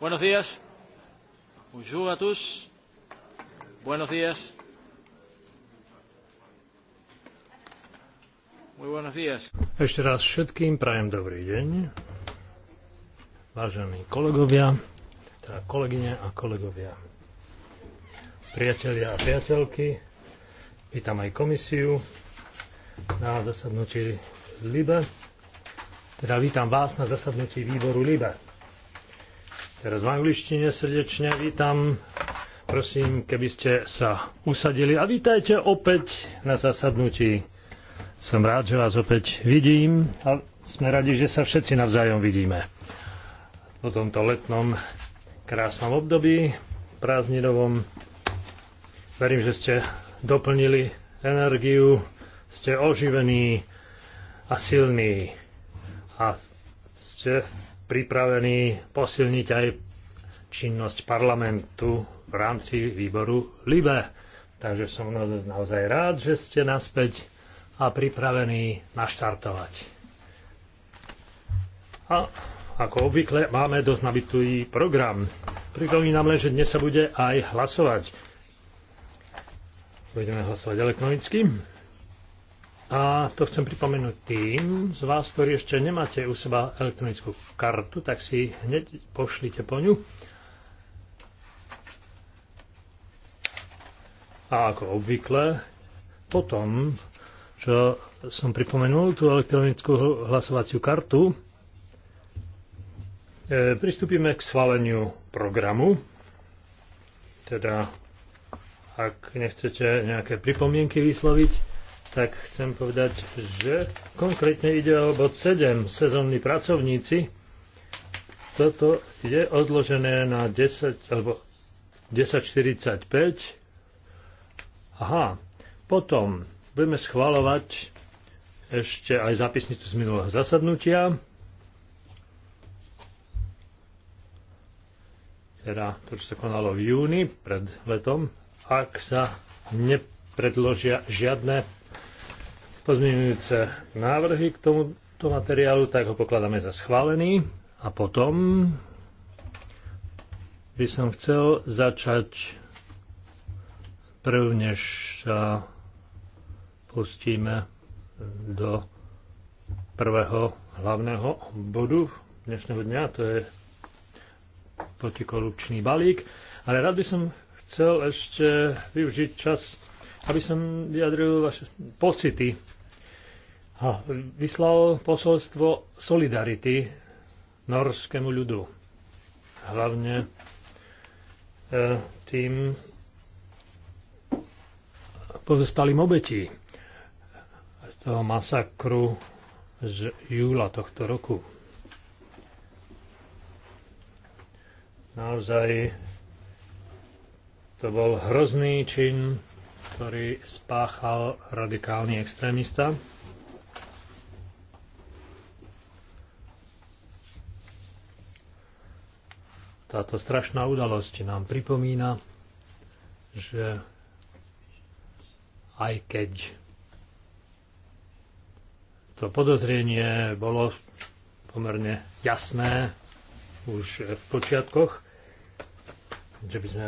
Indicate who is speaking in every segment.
Speaker 1: Buenos días. Bonjour a tous. Buenos días. Muy buenos días. Ešte raz všetkým prajem dobrý deň. Vážení kolegovia, teda kolegyne a kolegovia, priatelia a priateľky, vítam aj komisiu na zasadnutí LIBE. Teda vítam vás na zasadnutí výboru LIBE. Teraz v angličtine srdečne vítam. Prosím, keby ste sa usadili a vítajte opäť na zasadnutí. Som rád, že vás opäť vidím a sme radi, že sa všetci navzájom vidíme. Po tomto letnom krásnom období, prázdninovom. Verím, že ste doplnili energiu, ste oživení a silní a ste pripravení posilniť aj činnosť parlamentu v rámci výboru LIBE. Takže som naozaj rád, že ste naspäť a pripravení naštartovať. A ako obvykle máme dosť nabitý program. Pripomínam len, že dnes sa bude aj hlasovať. Budeme hlasovať elektronicky. A to chcem pripomenúť tým z vás, ktorí ešte nemáte u seba elektronickú kartu, tak si hneď pošlite po ňu. A ako obvykle, potom, čo som pripomenul tú elektronickú hlasovaciu kartu, e, pristúpime k schváleniu programu. Teda, ak nechcete nejaké pripomienky vysloviť, tak chcem povedať, že konkrétne ide o bod 7, sezónni pracovníci. Toto je odložené na 10, alebo 10.45. Aha, potom budeme schvalovať ešte aj zapisnicu z minulého zasadnutia. Teda to, čo sa konalo v júni pred letom. Ak sa nepredložia žiadne pozmeňujúce návrhy k tomuto materiálu, tak ho pokladáme za schválený. A potom by som chcel začať prv, než sa pustíme do prvého hlavného bodu dnešného dňa, to je protikorupčný balík. Ale rád by som chcel ešte využiť čas, aby som vyjadril vaše pocity vyslal posolstvo solidarity norskému ľudu. Hlavne e, tým pozostalým obetí toho masakru z júla tohto roku. Naozaj to bol hrozný čin, ktorý spáchal radikálny extrémista. Táto strašná udalosť nám pripomína, že aj keď to podozrenie bolo pomerne jasné už v počiatkoch, že by sme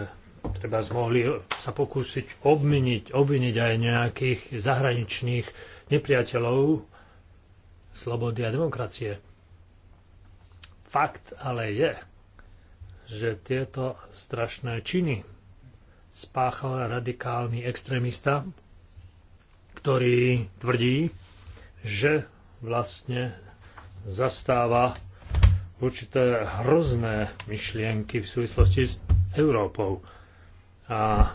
Speaker 1: treba mohli sa pokúsiť obminiť, obviniť aj nejakých zahraničných nepriateľov slobody a demokracie. Fakt ale je, že tieto strašné činy spáchal radikálny extrémista, ktorý tvrdí, že vlastne zastáva určité hrozné myšlienky v súvislosti s Európou. A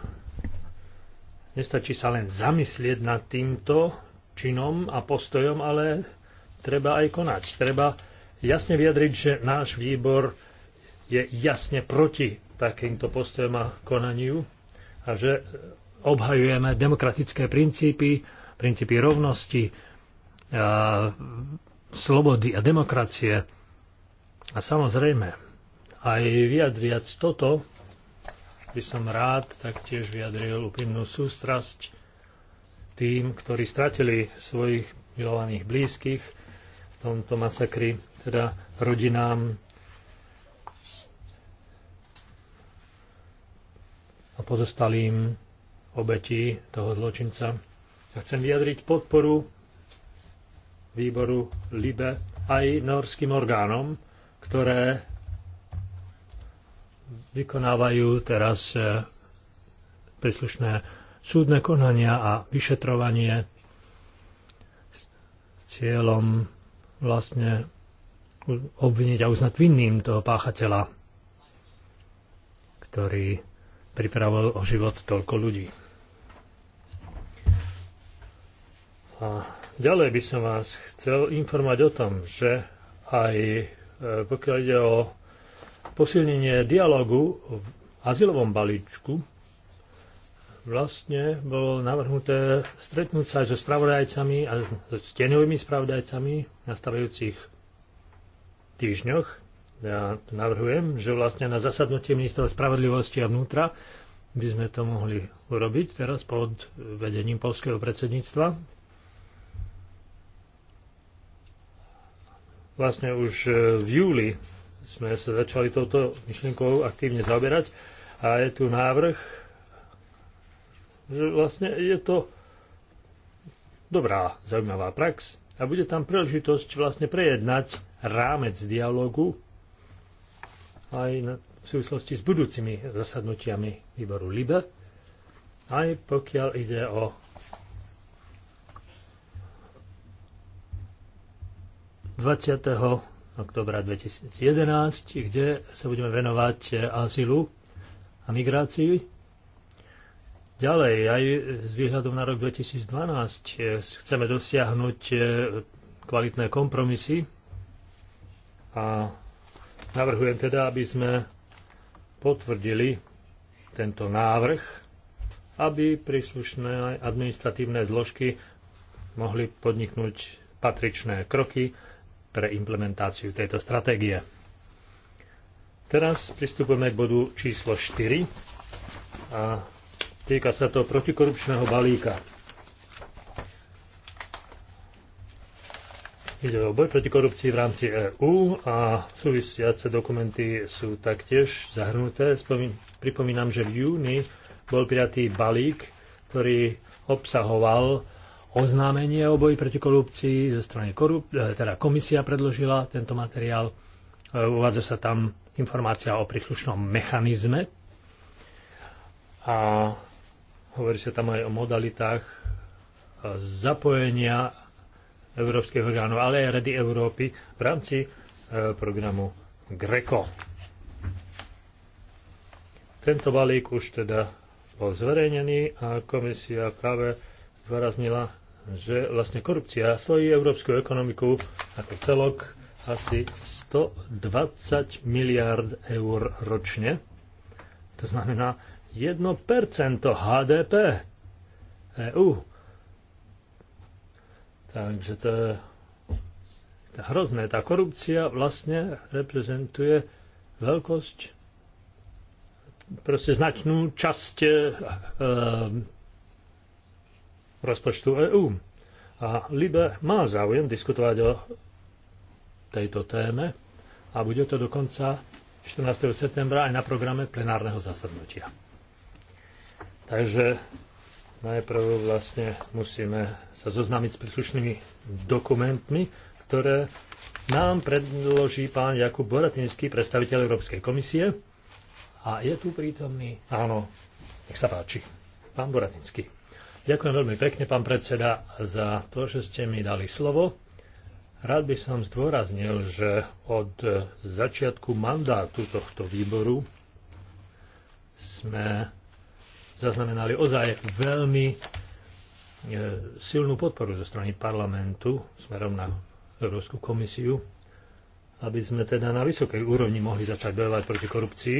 Speaker 1: nestačí sa len zamyslieť nad týmto činom a postojom, ale treba aj konať. Treba jasne vyjadriť, že náš výbor je jasne proti takýmto postojom a konaniu a že obhajujeme demokratické princípy, princípy rovnosti, a slobody a demokracie. A samozrejme, aj vyjadriac toto, by som rád taktiež vyjadril úprimnú sústrasť tým, ktorí stratili svojich milovaných blízkych v tomto masakri, teda rodinám pozostalým obetí toho zločinca. Ja chcem vyjadriť podporu výboru LIBE aj norským orgánom, ktoré vykonávajú teraz e, príslušné súdne konania a vyšetrovanie s cieľom vlastne obviniť a uznať vinným toho páchateľa, ktorý pripravil o život toľko ľudí. A ďalej by som vás chcel informovať o tom, že aj pokiaľ ide o posilnenie dialogu v azylovom balíčku, vlastne bolo navrhnuté stretnúť sa aj so spravodajcami a so tieňovými spravodajcami nastavujúcich týždňoch ja navrhujem, že vlastne na zasadnutie ministra spravodlivosti a vnútra by sme to mohli urobiť teraz pod vedením polského predsedníctva. Vlastne už e, v júli sme sa začali touto myšlienkou aktívne zaoberať a je tu návrh, že vlastne je to dobrá, zaujímavá prax a bude tam príležitosť vlastne prejednať rámec dialogu aj v súvislosti s budúcimi zasadnutiami výboru LIBE, aj pokiaľ ide o ...20. oktobra 2011, kde sa budeme venovať azylu a migrácii. Ďalej, aj s výhľadom na rok 2012 chceme dosiahnuť kvalitné kompromisy a Navrhujem teda, aby sme potvrdili tento návrh, aby príslušné administratívne zložky mohli podniknúť patričné kroky pre implementáciu tejto stratégie. Teraz pristupujeme k bodu číslo 4 a týka sa to protikorupčného balíka. Ide o boj proti korupcii v rámci EÚ a súvisiace dokumenty sú taktiež zahrnuté. Pripomínam, že v júni bol prijatý balík, ktorý obsahoval oznámenie o boji proti korupcii zo strany korup- e, teda komisia predložila tento materiál. E, uvádza sa tam informácia o príslušnom mechanizme a hovorí sa tam aj o modalitách e, zapojenia európskych orgánov, ale aj Rady Európy v rámci e, programu GRECO. Tento balík už teda bol zverejnený a komisia práve zdôraznila, že vlastne korupcia stojí európsku ekonomiku ako celok asi 120 miliard eur ročne. To znamená 1% HDP EU. Takže to je hrozné. Tá korupcia vlastne reprezentuje veľkosť, proste značnú časť e, e rozpočtu EÚ. A Libe má záujem diskutovať o tejto téme a bude to dokonca 14. septembra aj na programe plenárneho zasadnutia. Takže najprv vlastne musíme sa zoznámiť s príslušnými dokumentmi, ktoré nám predloží pán Jakub Boratinský, predstaviteľ Európskej komisie. A je tu prítomný? Áno, nech sa páči. Pán Boratinský. Ďakujem veľmi pekne, pán predseda, za to, že ste mi dali slovo. Rád by som zdôraznil, že od začiatku mandátu tohto výboru sme zaznamenali ozaj veľmi e, silnú podporu zo strany parlamentu smerom na Európsku komisiu, aby sme teda na vysokej úrovni mohli začať bojovať proti korupcii.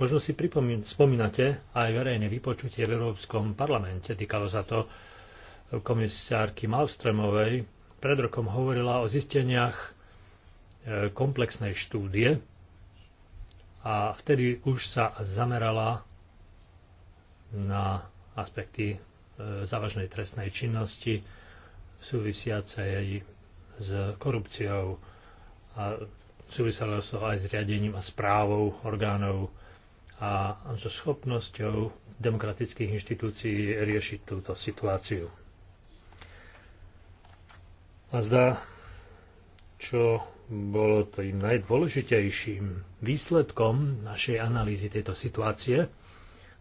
Speaker 1: Možno si pripomín, spomínate aj verejné vypočutie v Európskom parlamente. Týkalo sa to komisárky Malstremovej. Pred rokom hovorila o zisteniach e, komplexnej štúdie a vtedy už sa zamerala na aspekty e, závažnej trestnej činnosti súvisiacej s korupciou a súviselo sa aj s riadením a správou orgánov a so schopnosťou demokratických inštitúcií riešiť túto situáciu. A zdá, čo bolo tým najdôležitejším výsledkom našej analýzy tejto situácie,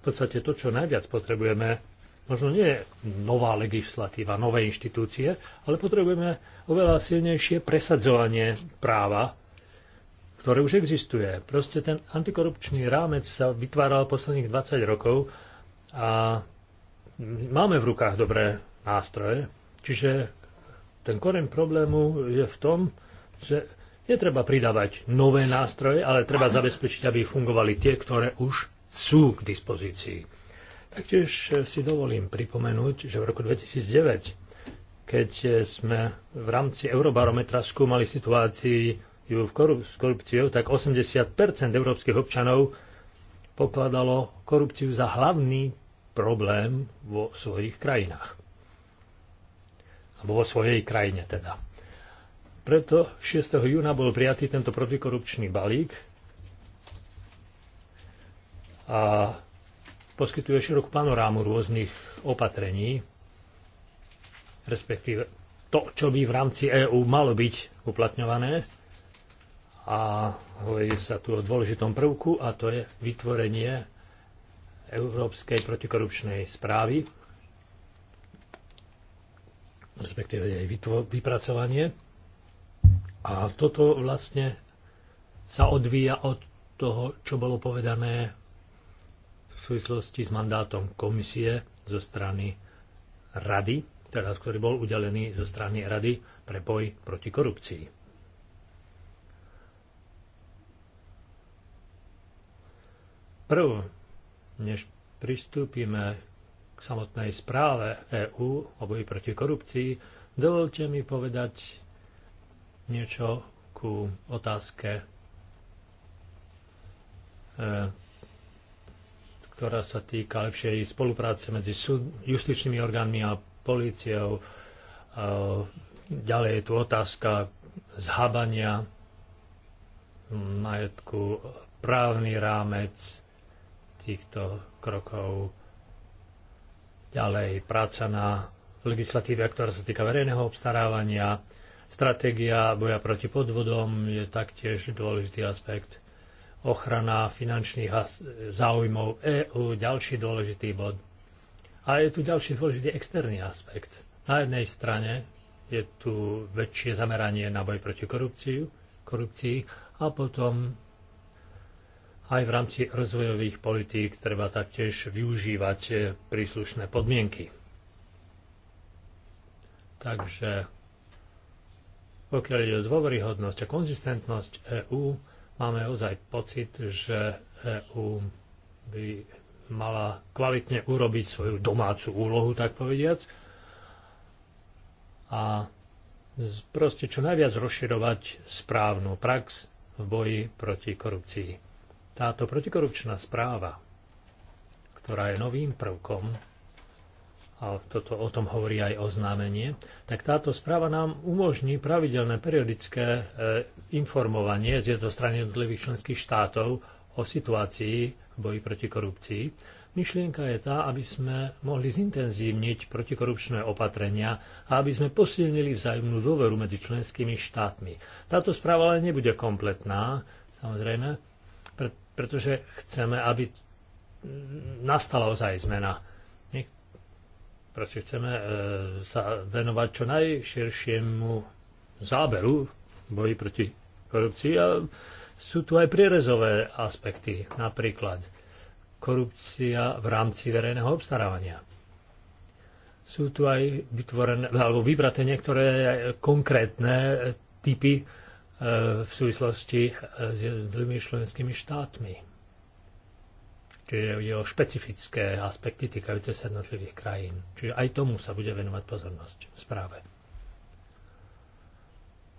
Speaker 1: v podstate to, čo najviac potrebujeme, možno nie nová legislatíva, nové inštitúcie, ale potrebujeme oveľa silnejšie presadzovanie práva, ktoré už existuje. Proste ten antikorupčný rámec sa vytváral posledných 20 rokov a máme v rukách dobré nástroje, čiže ten koreň problému je v tom, že netreba pridávať nové nástroje, ale treba zabezpečiť, aby fungovali tie, ktoré už sú k dispozícii. Taktiež si dovolím pripomenúť, že v roku 2009, keď sme v rámci Eurobarometra skúmali situáciu s korupciou, tak 80 európskych občanov pokladalo korupciu za hlavný problém vo svojich krajinách. Alebo vo svojej krajine teda. Preto 6. júna bol prijatý tento protikorupčný balík, a poskytuje širokú panorámu rôznych opatrení, respektíve to, čo by v rámci EÚ malo byť uplatňované. A hovorí sa tu o dôležitom prvku a to je vytvorenie Európskej protikorupčnej správy, respektíve jej vypracovanie. A toto vlastne sa odvíja od toho, čo bolo povedané súvislosti s mandátom komisie zo strany rady, teda ktorý bol udelený zo strany rady pre boj proti korupcii. Prv, než pristúpime k samotnej správe EÚ o boji proti korupcii, dovolte mi povedať niečo ku otázke e, ktorá sa týka lepšej spolupráce medzi justičnými orgánmi a políciou. Ďalej je tu otázka zhabania majetku, právny rámec týchto krokov. Ďalej práca na legislatíve, ktorá sa týka verejného obstarávania. Stratégia boja proti podvodom je taktiež dôležitý aspekt ochrana finančných záujmov EÚ, ďalší dôležitý bod. A je tu ďalší dôležitý externý aspekt. Na jednej strane je tu väčšie zameranie na boj proti korupciu, korupcii a potom aj v rámci rozvojových politík treba taktiež využívať eh, príslušné podmienky. Takže pokiaľ ide o dôveryhodnosť a konzistentnosť EÚ, Máme ozaj pocit, že EU by mala kvalitne urobiť svoju domácu úlohu, tak povediac. A proste čo najviac rozširovať správnu prax v boji proti korupcii. Táto protikorupčná správa, ktorá je novým prvkom a toto, o tom hovorí aj oznámenie, tak táto správa nám umožní pravidelné periodické e, informovanie z jednej strany jednotlivých členských štátov o situácii v boji proti korupcii. Myšlienka je tá, aby sme mohli zintenzívniť protikorupčné opatrenia a aby sme posilnili vzájomnú dôveru medzi členskými štátmi. Táto správa ale nebude kompletná, samozrejme, pretože chceme, aby nastala ozaj zmena Proste chceme e, sa venovať čo najširšiemu záberu boji proti korupcii a sú tu aj prierezové aspekty, napríklad korupcia v rámci verejného obstarávania. Sú tu aj vytvorené, alebo vybraté niektoré konkrétne typy e, v súvislosti e, s jednými členskými štátmi. Čiže je o špecifické aspekty týkajúce sa jednotlivých krajín. Čiže aj tomu sa bude venovať pozornosť v správe.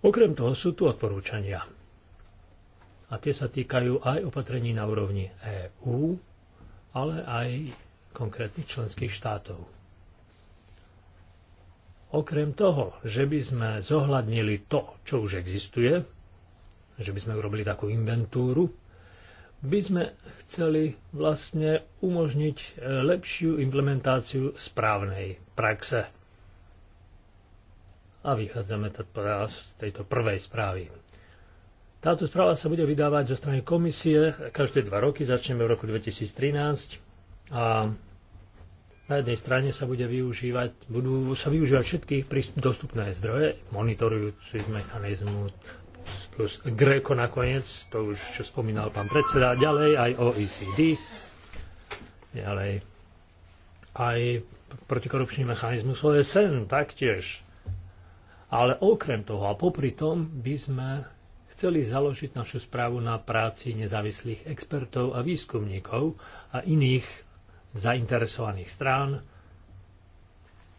Speaker 1: Okrem toho sú tu odporúčania. A tie sa týkajú aj opatrení na úrovni EÚ, ale aj konkrétnych členských štátov. Okrem toho, že by sme zohľadnili to, čo už existuje, že by sme urobili takú inventúru by sme chceli vlastne umožniť e, lepšiu implementáciu správnej praxe. A vychádzame teda z tejto prvej správy. Táto správa sa bude vydávať zo strany komisie každé dva roky, začneme v roku 2013 a na jednej strane sa bude využívať, budú sa využívať všetky dostupné zdroje, monitorujúci mechanizmu plus Gréko nakoniec, to už čo spomínal pán predseda, ďalej aj OECD, ďalej aj protikorupčný mechanizmus OSN taktiež. Ale okrem toho a popri tom by sme chceli založiť našu správu na práci nezávislých expertov a výskumníkov a iných zainteresovaných strán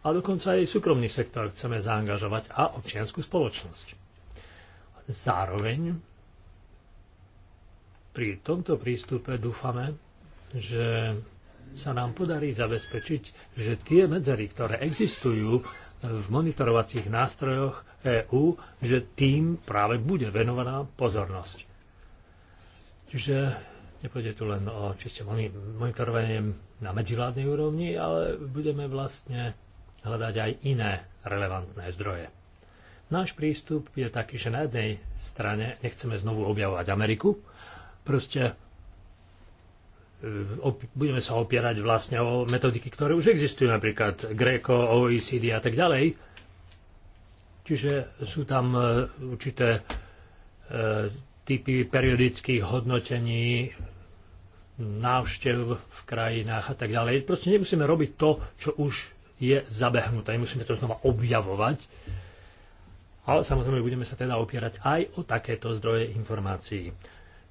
Speaker 1: a dokonca aj súkromný sektor chceme zaangažovať a občianskú spoločnosť. Zároveň pri tomto prístupe dúfame, že sa nám podarí zabezpečiť, že tie medzery, ktoré existujú v monitorovacích nástrojoch EÚ, že tým práve bude venovaná pozornosť. Čiže nepôjde tu len o čiste monitorovanie na medzivládnej úrovni, ale budeme vlastne hľadať aj iné relevantné zdroje. Náš prístup je taký, že na jednej strane nechceme znovu objavovať Ameriku, proste e, budeme sa opierať vlastne o metodiky, ktoré už existujú, napríklad Gréko, OECD a tak ďalej. Čiže sú tam e, určité e, typy periodických hodnotení návštev v krajinách a tak ďalej. Proste nemusíme robiť to, čo už je zabehnuté. Nemusíme to znova objavovať. Ale samozrejme budeme sa teda opierať aj o takéto zdroje informácií.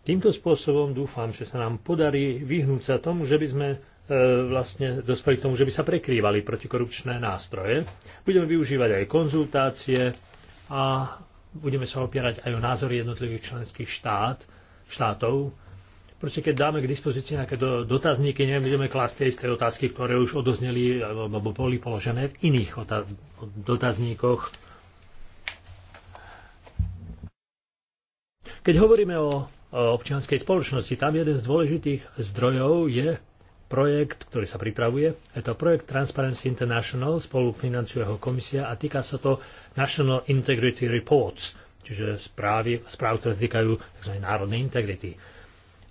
Speaker 1: Týmto spôsobom dúfam, že sa nám podarí vyhnúť sa tomu, že by sme e, vlastne dospeli k tomu, že by sa prekrývali protikorupčné nástroje. Budeme využívať aj konzultácie a budeme sa opierať aj o názory jednotlivých členských štát, štátov. Proste keď dáme k dispozícii nejaké do, dotazníky, nebudeme klásť tie isté otázky, ktoré už odozneli alebo boli položené v iných dotazníkoch Keď hovoríme o občianskej spoločnosti, tam jeden z dôležitých zdrojov je projekt, ktorý sa pripravuje. Je to projekt Transparency International, spolufinancuje ho komisia a týka sa to National Integrity Reports, čiže správy, správ, ktoré týkajú tzv. národnej integrity.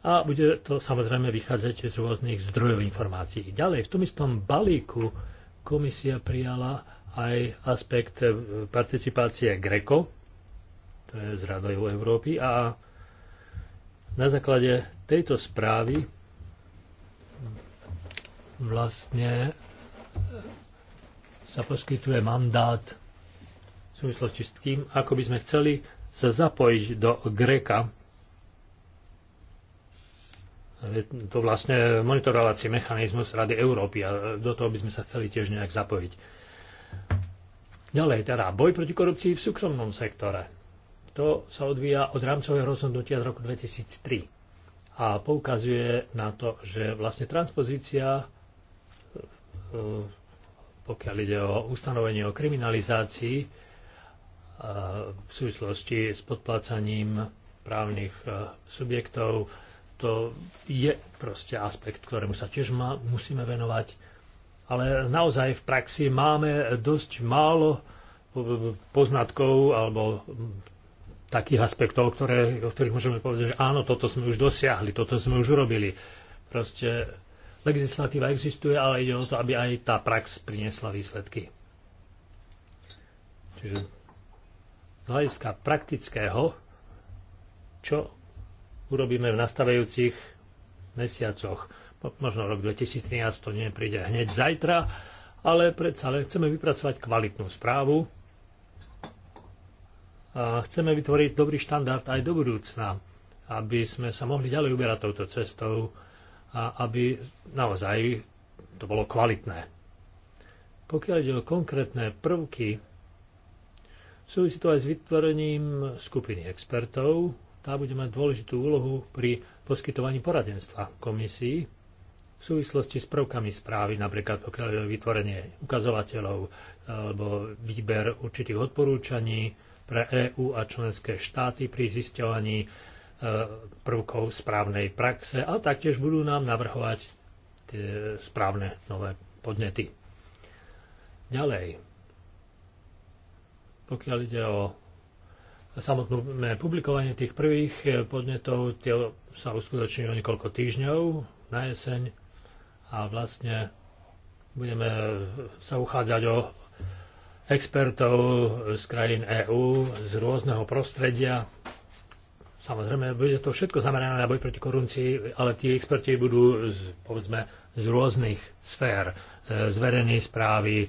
Speaker 1: A bude to samozrejme vychádzať z rôznych zdrojov informácií. Ďalej, v tom istom balíku komisia prijala aj aspekt eh, participácie GRECO, to je z Radou Európy a na základe tejto správy vlastne sa poskytuje mandát v súvislosti s tým, ako by sme chceli sa zapojiť do Greka. Je to vlastne monitorovací mechanizmus Rady Európy a do toho by sme sa chceli tiež nejak zapojiť. Ďalej, teda boj proti korupcii v súkromnom sektore. To sa odvíja od rámcového rozhodnutia z roku 2003 a poukazuje na to, že vlastne transpozícia, e, pokiaľ ide o ustanovenie o kriminalizácii e, v súvislosti s podplácaním právnych e, subjektov, to je proste aspekt, ktorému sa tiež ma, musíme venovať. Ale naozaj v praxi máme dosť málo poznatkov alebo takých aspektov, ktoré, o ktorých môžeme povedať, že áno, toto sme už dosiahli, toto sme už urobili. Proste legislatíva existuje, ale ide o to, aby aj tá prax priniesla výsledky. Čiže z hľadiska praktického, čo urobíme v nastavajúcich mesiacoch. Možno rok 2013 to nepríde hneď zajtra, ale predsa len chceme vypracovať kvalitnú správu, chceme vytvoriť dobrý štandard aj do budúcna, aby sme sa mohli ďalej uberať touto cestou a aby naozaj to bolo kvalitné. Pokiaľ ide o konkrétne prvky, súvisí to aj s vytvorením skupiny expertov. Tá bude mať dôležitú úlohu pri poskytovaní poradenstva komisii v súvislosti s prvkami správy, napríklad pokiaľ je vytvorenie ukazovateľov alebo výber určitých odporúčaní, pre EÚ a členské štáty pri zisťovaní e, prvkov správnej praxe a taktiež budú nám navrhovať tie správne nové podnety. Ďalej, pokiaľ ide o samotné publikovanie tých prvých e, podnetov, tie sa o niekoľko týždňov na jeseň a vlastne budeme sa uchádzať o expertov z krajín EÚ, z rôzneho prostredia. Samozrejme, bude to všetko zamerané na boj proti korupcii, ale tí experti budú, z, povedzme, z rôznych sfér, e, z verejnej správy, e,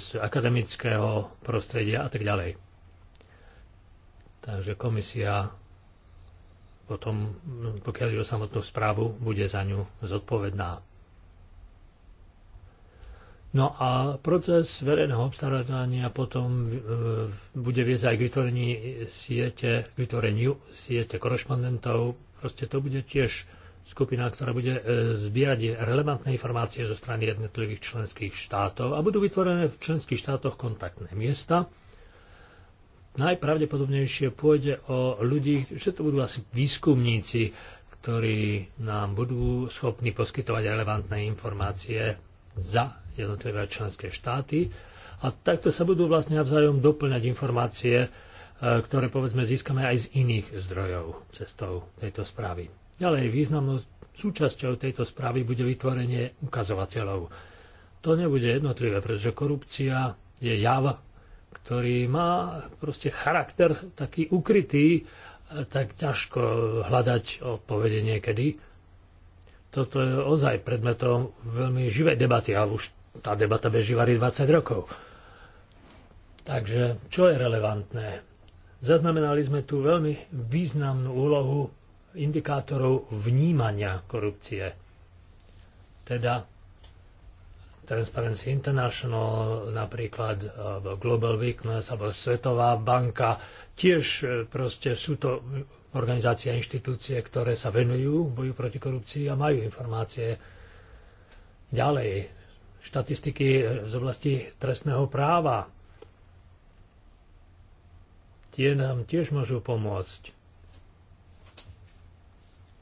Speaker 1: z akademického prostredia a tak ďalej. Takže komisia potom, pokiaľ je o samotnú správu, bude za ňu zodpovedná. No a proces verejného obstarávania potom e, bude viesť aj k vytvorení siete, k vytvoreniu siete korešpondentov. Proste to bude tiež skupina, ktorá bude e, zbierať relevantné informácie zo strany jednotlivých členských štátov a budú vytvorené v členských štátoch kontaktné miesta. Najpravdepodobnejšie pôjde o ľudí, že to budú asi výskumníci, ktorí nám budú schopní poskytovať relevantné informácie za jednotlivé členské štáty a takto sa budú vlastne navzájom doplňať informácie, e, ktoré povedzme získame aj z iných zdrojov cestou tejto správy. Ďalej významnou súčasťou tejto správy bude vytvorenie ukazovateľov. To nebude jednotlivé, pretože korupcia je jav, ktorý má proste charakter taký ukrytý, e, tak ťažko hľadať odpovede niekedy. Toto je ozaj predmetom veľmi živej debaty, ale už tá debata beží varí 20 rokov. Takže čo je relevantné? Zaznamenali sme tu veľmi významnú úlohu indikátorov vnímania korupcie. Teda Transparency International, napríklad alebo Global Weakness alebo Svetová banka, tiež e, proste sú to organizácie a inštitúcie, ktoré sa venujú boju proti korupcii a majú informácie. Ďalej, štatistiky e, z oblasti trestného práva. Tie nám tiež môžu pomôcť.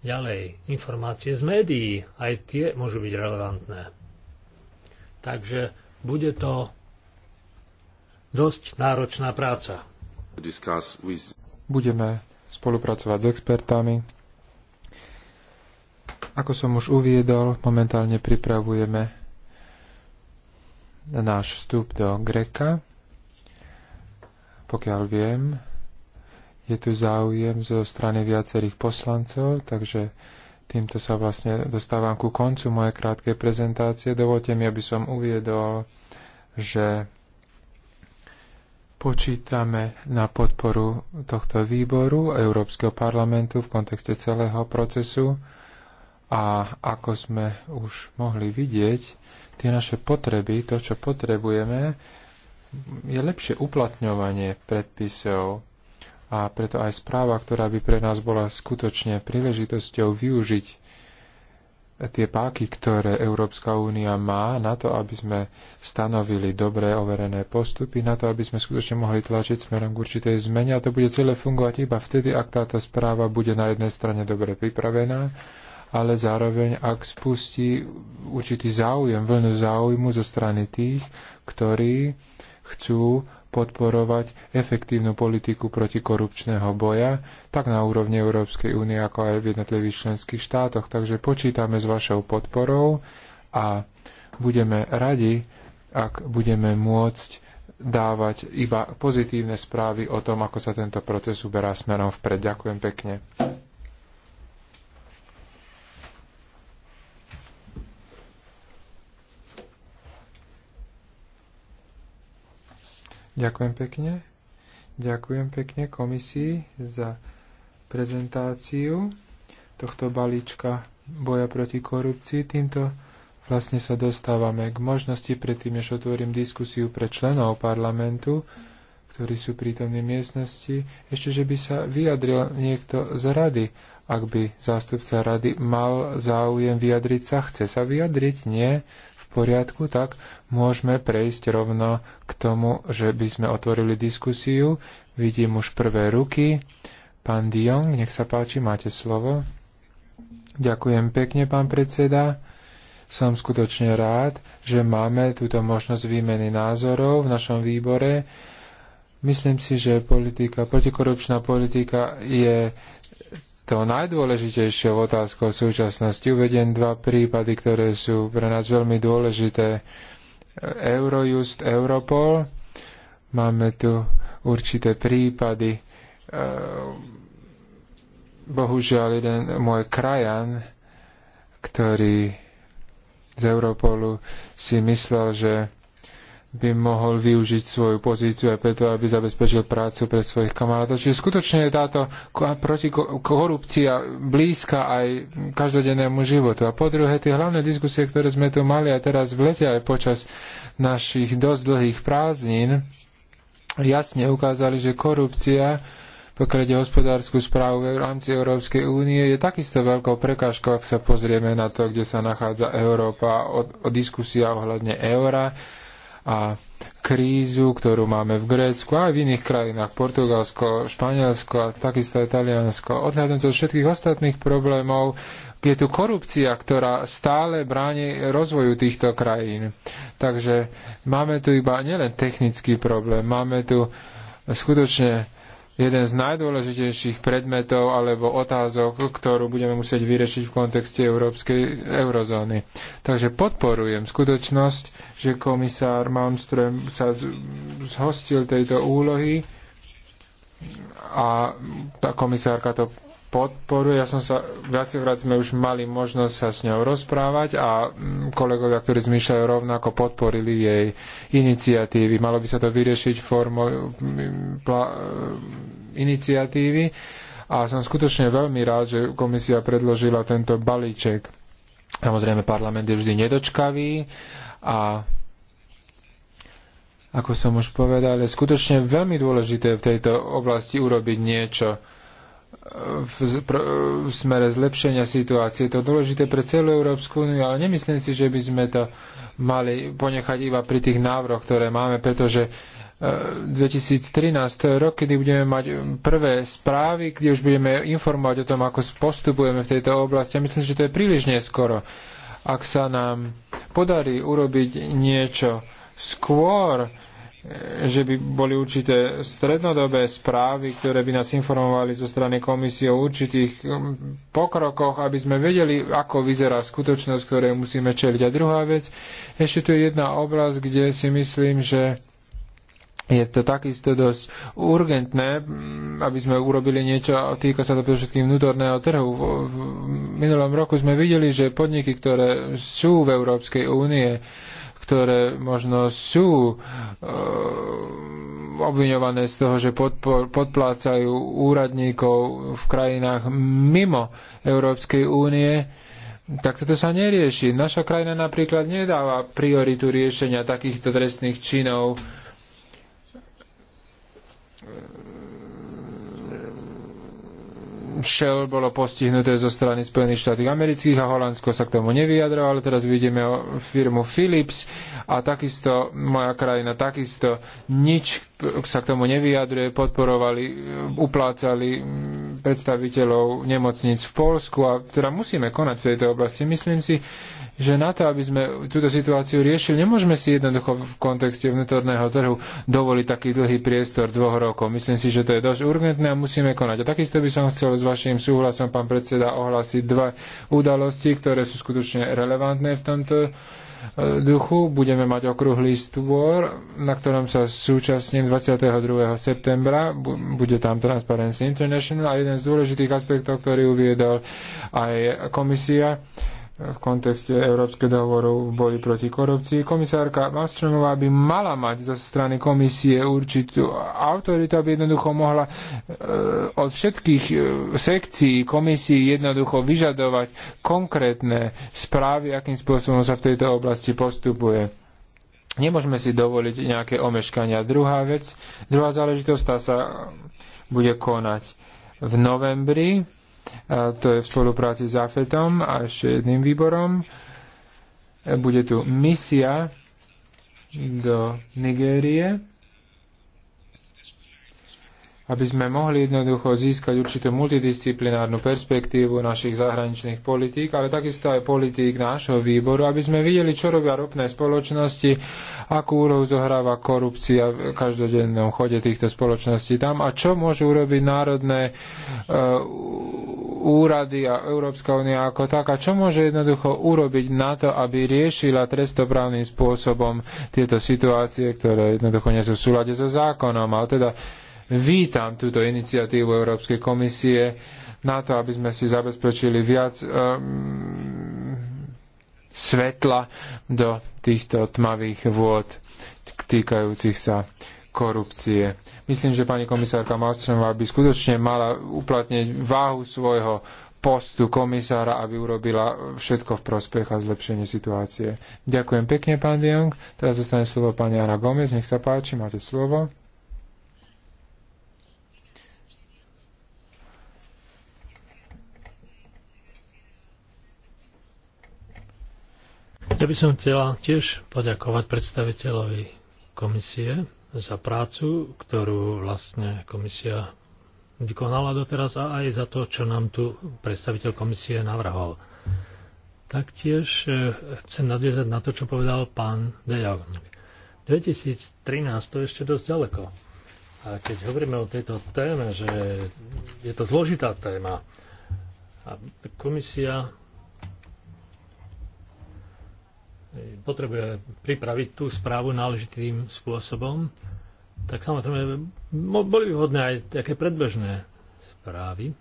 Speaker 1: Ďalej, informácie z médií, aj tie môžu byť relevantné. Takže bude to dosť náročná práca.
Speaker 2: Budeme spolupracovať s expertami. Ako som už uviedol, momentálne pripravujeme na náš vstup do Greka. Pokiaľ viem, je tu záujem zo strany viacerých poslancov, takže týmto sa vlastne dostávam ku koncu mojej krátkej prezentácie. Dovolte mi, aby som uviedol, že počítame na podporu tohto výboru Európskeho parlamentu v kontexte celého procesu a ako sme už mohli vidieť, tie naše potreby, to, čo potrebujeme, je lepšie uplatňovanie predpisov a preto aj správa, ktorá by pre nás bola skutočne príležitosťou využiť tie páky, ktoré Európska únia má na to, aby sme stanovili dobré overené postupy, na to, aby sme skutočne mohli tlačiť smerom k určitej zmene a to bude celé fungovať iba vtedy, ak táto správa bude na jednej strane dobre pripravená ale zároveň ak spustí určitý záujem, vlnu záujmu zo strany tých, ktorí chcú podporovať efektívnu politiku protikorupčného boja, tak na úrovni Európskej únie, ako aj v jednotlivých členských štátoch. Takže počítame s vašou podporou a budeme radi, ak budeme môcť dávať iba pozitívne správy o tom, ako sa tento proces uberá smerom vpred. Ďakujem pekne. Ďakujem pekne. Ďakujem pekne komisii za prezentáciu tohto balíčka boja proti korupcii. Týmto vlastne sa dostávame k možnosti, predtým než otvorím diskusiu pre členov parlamentu, ktorí sú prítomní v miestnosti, ešte, že by sa vyjadril niekto z rady, ak by zástupca rady mal záujem vyjadriť sa. Chce sa vyjadriť? Nie poriadku, tak môžeme prejsť rovno k tomu, že by sme otvorili diskusiu. Vidím už prvé ruky. Pán Diong, nech sa páči, máte slovo. Ďakujem pekne, pán predseda. Som skutočne rád, že máme túto možnosť výmeny názorov v našom výbore. Myslím si, že politika, protikorupčná politika je to najdôležitejšou otázkou súčasnosti. uvedem dva prípady, ktoré sú pre nás veľmi dôležité. Eurojust, Europol. Máme tu určité prípady. Ehm, bohužiaľ, jeden môj krajan, ktorý z Europolu si myslel, že by mohol využiť svoju pozíciu aj preto, aby zabezpečil prácu pre svojich kamarátov. Čiže skutočne je táto proti korupcia blízka aj každodennému životu. A po druhé, tie hlavné diskusie, ktoré sme tu mali aj teraz v lete, aj počas našich dosť dlhých prázdnin, jasne ukázali, že korupcia pokiaľ ide hospodárskú správu v rámci Európskej únie, je takisto veľkou prekážkou, ak sa pozrieme na to, kde sa nachádza Európa o, o diskusia ohľadne eura a krízu, ktorú máme v Grécku a aj v iných krajinách, Portugalsko, Španielsko a takisto Italiansko. Taliansko. Odhľadnúť od všetkých ostatných problémov, je tu korupcia, ktorá stále bráni rozvoju týchto krajín. Takže máme tu iba nielen technický problém, máme tu skutočne jeden z najdôležitejších predmetov alebo otázok, ktorú budeme musieť vyriešiť v kontexte európskej eurozóny. Takže podporujem skutočnosť, že komisár Malmström sa zhostil tejto úlohy a tá komisárka to podporu. Ja som sa, viacokrát sme už mali možnosť sa s ňou rozprávať a mm, kolegovia, ktorí zmýšľajú rovnako, podporili jej iniciatívy. Malo by sa to vyriešiť formou mm, mm, iniciatívy a som skutočne veľmi rád, že komisia predložila tento balíček. Samozrejme, parlament je vždy nedočkavý a ako som už povedal, je skutočne veľmi dôležité v tejto oblasti urobiť niečo v, v smere zlepšenia situácie. Je to dôležité pre celú Európsku úniu, ale nemyslím si, že by sme to mali ponechať iba pri tých návroch, ktoré máme, pretože 2013 eh, to je rok, kedy budeme mať eh, prvé správy, kde už budeme informovať o tom, ako postupujeme v tejto oblasti. Myslím, že to je príliš neskoro. Ak sa nám podarí urobiť niečo skôr, že by boli určité strednodobé správy, ktoré by nás informovali zo strany komisie o určitých um, pokrokoch, aby sme vedeli, ako vyzerá skutočnosť, ktorej musíme čeliť. A druhá vec, ešte tu je jedna oblasť, kde si myslím, že je to takisto dosť urgentné, aby sme urobili niečo a týka sa to predovšetkým vnútorného trhu. V, v minulom roku sme videli, že podniky, ktoré sú v Európskej únie, ktoré možno sú eh, obviňované z toho, že podpor, podplácajú úradníkov v krajinách mimo Európskej únie, tak toto sa nerieši. Naša krajina napríklad nedáva prioritu riešenia takýchto trestných činov Shell bolo postihnuté zo strany Spojených štátov amerických a Holandsko sa k tomu nevyjadrovalo, ale teraz vidíme o firmu Philips a takisto moja krajina takisto nič sa k tomu nevyjadruje, podporovali, uplácali predstaviteľov nemocníc v Polsku a teda musíme konať v tejto oblasti. Myslím si, že na to, aby sme túto situáciu riešili, nemôžeme si jednoducho v kontexte vnútorného trhu dovoliť taký dlhý priestor dvoch rokov. Myslím si, že to je dosť urgentné a musíme konať. A takisto by som chcel s vašim súhlasom, pán predseda, ohlásiť dva udalosti, ktoré sú skutočne relevantné v tomto e, duchu. Budeme mať okrúhly stôr, na ktorom sa súčasním 22. septembra. Bude tam Transparency International a jeden z dôležitých aspektov, ktorý uviedol aj komisia, v kontexte Európskeho dohovoru v boji proti korupcii. Komisárka Malmströmová by mala mať zo strany komisie určitú autoritu, aby jednoducho mohla eh, od všetkých eh, sekcií komisii jednoducho vyžadovať konkrétne správy, akým spôsobom sa v tejto oblasti postupuje. Nemôžeme si dovoliť nejaké omeškania. Druhá vec, druhá záležitosť, tá sa bude konať v novembri a to je v spolupráci s AFETom a ešte jedným výborom. Bude tu misia do Nigérie aby sme mohli jednoducho získať určitú multidisciplinárnu perspektívu našich zahraničných politík, ale takisto aj politík nášho výboru, aby sme videli, čo robia ropné spoločnosti, akú úlohu zohráva korupcia v každodennom chode týchto spoločností tam a čo môžu urobiť národné e, úrady a Európska únia ako taká, čo môže jednoducho urobiť na to, aby riešila trestoprávnym spôsobom tieto situácie, ktoré jednoducho nie sú v súlade so zákonom. A teda vítam túto iniciatívu Európskej komisie na to, aby sme si zabezpečili viac um, svetla do týchto tmavých vôd týkajúcich sa korupcie. Myslím, že pani komisárka Malstrenová by skutočne mala uplatniť váhu svojho postu komisára, aby urobila všetko v prospech a zlepšenie situácie. Ďakujem pekne, pán Diong. Teraz zostane slovo pani Ana Gomez. Nech sa páči, máte slovo.
Speaker 1: Ja by som chcela tiež poďakovať predstaviteľovi komisie za prácu, ktorú vlastne komisia vykonala doteraz a aj za to, čo nám tu predstaviteľ komisie navrhol. Taktiež e, chcem nadviezať na to, čo povedal pán De 2013 to je ešte dosť ďaleko. A keď hovoríme o tejto téme, že je to zložitá téma, a komisia potrebuje pripraviť tú správu náležitým spôsobom, tak samozrejme boli by vhodné aj také predbežné správy.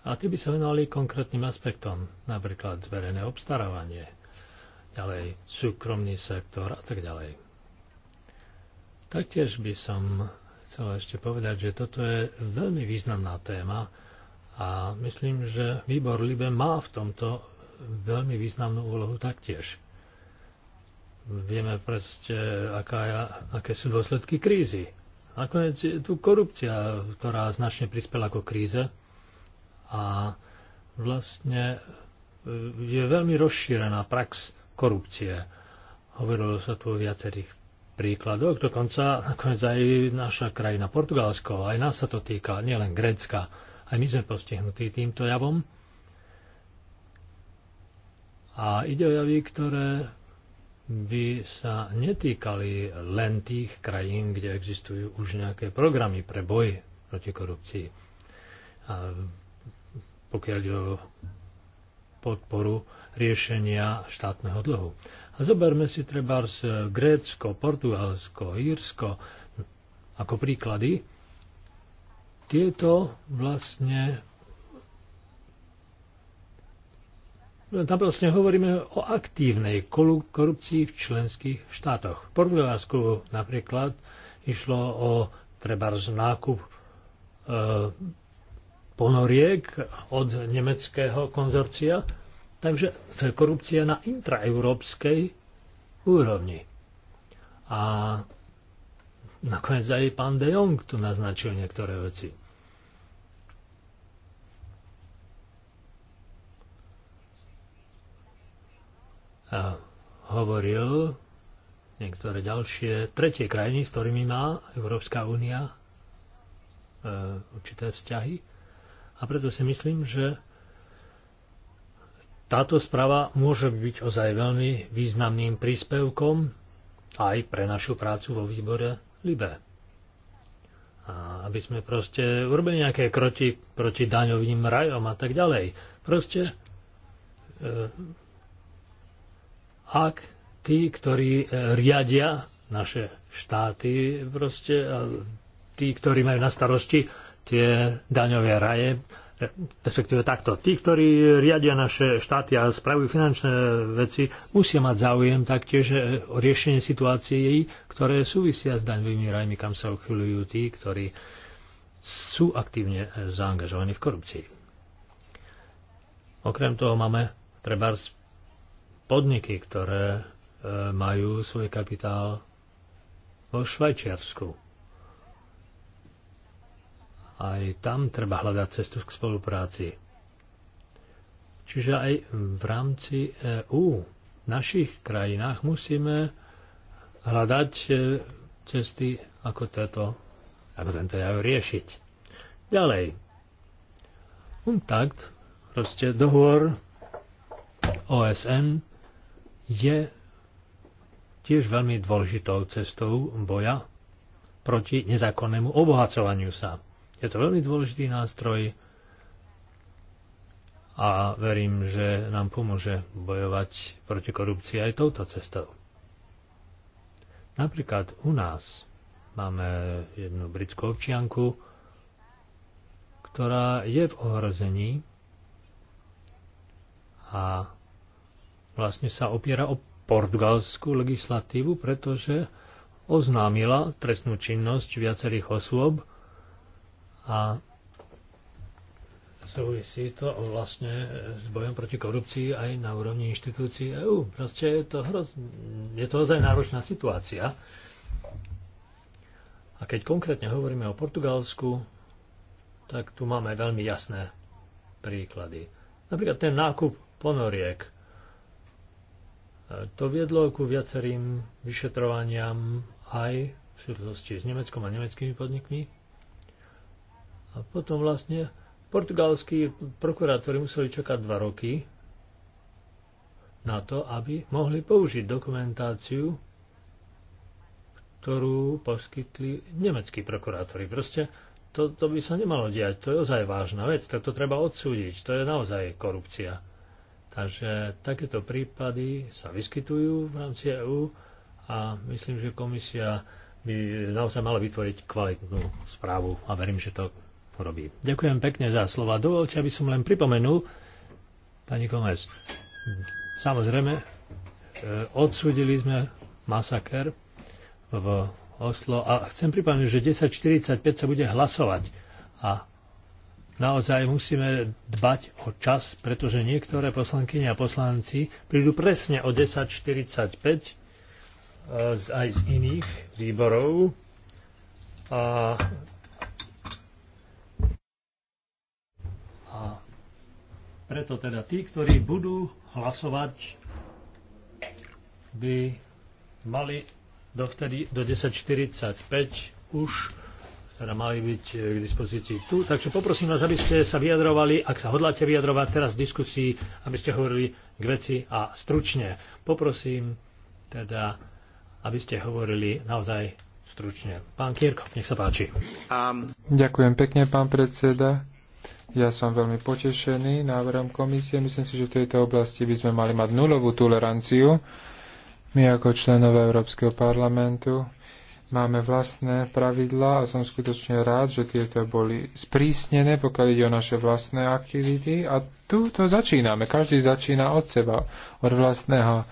Speaker 1: A tie by sa venovali konkrétnym aspektom, napríklad zverejné obstarávanie, ďalej súkromný sektor a tak ďalej. Taktiež by som chcel ešte povedať, že toto je veľmi významná téma a myslím, že výbor Libe má v tomto veľmi významnú úlohu taktiež. Vieme proste, aká, aké sú dôsledky krízy. Nakoniec je tu korupcia, ktorá značne prispela ako kríze a vlastne e, je veľmi rozšírená prax korupcie. Hovorilo sa tu o viacerých príkladoch, dokonca nakoniec aj naša krajina Portugalsko, aj nás sa to týka, nielen Grécka, aj my sme postihnutí týmto javom. A ide o javy, ktoré by sa netýkali len tých krajín, kde existujú už nejaké programy pre boj proti korupcii. A pokiaľ o podporu riešenia štátneho dlhu. A zoberme si treba z Grécko, Portugalsko, Írsko ako príklady. Tieto vlastne tam vlastne hovoríme o aktívnej korupcii v členských štátoch. V Portugalsku napríklad išlo o treba nákup e, ponoriek od nemeckého konzorcia. Takže to je korupcia na intraeurópskej úrovni. A nakoniec aj pán De Jong tu naznačil niektoré veci. hovoril niektoré ďalšie tretie krajiny, s ktorými má Európska únia e, určité vzťahy. A preto si myslím, že táto správa môže byť ozaj veľmi významným príspevkom aj pre našu prácu vo výbore LIBE. A aby sme proste urobili nejaké kroti proti daňovým rajom a tak ďalej. Proste e, ak tí, ktorí e, riadia naše štáty proste, a tí, ktorí majú na starosti tie daňové raje, e, respektíve takto, tí, ktorí riadia naše štáty a spravujú finančné veci, musia mať záujem taktiež e, o riešenie situácií, ktoré súvisia s daňovými rajmi, kam sa uchyľujú tí, ktorí sú aktívne zaangažovaní v korupcii. Okrem toho máme treba podniky, ktoré e, majú svoj kapitál vo Švajčiarsku. Aj tam treba hľadať cestu k spolupráci. Čiže aj v rámci EÚ, v našich krajinách, musíme hľadať e, cesty, ako, tato, ako tento jav riešiť. Ďalej. Untakt, proste dohovor OSN je tiež veľmi dôležitou cestou boja proti nezákonnému obohacovaniu sa. Je to veľmi dôležitý nástroj a verím, že nám pomôže bojovať proti korupcii aj touto cestou. Napríklad u nás máme jednu britskú občianku, ktorá je v ohrození a vlastne sa opiera o portugalskú legislatívu, pretože oznámila trestnú činnosť viacerých osôb a súvisí to vlastne s bojom proti korupcii aj na úrovni inštitúcií EÚ. Proste je to, hroz... je to ozaj náročná situácia. A keď konkrétne hovoríme o Portugalsku, tak tu máme veľmi jasné príklady. Napríklad ten nákup ponoriek to viedlo ku viacerým vyšetrovaniam aj v súvislosti s Nemeckom a nemeckými podnikmi. A potom vlastne portugalskí prokurátori museli čakať dva roky na to, aby mohli použiť dokumentáciu, ktorú poskytli nemeckí prokurátori. Proste to, to by sa nemalo diať, to je ozaj vážna vec, tak to treba odsúdiť, to je naozaj korupcia. Takže takéto prípady sa vyskytujú v rámci EÚ a myslím, že komisia by naozaj mala vytvoriť kvalitnú správu a verím, že to porobí. Ďakujem pekne za slova. Dovolte, aby som len pripomenul, pani Gomez, samozrejme, e, odsúdili sme masaker v Oslo a chcem pripomenúť, že 10.45 sa bude hlasovať a naozaj musíme dbať o čas, pretože niektoré poslankyne a poslanci prídu presne o 10.45 e, aj z iných výborov a, a preto teda tí, ktorí budú hlasovať, by mali dovtedy do 10.45 už teda mali byť e, k dispozícii tu. Takže poprosím vás, aby ste sa vyjadrovali, ak sa hodláte vyjadrovať teraz v diskusii, aby ste hovorili k veci a stručne. Poprosím teda, aby ste hovorili naozaj stručne. Pán Kierko, nech sa páči. Um.
Speaker 2: Ďakujem pekne, pán predseda. Ja som veľmi potešený návrhom komisie. Myslím si, že v tejto oblasti by sme mali mať nulovú toleranciu. My ako členové Európskeho parlamentu Máme vlastné pravidlá a som skutočne rád, že tieto boli sprísnené, pokiaľ ide o naše vlastné aktivity. A tu to začíname. Každý začína od seba, od vlastného e,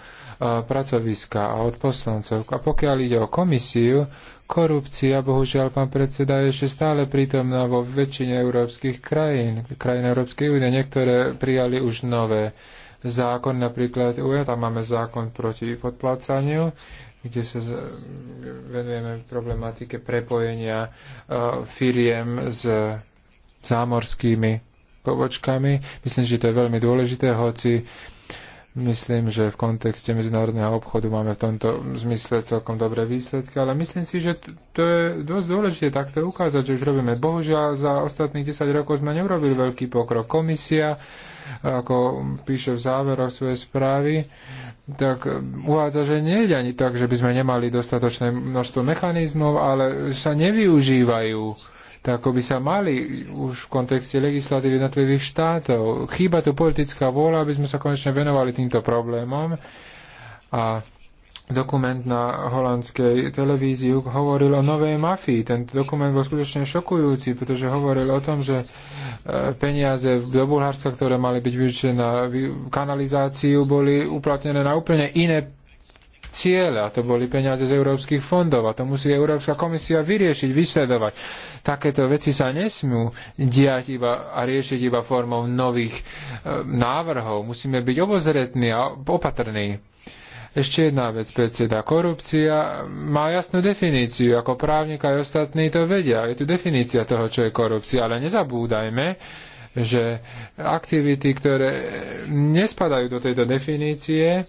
Speaker 2: pracoviska a od poslancov. A pokiaľ ide o komisiu, korupcia, bohužiaľ, pán predseda, je ešte stále prítomná vo väčšine európskych krajín, krajín Európskej únie. Niektoré prijali už nové zákon, napríklad UE, tam máme zákon proti podplácaniu kde sa venujeme problematike prepojenia e, firiem s zámorskými pobočkami. Myslím, že to je veľmi dôležité, hoci Myslím, že v kontexte medzinárodného obchodu máme v tomto zmysle celkom dobré výsledky, ale myslím si, že to je dosť dôležité takto ukázať, že už robíme. Bohužiaľ, za ostatných 10 rokov sme neurobili veľký pokrok. Komisia, ako píše v záveroch svojej správy, tak uvádza, že nie je ani tak, že by sme nemali dostatočné množstvo mechanizmov, ale sa nevyužívajú tak ako by sa mali už v kontexte legislatívy jednotlivých štátov. Chýba tu politická vôľa, aby sme sa konečne venovali týmto problémom. A dokument na holandskej televízii hovoril o novej mafii. Ten dokument bol skutočne šokujúci, pretože hovoril o tom, že e, peniaze do Bulharska, ktoré mali byť využité na kanalizáciu, boli uplatnené na úplne iné ciele, a to boli peniaze z európskych fondov, a to musí Európska komisia vyriešiť, vysledovať. Takéto veci sa nesmú diať iba a riešiť iba formou nových e, návrhov. Musíme byť obozretní a opatrní. Ešte jedna vec, predseda. Korupcia má jasnú definíciu. Ako právnik aj ostatní to vedia. Je tu definícia toho, čo je korupcia. Ale nezabúdajme, že aktivity, ktoré nespadajú do tejto definície,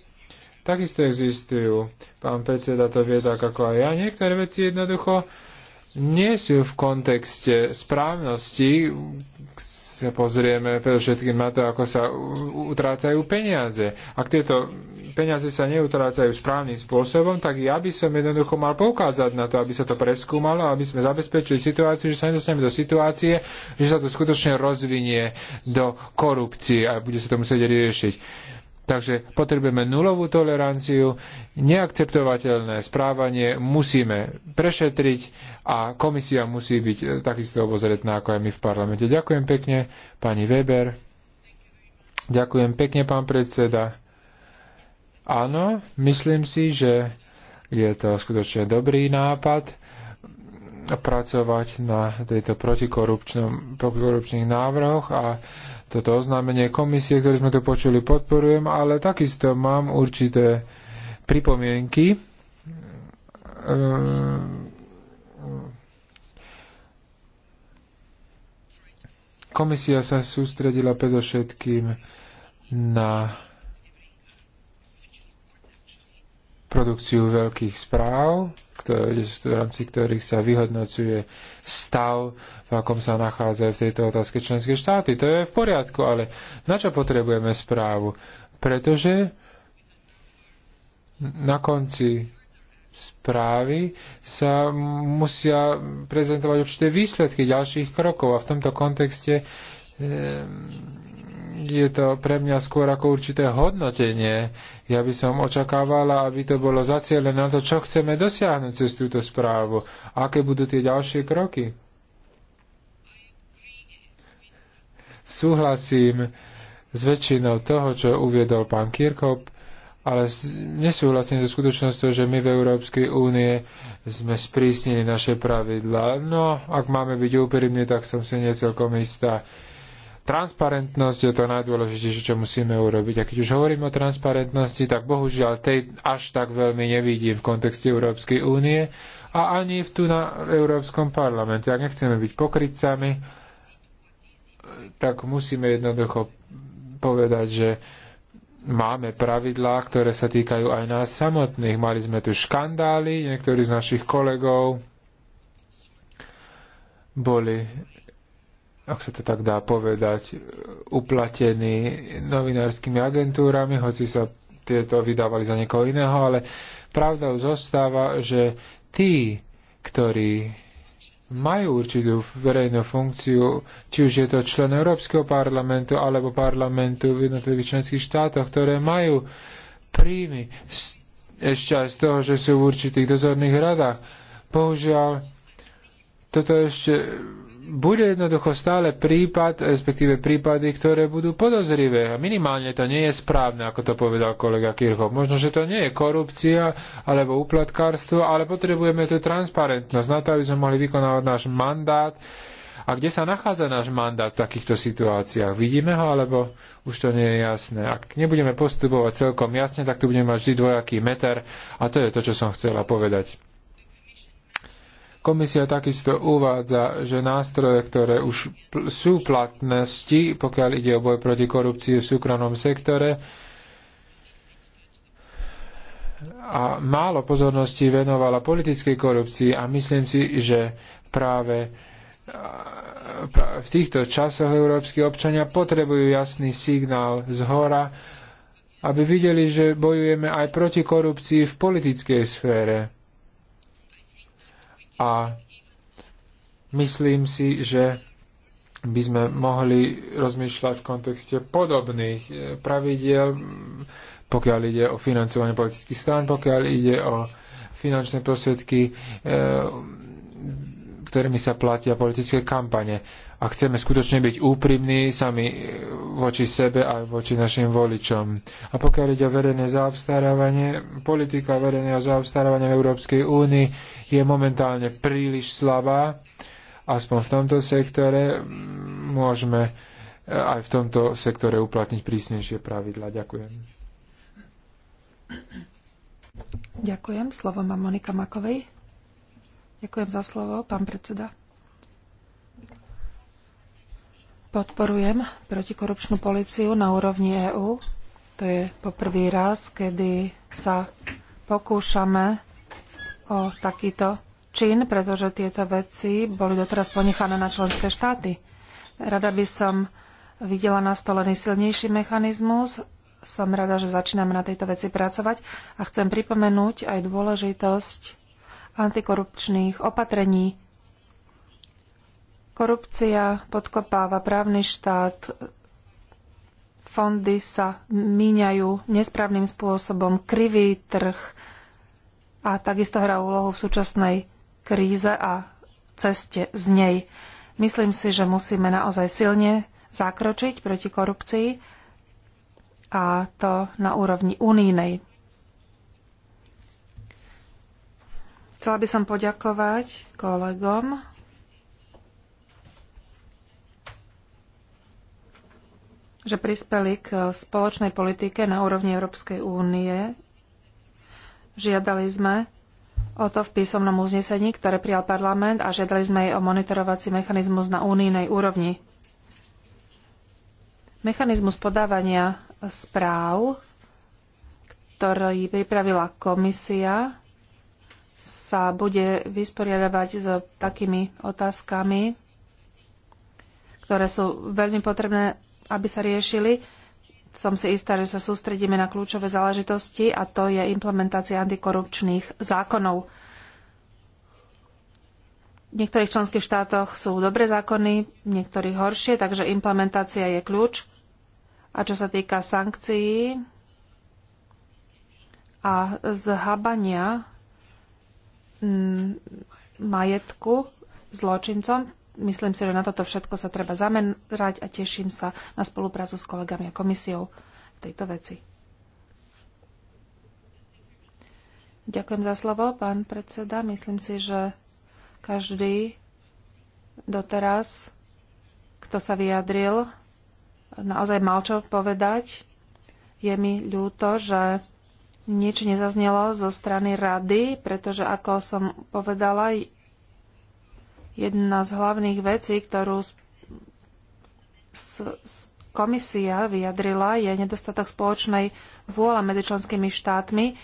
Speaker 2: takisto existujú. Pán predseda to vie tak ako aj ja. Niektoré veci jednoducho nie sú v kontexte správnosti, sa pozrieme predovšetkým na to, ako sa utrácajú peniaze. Ak tieto peniaze sa neutrácajú správnym spôsobom, tak ja by som jednoducho mal poukázať na to, aby sa to preskúmalo, aby sme zabezpečili situáciu, že sa nedostaneme do situácie, že sa to skutočne rozvinie do korupcie a bude sa to musieť riešiť Takže potrebujeme nulovú toleranciu, neakceptovateľné správanie musíme prešetriť a komisia musí byť takisto obozretná ako aj my v parlamente. Ďakujem pekne, pani Weber. Ďakujem pekne, pán predseda. Áno, myslím si, že je to skutočne dobrý nápad pracovať na tejto protikorupčných návrhoch a toto oznámenie komisie, ktoré sme tu počuli, podporujem, ale takisto mám určité pripomienky. Ehm, ehm, ehm, Komisia sa sústredila predovšetkým na produkciu veľkých správ, ktoré, v rámci ktorých sa vyhodnocuje stav, v akom sa nachádzajú v tejto otázke členské štáty. To je v poriadku, ale na čo potrebujeme správu? Pretože na konci správy sa musia prezentovať určité výsledky ďalších krokov a v tomto kontexte ehm, je to pre mňa skôr ako určité hodnotenie. Ja by som očakávala, aby to bolo zacielené na to, čo chceme dosiahnuť cez túto správu. Aké budú tie ďalšie kroky? Súhlasím s väčšinou toho, čo uviedol pán Kirkop, ale nesúhlasím so skutočnosťou, že my v Európskej únie sme sprísnili naše pravidlá. No, ak máme byť úprimní, tak som si necelkom istá transparentnosť je to najdôležitejšie, čo musíme urobiť. A keď už hovoríme o transparentnosti, tak bohužiaľ tej až tak veľmi nevidím v kontexte Európskej únie a ani v tu na Európskom parlamente. Ak nechceme byť pokrytcami, tak musíme jednoducho povedať, že máme pravidlá, ktoré sa týkajú aj nás samotných. Mali sme tu škandály, niektorí z našich kolegov boli ak sa to tak dá povedať, e, uplatení novinárskymi agentúrami, hoci sa tieto vydávali za niekoho iného, ale pravda zostáva, že tí, ktorí majú určitú verejnú funkciu, či už je to člen Európskeho parlamentu alebo parlamentu v jednotlivých členských štátoch, ktoré majú príjmy ešte aj z toho, že sú v určitých dozorných radách. Bohužiaľ, toto ešte bude jednoducho stále prípad, respektíve prípady, ktoré budú podozrivé. A minimálne to nie je správne, ako to povedal kolega Kirchhoff. Možno, že to nie je korupcia alebo uplatkárstvo, ale potrebujeme tú transparentnosť na to, aby sme mohli vykonávať náš mandát. A kde sa nachádza náš mandát v takýchto situáciách? Vidíme ho, alebo už to nie je jasné? Ak nebudeme postupovať celkom jasne, tak tu budeme mať vždy dvojaký meter. A to je to, čo som chcela povedať. Komisia takisto uvádza, že nástroje, ktoré už sú platnosti, pokiaľ ide o boj proti korupcii v súkromnom sektore, a málo pozornosti venovala politickej korupcii a myslím si, že práve v týchto časoch európsky občania potrebujú jasný signál z hora, aby videli, že bojujeme aj proti korupcii v politickej sfére a myslím si, že by sme mohli rozmýšľať v kontexte podobných e, pravidiel, pokiaľ ide o financovanie politických strán, pokiaľ ide o finančné prostriedky, e, ktorými sa platia politické kampane a chceme skutočne byť úprimní sami e, voči sebe aj voči našim voličom. A pokiaľ ide o verejné zaobstarávanie, politika verejného zaobstarávania v Európskej únii je momentálne príliš slabá. Aspoň v tomto sektore môžeme e, aj v tomto sektore uplatniť prísnejšie pravidla. Ďakujem.
Speaker 3: Ďakujem. Slovo má Monika Makovej. Ďakujem za slovo, pán predseda. Podporujem protikorupčnú policiu na úrovni EÚ. To je poprvý raz, kedy sa pokúšame o takýto čin, pretože tieto veci boli doteraz ponechané na členské štáty. Rada by som videla nastolený silnejší mechanizmus. Som rada, že začíname na tejto veci pracovať a chcem pripomenúť aj dôležitosť antikorupčných opatrení Korupcia podkopáva právny štát, fondy sa míňajú nesprávnym spôsobom, krivý trh a takisto hrá úlohu v súčasnej kríze a ceste z nej. Myslím si, že musíme naozaj silne zakročiť proti korupcii a to na úrovni unínej. Chcela by som poďakovať kolegom že prispeli k spoločnej politike na úrovni Európskej únie. Žiadali sme o to v písomnom uznesení, ktoré prijal parlament a žiadali sme jej o monitorovací mechanizmus na únijnej úrovni. Mechanizmus podávania správ, ktorý pripravila komisia, sa bude vysporiadavať s takými otázkami, ktoré sú veľmi potrebné aby sa riešili. Som si istá, že sa sústredíme na kľúčové záležitosti a to je implementácia antikorupčných zákonov. V niektorých členských štátoch sú dobré zákony, v niektorých horšie, takže implementácia je kľúč. A čo sa týka sankcií a zhabania mm, majetku zločincom, myslím si, že na toto všetko sa treba zamerať a teším sa na spoluprácu s kolegami a komisiou v tejto veci. Ďakujem za slovo, pán predseda. Myslím si, že každý doteraz, kto sa vyjadril, naozaj mal čo povedať. Je mi ľúto, že nič nezaznelo zo strany rady, pretože ako som povedala, Jedna z hlavných vecí, ktorú komisia vyjadrila, je nedostatok spoločnej vôle medzi členskými štátmi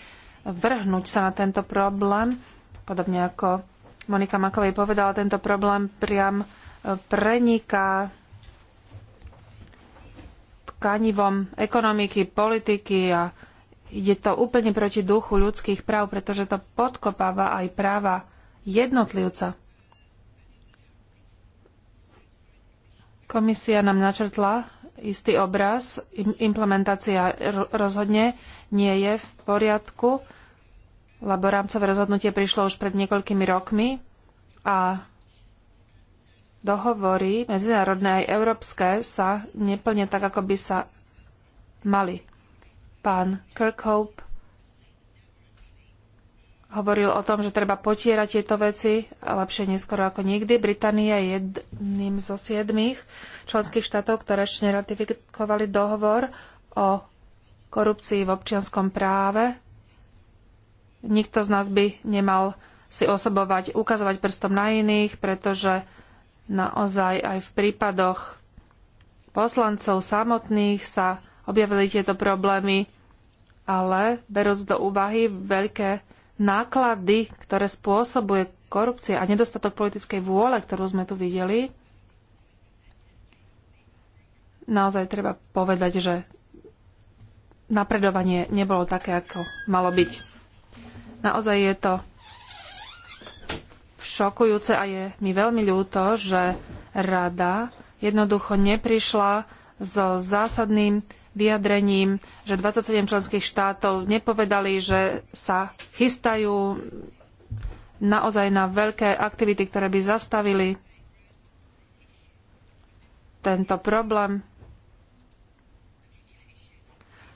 Speaker 3: vrhnúť sa na tento problém. Podobne ako Monika Makovej povedala, tento problém priam e, preniká tkanivom ekonomiky, politiky a je to úplne proti duchu ľudských práv, pretože to podkopáva aj práva jednotlivca. Komisia nám načrtla istý obraz. Implementácia rozhodne nie je v poriadku, lebo rámcové rozhodnutie prišlo už pred niekoľkými rokmi a dohovory medzinárodné aj európske sa neplne tak, ako by sa mali. Pán Kirkhope hovoril o tom, že treba potierať tieto veci, lepšie neskoro ako nikdy. Británia je jedným zo siedmých členských štátov, ktoré ešte neratifikovali dohovor o korupcii v občianskom práve. Nikto z nás by nemal si osobovať, ukazovať prstom na iných, pretože naozaj aj v prípadoch poslancov samotných sa objavili tieto problémy, ale berúc do úvahy veľké náklady, ktoré spôsobuje korupcia a nedostatok politickej vôle, ktorú sme tu videli, naozaj treba povedať, že napredovanie nebolo také, ako malo byť. Naozaj je to šokujúce a je mi veľmi ľúto, že rada jednoducho neprišla so zásadným vyjadrením, že 27 členských štátov nepovedali, že sa chystajú naozaj na veľké aktivity, ktoré by zastavili tento problém.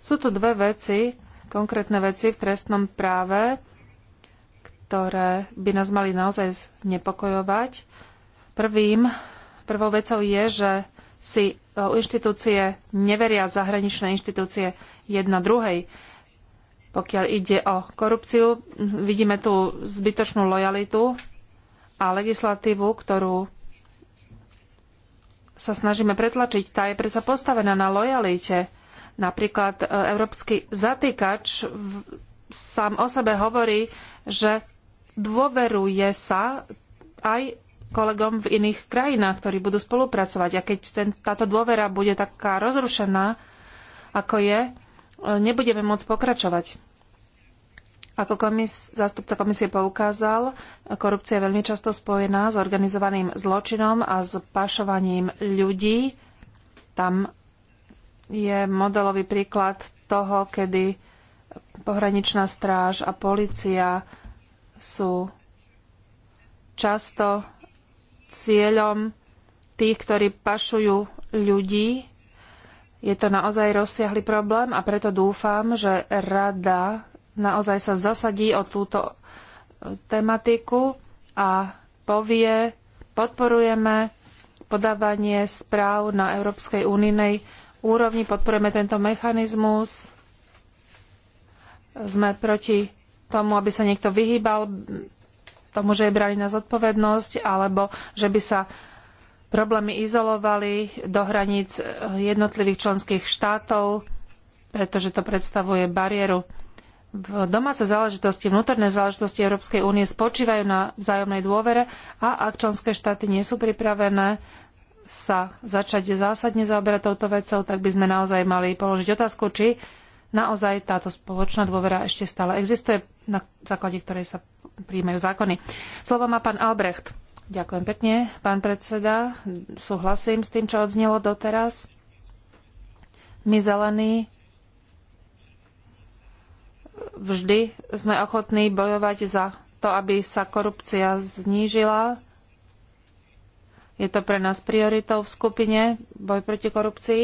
Speaker 3: Sú tu dve veci, konkrétne veci v trestnom práve, ktoré by nás mali naozaj znepokojovať. Prvým, prvou vecou je, že si inštitúcie neveria zahraničné inštitúcie jedna druhej. Pokiaľ ide o korupciu, vidíme tu zbytočnú lojalitu a legislatívu, ktorú sa snažíme pretlačiť, tá je predsa postavená na lojalite. Napríklad e, európsky zatýkač sám o sebe hovorí, že dôveruje sa aj kolegom v iných krajinách, ktorí budú spolupracovať. A keď ten, táto dôvera bude taká rozrušená, ako je, e, nebudeme môcť pokračovať. Ako komis, zástupca komisie poukázal, korupcia je veľmi často spojená s organizovaným zločinom a s pašovaním ľudí. Tam je modelový príklad toho, kedy pohraničná stráž a policia sú často cieľom tých, ktorí pašujú ľudí. Je to naozaj rozsiahly problém a preto dúfam, že rada naozaj sa zasadí o túto e, tematiku a povie, podporujeme podávanie správ na Európskej únijnej úrovni, podporujeme tento mechanizmus, sme proti tomu, aby sa niekto vyhýbal tomu, že je brali na zodpovednosť, alebo že by sa problémy izolovali do hraníc eh, jednotlivých členských štátov, pretože to predstavuje bariéru. V domáce záležitosti, vnútorné záležitosti Európskej únie spočívajú na vzájomnej dôvere a ak členské štáty nie sú pripravené sa začať zásadne zaoberať touto vecou, tak by sme naozaj mali položiť otázku, či naozaj táto spoločná dôvera ešte stále existuje, na základe ktorej sa príjmajú zákony. Slovo má pán Albrecht. Ďakujem pekne, pán predseda. Súhlasím s tým, čo odznelo doteraz. My zelení vždy sme ochotní bojovať za to, aby sa korupcia znížila. Je to pre nás prioritou v skupine boj proti korupcii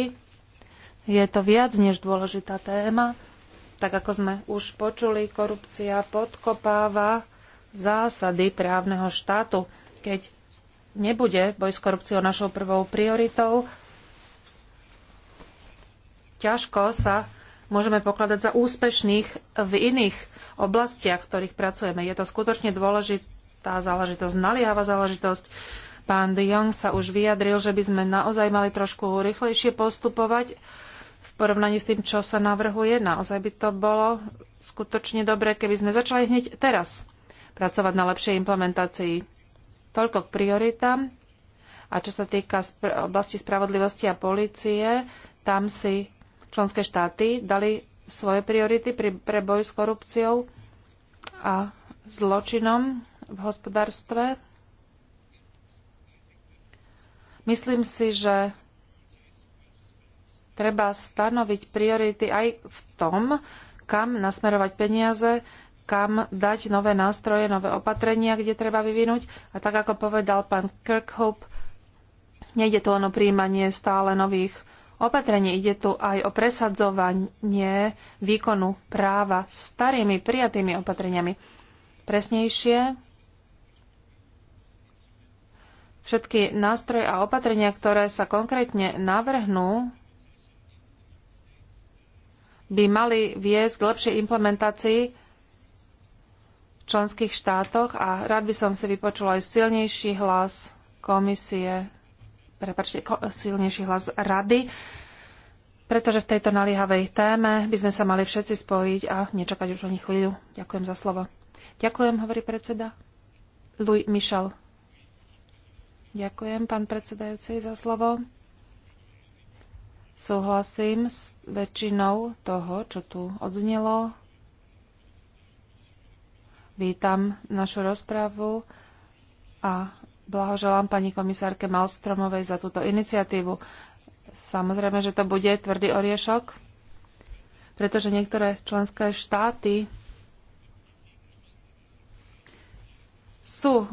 Speaker 3: je to viac než dôležitá téma. Tak ako sme už počuli, korupcia podkopáva zásady právneho štátu. Keď nebude boj s korupciou našou prvou prioritou, ťažko sa môžeme pokladať za úspešných v iných oblastiach, v ktorých pracujeme. Je to skutočne dôležitá záležitosť, naliehavá záležitosť. Pán de Jong sa už vyjadril, že by sme naozaj mali trošku rýchlejšie postupovať v porovnaní s tým, čo sa navrhuje. Naozaj by to bolo skutočne dobré, keby sme začali hneď teraz pracovať na lepšej implementácii. Toľko k prioritám. A čo sa týka oblasti spravodlivosti a policie, tam si členské štáty dali svoje priority pri, pre boj s korupciou a zločinom v hospodárstve. Myslím si, že Treba stanoviť priority aj v tom, kam nasmerovať peniaze, kam dať nové nástroje, nové opatrenia, kde treba vyvinúť. A tak, ako povedal pán Kirkhope, nejde tu len o príjmanie stále nových opatrení, ide tu aj o presadzovanie výkonu práva starými prijatými opatreniami. Presnejšie, všetky nástroje a opatrenia, ktoré sa konkrétne navrhnú, by mali viesť k lepšej implementácii v členských štátoch a rád by som si vypočula aj silnejší hlas komisie, prepačte, silnejší hlas rady, pretože v tejto naliehavej téme by sme sa mali všetci spojiť a nečakať už ani chvíľu. Ďakujem za slovo. Ďakujem, hovorí predseda. Louis Michel. Ďakujem, pán predsedajúci, za slovo. Súhlasím s väčšinou toho, čo tu odznelo. Vítam našu rozpravu a blahoželám pani komisárke Malstromovej za túto iniciatívu. Samozrejme, že to bude tvrdý oriešok, pretože niektoré členské štáty sú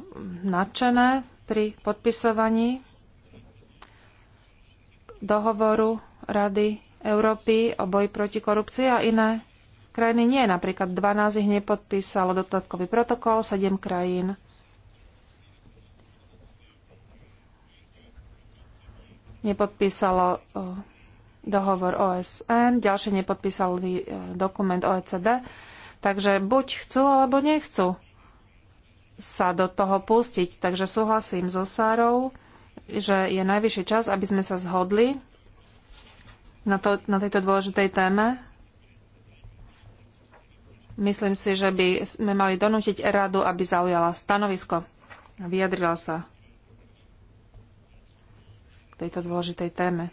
Speaker 3: nadšené pri podpisovaní dohovoru Rady Európy o boji proti korupcii a iné krajiny nie. Napríklad 12 ich nepodpísalo dodatkový protokol, 7 krajín. Nepodpísalo e, dohovor OSN, ďalšie nepodpísali e, dokument OECD. Takže buď chcú, alebo nechcú sa do toho pustiť. Takže súhlasím so Sárou, že je najvyšší čas, aby sme sa zhodli na, to, na tejto dôležitej téme. Myslím si, že by sme mali donútiť radu, aby zaujala stanovisko a vyjadrila sa k tejto dôležitej téme.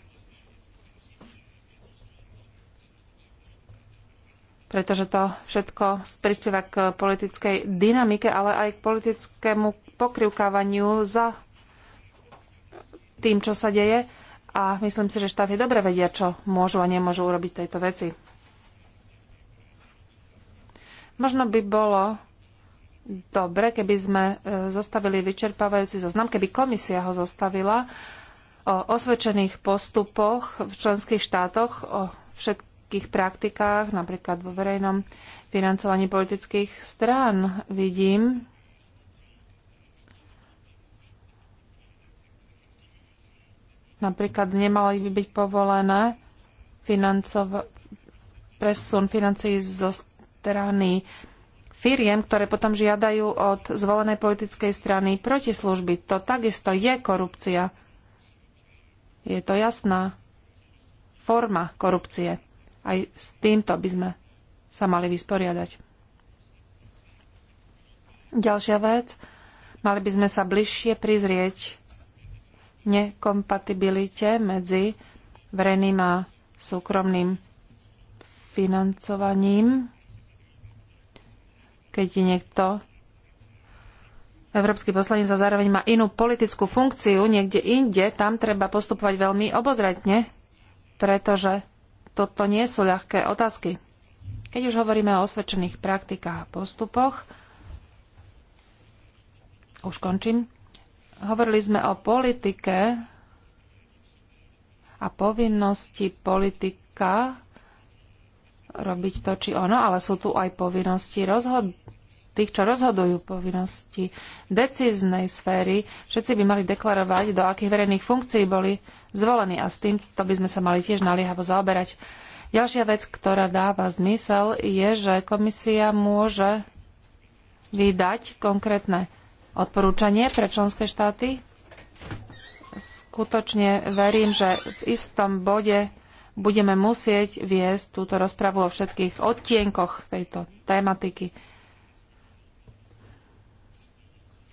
Speaker 3: pretože to všetko prispieva k politickej dynamike, ale aj k politickému pokrivkávaniu za tým, čo sa deje a myslím si, že štáty dobre vedia, čo môžu a nemôžu urobiť tejto veci. Možno by bolo dobre, keby sme e, zostavili vyčerpávajúci zoznam, keby komisia ho zostavila e, o osvedčených postupoch v členských štátoch, o všetkých praktikách, napríklad vo verejnom financovaní politických strán. Vidím, Napríklad nemali by byť povolené financov... presun financií zo strany firiem, ktoré potom žiadajú od zvolenej politickej strany protislužby. To takisto je korupcia. Je to jasná forma korupcie. Aj s týmto by sme sa mali vysporiadať. Ďalšia vec. Mali by sme sa bližšie prizrieť nekompatibilite medzi verejným a súkromným financovaním, keď je niekto Európsky poslanec a zároveň má inú politickú funkciu niekde inde, tam treba postupovať veľmi obozretne, pretože toto nie sú ľahké otázky. Keď už hovoríme o osvedčených praktikách a postupoch, už končím. Hovorili sme o politike a povinnosti politika robiť to či ono, ale sú tu aj povinnosti rozhod- tých, čo rozhodujú povinnosti decíznej sféry. Všetci by mali deklarovať, do akých verejných funkcií boli zvolení a s týmto by sme sa mali tiež naliehavo zaoberať. Ďalšia vec, ktorá dáva zmysel, je, že komisia môže vydať konkrétne odporúčanie pre členské štáty. Skutočne verím, že v istom bode budeme musieť viesť túto rozpravu o všetkých odtienkoch tejto tematiky.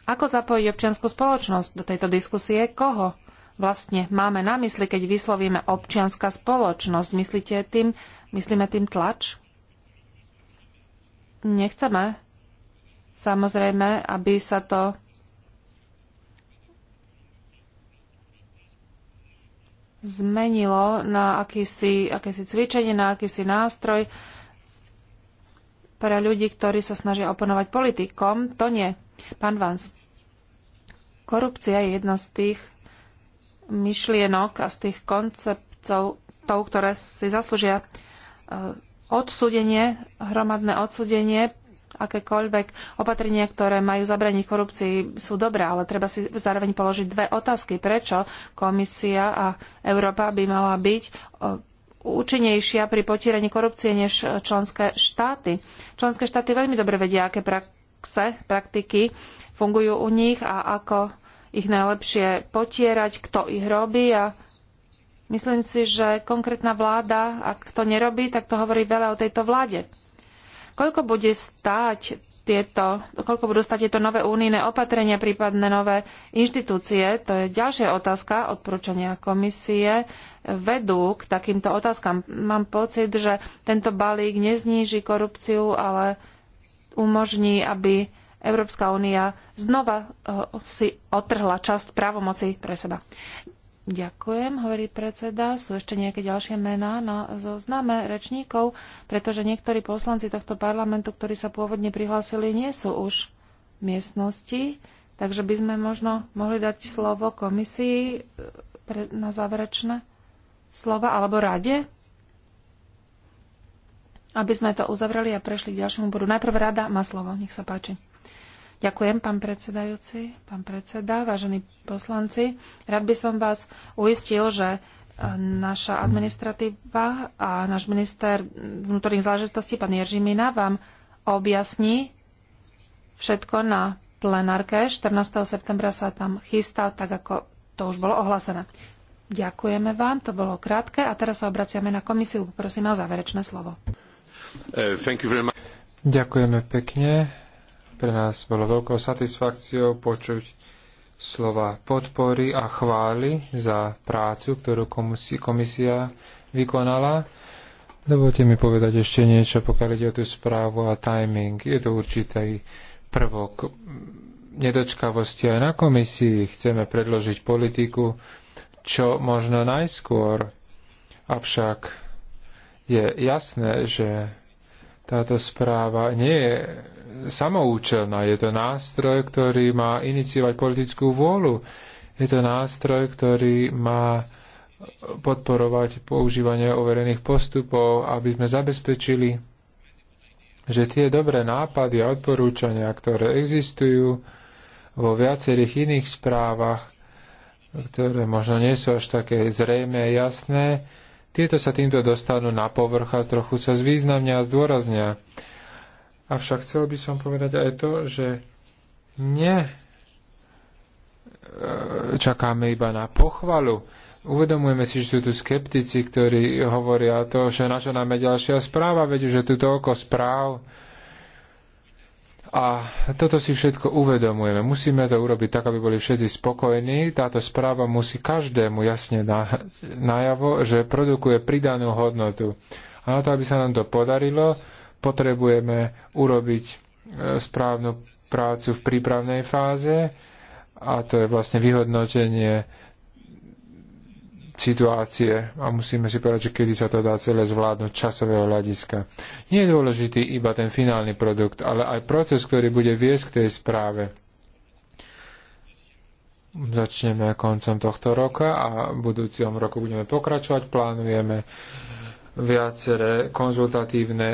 Speaker 3: Ako zapojiť občianskú spoločnosť do tejto diskusie? Koho vlastne máme na mysli, keď vyslovíme občianská spoločnosť? Myslíte tým, myslíme tým tlač? Nechceme Samozrejme, aby sa to zmenilo na akýsi, akési cvičenie, na akýsi nástroj pre ľudí, ktorí sa snažia oponovať politikom. To nie. Pán Vans, korupcia je jedna z tých myšlienok a z tých konceptov, ktoré si zaslúžia eh, odsúdenie, hromadné odsúdenie akékoľvek opatrenia, ktoré majú zabraniť korupcii, sú dobré, ale treba si zároveň položiť dve otázky. Prečo komisia a Európa by mala byť účinnejšia pri potieraní korupcie než členské štáty? Členské štáty veľmi dobre vedia, aké praxe, praktiky fungujú u nich a ako ich najlepšie potierať, kto ich robí a Myslím si, že konkrétna vláda, ak to nerobí, tak to hovorí veľa o tejto vláde. Koľko bude stáť tieto, koľko budú stať tieto nové únijné opatrenia, prípadne nové inštitúcie? To je ďalšia otázka. Odporúčania komisie vedú k takýmto otázkam. Mám pocit, že tento balík nezníži korupciu, ale umožní, aby Európska únia znova eh, si otrhla časť právomoci pre seba. Ďakujem, hovorí predseda. Sú ešte nejaké ďalšie mená na zozname rečníkov, pretože niektorí poslanci tohto parlamentu, ktorí sa pôvodne prihlásili, nie sú už v miestnosti, takže by sme možno mohli dať slovo komisii e, pre, na záverečné slova alebo rade, aby sme to uzavreli a prešli k ďalšiemu bodu. Najprv rada má slovo, nech sa páči. Ďakujem, pán predsedajúci, pán predseda, vážení poslanci. Rád by som vás uistil, že e, naša administratíva a náš minister vnútorných záležitostí, pán Jerzy Mina, vám objasní všetko na plenárke. 14. septembra sa tam chystá, tak ako to už bolo ohlásené. Ďakujeme vám, to bolo krátke a teraz sa obraciame na komisiu. Poprosím o záverečné slovo.
Speaker 1: Eh,
Speaker 2: Ďakujeme pekne pre nás bolo veľkou satisfakciou počuť slova podpory a chvály za prácu, ktorú komisia vykonala. Dovolte mi povedať ešte niečo, pokiaľ ide o tú správu a timing. Je to určitý prvok nedočkavosti aj na komisii. Chceme predložiť politiku čo možno najskôr. Avšak je jasné, že táto správa nie je samoučelná, je to nástroj, ktorý má iniciovať politickú vôľu. Je to nástroj, ktorý má podporovať používanie overených postupov, aby sme zabezpečili, že tie dobré nápady a odporúčania, ktoré existujú vo viacerých iných správach, ktoré možno nie sú až také zrejme jasné, tieto sa týmto dostanú na povrch a trochu sa zvýznamňa a zdôraznia. Avšak chcel by som povedať aj to, že ne e, čakáme iba na pochvalu. Uvedomujeme si, že sú tu skeptici, ktorí hovoria to, že na čo nám je ďalšia správa, veď že tu toľko správ, a toto si všetko uvedomujeme. Musíme to urobiť tak, aby boli všetci spokojní. Táto správa musí každému jasne na, najavo, že produkuje pridanú hodnotu. A na to, aby sa nám to podarilo, potrebujeme urobiť e, správnu prácu v prípravnej fáze a to je vlastne vyhodnotenie situácie a musíme si povedať, že kedy sa to dá celé zvládnuť časového hľadiska. Nie je dôležitý iba ten finálny produkt, ale aj proces, ktorý bude viesť k tej správe. Začneme koncom tohto roka a v budúcom roku budeme pokračovať. Plánujeme viaceré konzultatívne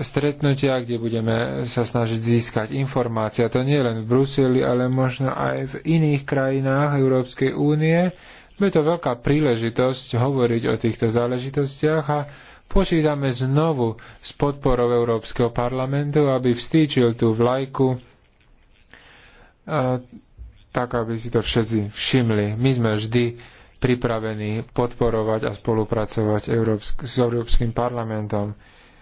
Speaker 2: stretnutia, kde budeme sa snažiť získať informácia. To nie len v Bruseli, ale možno aj v iných krajinách Európskej únie bude to veľká príležitosť hovoriť o týchto záležitostiach a počítame znovu s podporou Európskeho parlamentu, aby vstýčil tú vlajku a, e, tak, aby si to všetci všimli. My sme vždy pripravení podporovať a spolupracovať Európsk- s Európskym parlamentom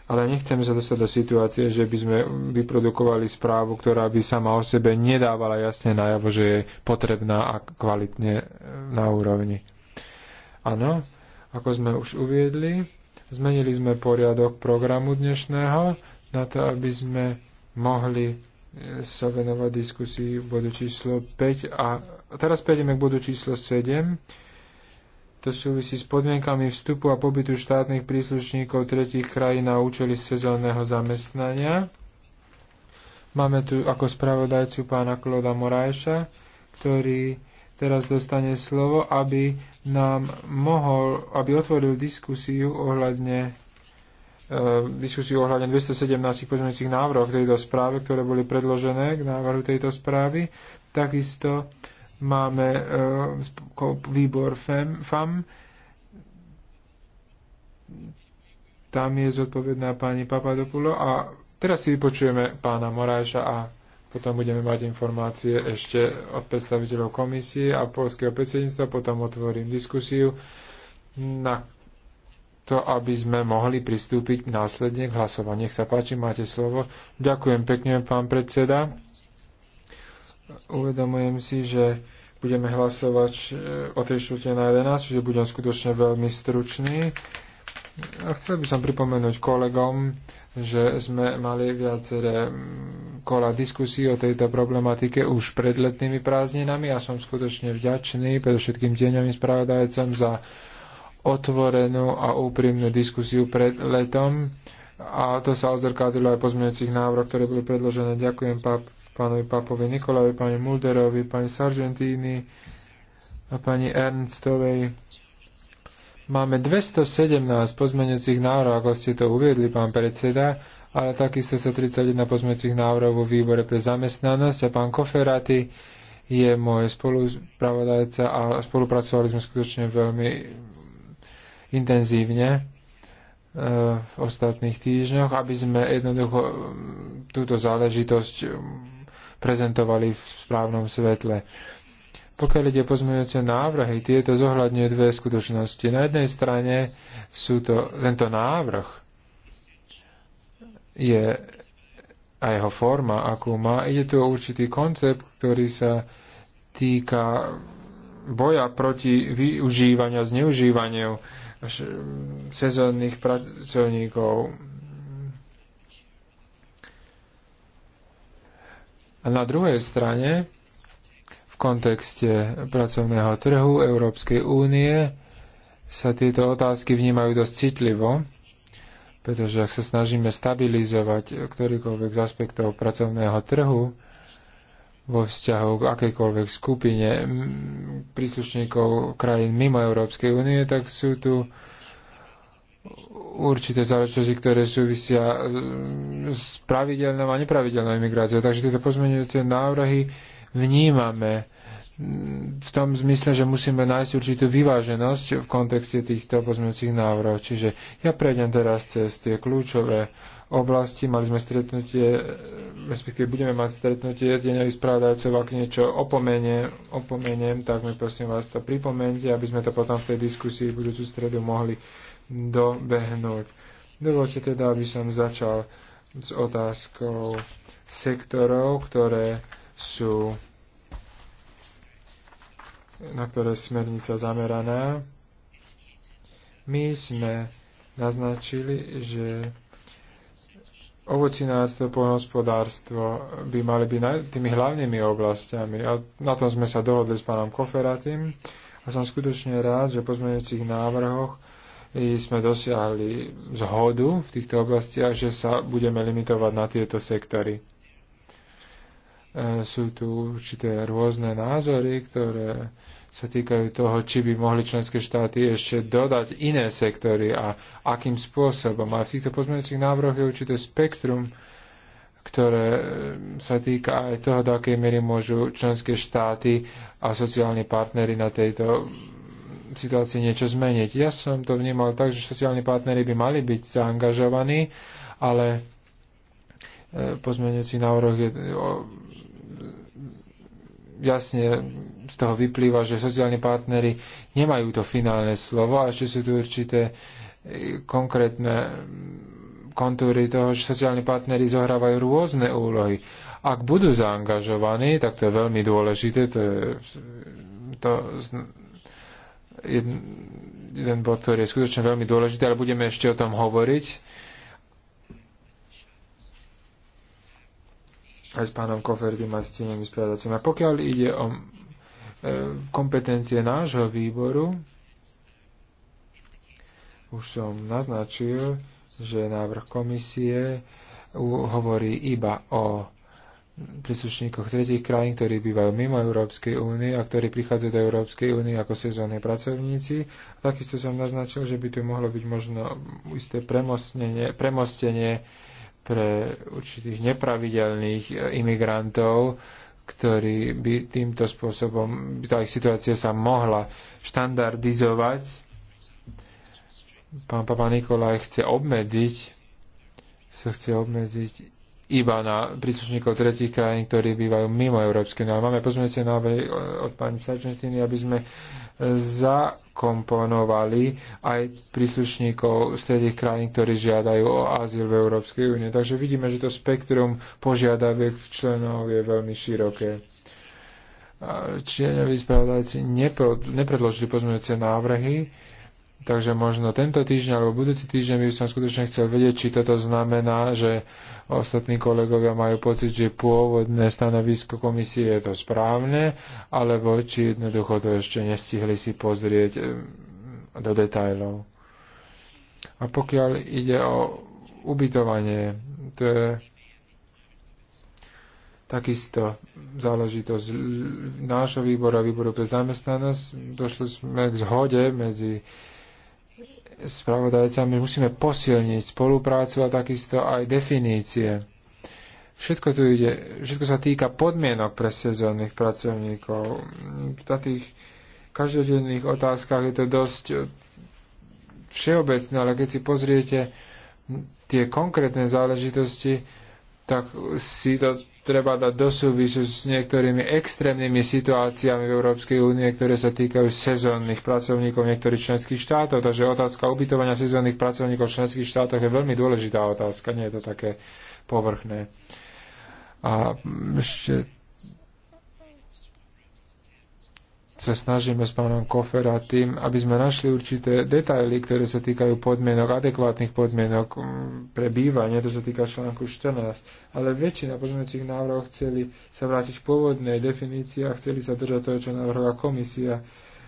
Speaker 2: ale nechceme sa dostať do situácie, že by sme vyprodukovali správu, ktorá by sama o sebe nedávala jasne najavo, že je potrebná a kvalitne e, na úrovni. Áno, ako sme už uviedli, zmenili sme poriadok programu dnešného na to, aby sme mohli e, sa venovať diskusii bodu číslo 5 a teraz prejdeme k bodu číslo 7. To súvisí s podmienkami vstupu a pobytu štátnych príslušníkov tretich krajín na účely sezónneho zamestnania. Máme tu ako spravodajcu pána Kloda Morajša, ktorý teraz dostane slovo, aby nám mohol, aby otvoril diskusiu ohľadne e, diskusiu ohľadne 217 pozmeňujúcich návrhov k tejto správe, ktoré boli predložené k návrhu tejto správy. Takisto máme e, výbor FEM, FAM. Tam je zodpovedná pani Papadopulo a teraz si vypočujeme pána Moráša a potom budeme mať informácie ešte od predstaviteľov komisie a polského predsedníctva. Potom otvorím diskusiu na to, aby sme mohli pristúpiť následne k hlasovaniu. Nech sa páči, máte slovo. Ďakujem pekne, pán predseda. Uvedomujem si, že budeme hlasovať eh, o 3 na 11, čiže budem skutočne veľmi stručný. Chcel by som pripomenúť kolegom, že sme mali viaceré kola diskusí o tejto problematike už pred letnými prázdninami a som skutočne vďačný predovšetkým deňovým spravodajcom za otvorenú a úprimnú diskusiu pred letom a to sa ozrkadilo aj pozmeňujúcich návrh, ktoré boli predložené. Ďakujem pap, pánovi Papovi Nikolovi, pani Mulderovi, pani Sargentini a pani Ernstovej Máme 217 pozmeňujúcich návrhov, ako ste to uviedli, pán predseda, ale takisto 131 31 pozmeňujúcich návrhov vo výbore pre zamestnanosť a pán Koferaty je môj spolupravodajca a spolupracovali sme skutočne veľmi intenzívne eh, v ostatných týždňoch, aby sme jednoducho eh, túto záležitosť mm, prezentovali v správnom svetle. Pokiaľ ide pozmeňujúce návrhy, tieto zohľadňujú dve skutočnosti. Na jednej strane sú to, tento návrh je a jeho forma, akú má. Ide tu o určitý koncept, ktorý sa týka boja proti využívaniu a zneužívaniu sezónnych pracovníkov. A na druhej strane v kontexte pracovného trhu Európskej únie sa tieto otázky vnímajú dosť citlivo, pretože ak sa snažíme stabilizovať ktorýkoľvek z aspektov pracovného trhu, vo vzťahu k akejkoľvek skupine príslušníkov krajín mimo Európskej únie, tak sú tu určité záležitosti, ktoré súvisia s pravidelnou a nepravidelnou imigráciou. Takže tieto pozmeňujúce návrhy vnímame v tom zmysle, že musíme nájsť určitú vyváženosť v kontexte týchto pozmeňujúcich návrhov. Čiže ja prejdem teraz cez tie kľúčové oblasti. Mali sme stretnutie, respektíve budeme mať stretnutie deňových správdajcov. Ak niečo opomeniem, opomeniem, tak mi prosím vás to pripomente, aby sme to potom v tej diskusii v budúcu stredu mohli dobehnúť. Dovolte teda, aby som začal s otázkou sektorov, ktoré sú na ktoré smernica zameraná. My sme naznačili, že ovocinárstvo, poľnohospodárstvo by mali byť tými hlavnými oblastiami. A na tom sme sa dohodli s pánom Koferatým. A som skutočne rád, že po zmenujúcich návrhoch sme dosiahli zhodu v týchto oblastiach, že sa budeme limitovať na tieto sektory. E, sú tu určité rôzne názory, ktoré sa týkajú toho, či by mohli členské štáty ešte dodať iné sektory a akým spôsobom. A v týchto pozmeňujúcich návrhoch je určité spektrum, ktoré e, sa týka aj toho, do akej miery môžu členské štáty a sociálni partnery na tejto situácii niečo zmeniť. Ja som to vnímal tak, že sociálni partnery by mali byť zaangažovaní, ale e, pozmeňujúci návrh je jasne z toho vyplýva, že sociálni partnery nemajú to finálne slovo a ešte sú tu určité e, konkrétne kontúry toho, že sociálni partnery zohrávajú rôzne úlohy. Ak budú zaangažovaní, tak to je veľmi dôležité, to je to jeden, jeden bod, ktorý je skutočne veľmi dôležitý, ale budeme ešte o tom hovoriť aj s pánom Koferdy a s tými spravodajcom. A pokiaľ ide o e, kompetencie nášho výboru, už som naznačil, že návrh komisie hovorí iba o príslušníkoch tretich krajín, ktorí bývajú mimo Európskej únie a ktorí prichádzajú do Európskej únie ako sezónni pracovníci. Takisto som naznačil, že by tu mohlo byť možno isté premostenie, premostenie pre určitých nepravidelných e, imigrantov, ktorí by týmto spôsobom, by tá ich situácia sa mohla štandardizovať. Pán Papa Nikolaj chce obmedziť, sa chce obmedziť iba na príslušníkov tretich krajín, ktorí bývajú mimo Európskej únie. No, máme pozmeňujúce návrhy od pani Sargentiny, aby sme zakomponovali aj príslušníkov z tretich krajín, ktorí žiadajú o azyl v Európskej únie. Takže vidíme, že to spektrum požiadaviek členov je veľmi široké. Čieňoví spravodajci nepredložili pozmeňujúce návrhy, Takže možno tento týždeň alebo budúci týždeň by som skutočne chcel vedieť, či toto znamená, že ostatní kolegovia majú pocit, že pôvodné stanovisko komisie je to správne, alebo či jednoducho to ešte nestihli si pozrieť do detajlov. A pokiaľ ide o ubytovanie, to je takisto záležitosť nášho výboru a výboru pre zamestnanosť. Došli sme k zhode medzi spravodajcami musíme posilniť spoluprácu a takisto aj definície. Všetko tu ide, všetko sa týka podmienok pre sezónnych pracovníkov. V tých každodenných otázkach je to dosť všeobecné, ale keď si pozriete tie konkrétne záležitosti, tak si to treba dať do súvisu s niektorými extrémnymi situáciami v Európskej únie, ktoré sa týkajú sezónnych pracovníkov niektorých členských štátov. Takže otázka ubytovania sezónnych pracovníkov v členských štátoch je veľmi dôležitá otázka, nie je to také povrchné. A ešte sa snažíme s pánom Kofera tým, aby sme našli určité detaily, ktoré sa týkajú podmienok, adekvátnych podmienok mm, pre bývanie, to sa týka článku 14. Ale väčšina pozmeňujúcich návrhov chceli sa vrátiť k pôvodnej definícii a chceli sa držať toho, čo navrhla komisia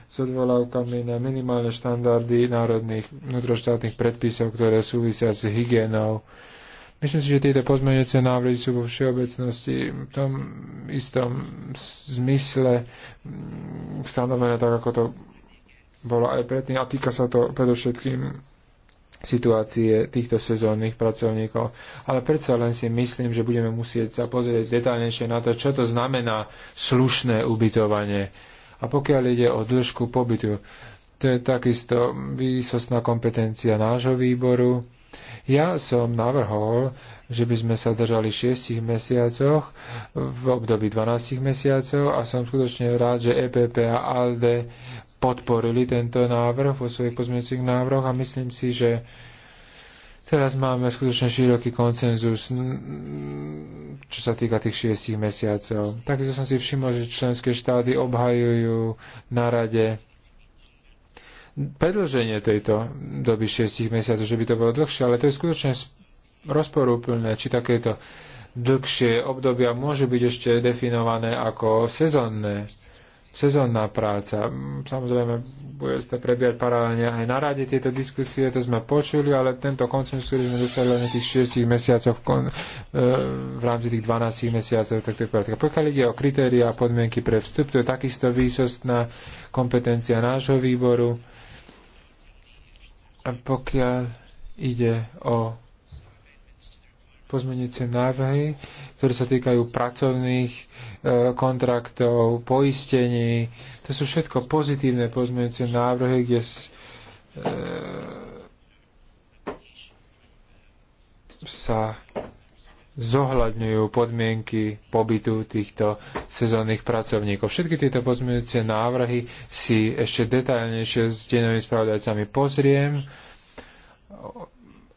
Speaker 2: s odvolávkami na minimálne štandardy národných vnútroštátnych predpisov, ktoré súvisia s hygienou Myslím si, že tieto pozmeňujúce návrhy sú vo všeobecnosti v tom istom zmysle stanovené tak, ako to bolo aj predtým. A týka sa to predovšetkým situácie týchto sezónnych pracovníkov. Ale predsa len si myslím, že budeme musieť sa pozrieť detálnejšie na to, čo to znamená slušné ubytovanie. A pokiaľ ide o dĺžku pobytu, to je takisto výsostná kompetencia nášho výboru ja som navrhol, že by sme sa držali 6 mesiacoch v období 12 mesiacov a som skutočne rád, že EPP a ALDE podporili tento návrh vo svojich pozmeňujúcich návrhoch a myslím si, že Teraz máme skutočne široký koncenzus, čo sa týka tých 6 mesiacov. Takisto som si všimol, že členské štáty obhajujú na rade predlženie tejto doby 6 mesiacov, že by to bolo dlhšie, ale to je skutočne rozporúplné, či takéto dlhšie obdobia môžu byť ešte definované ako sezónne, sezónna práca. Samozrejme, bude sa prebiehať paralelne aj na rade tieto diskusie, to sme počuli, ale tento koncensus, ktorý sme dosiahli na tých 6 mesiacov kon, e, v rámci tých 12 mesiacov, tak to je prátka. Pokiaľ ide o kritéria a podmienky pre vstup, to je takisto výsostná kompetencia nášho výboru pokiaľ ide o pozmeňujúce návrhy, ktoré sa týkajú pracovných e, kontraktov, poistení. To sú všetko pozitívne pozmeňujúce návrhy, kde e, sa zohľadňujú podmienky pobytu týchto sezónnych pracovníkov. Všetky tieto pozmeňujúce návrhy si ešte detaľnejšie s denovými spravodajcami pozriem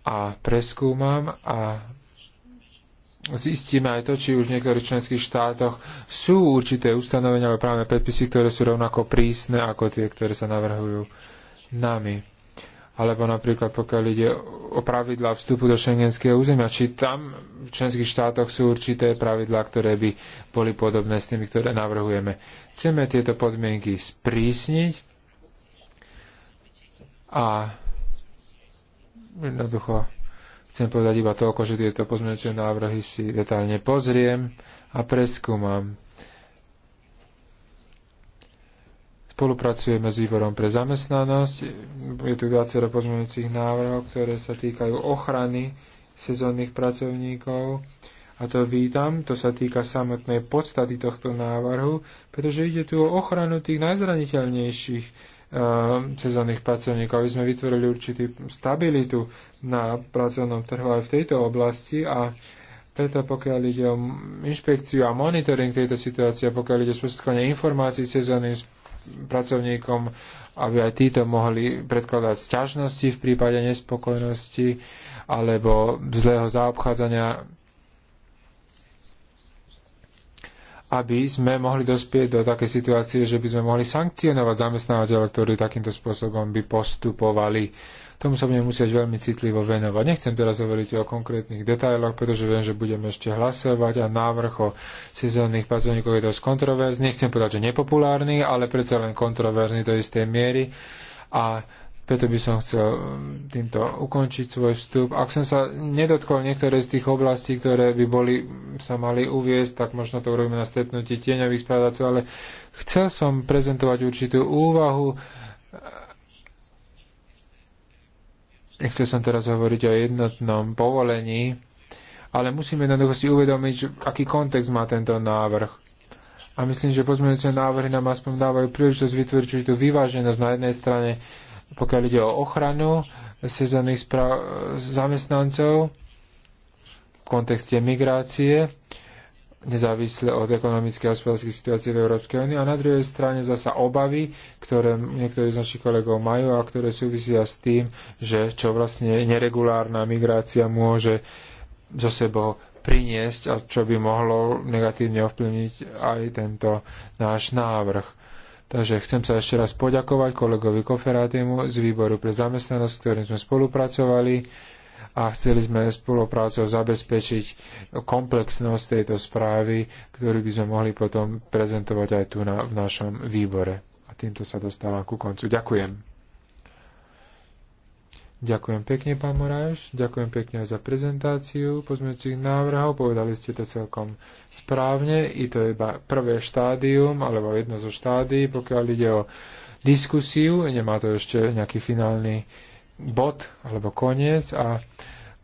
Speaker 2: a preskúmam a zistíme aj to, či už v niektorých členských štátoch sú určité ustanovenia alebo právne predpisy, ktoré sú rovnako prísne ako tie, ktoré sa navrhujú nami alebo napríklad pokiaľ ide o pravidlá vstupu do šengenského územia, či tam v členských štátoch sú určité pravidlá, ktoré by boli podobné s tými, ktoré navrhujeme. Chceme tieto podmienky sprísniť a jednoducho chcem povedať iba toľko, že tieto pozmeňujúce návrhy si detálne pozriem a preskúmam. Spolupracujeme s výborom pre zamestnanosť. Je tu viacero pozmeňujúcich návrhov, ktoré sa týkajú ochrany sezónnych pracovníkov. A to vítam, to sa týka samotnej podstaty tohto návrhu, pretože ide tu o ochranu tých najzraniteľnejších eh, sezónnych pracovníkov, aby sme vytvorili určitú stabilitu na pracovnom trhu aj v tejto oblasti a preto pokiaľ ide o inšpekciu a monitoring tejto situácie, pokiaľ ide o sprostredkovanie informácií sezónnym pracovníkom, aby aj títo mohli predkladať sťažnosti v prípade nespokojnosti alebo zlého zaobchádzania aby sme mohli dospieť do takej situácie, že by sme mohli sankcionovať zamestnávateľov, ktorí takýmto spôsobom by postupovali tomu sa budeme musieť veľmi citlivo venovať. Nechcem teraz hovoriť o konkrétnych detailoch, pretože viem, že budeme ešte hlasovať a návrh o sezónnych pracovníkov je dosť kontroverzný. Nechcem povedať, že nepopulárny, ale predsa len kontroverzný do istej miery. A preto by som chcel um, týmto ukončiť svoj vstup. Ak som sa nedotkol niektoré z tých oblastí, ktoré by boli, sa mali uviezť, tak možno to urobíme na stretnutí tieňových spravodacov, ale chcel som prezentovať určitú úvahu Nechcel som teraz hovoriť o jednotnom povolení, ale musíme jednoducho si uvedomiť, že aký kontext má tento návrh. A myslím, že pozmeňujúce návrhy nám aspoň dávajú príležitosť vytvoriť tú vyváženosť na jednej strane, pokiaľ ide o ochranu sezónnych zamestnancov v kontexte migrácie nezávisle od ekonomickej a hospodárskej situácie v Európskej únii. A na druhej strane zasa obavy, ktoré niektorí z našich kolegov majú a ktoré súvisia s tým, že čo vlastne neregulárna migrácia môže zo sebou priniesť a čo by mohlo negatívne ovplyvniť aj tento náš návrh. Takže chcem sa ešte raz poďakovať kolegovi Koferátimu z výboru pre zamestnanosť, ktorým sme spolupracovali a chceli sme spoluprácou zabezpečiť komplexnosť tejto správy, ktorú by sme mohli potom prezentovať aj tu na, v našom výbore. A týmto sa dostávam ku koncu. Ďakujem. Ďakujem pekne, pán Moráš. Ďakujem pekne aj za prezentáciu pozmeňujúcich návrhov. Povedali ste to celkom správne. I to je iba prvé štádium, alebo jedno zo štádií, pokiaľ ide o diskusiu. Nemá to ešte nejaký finálny bod alebo koniec a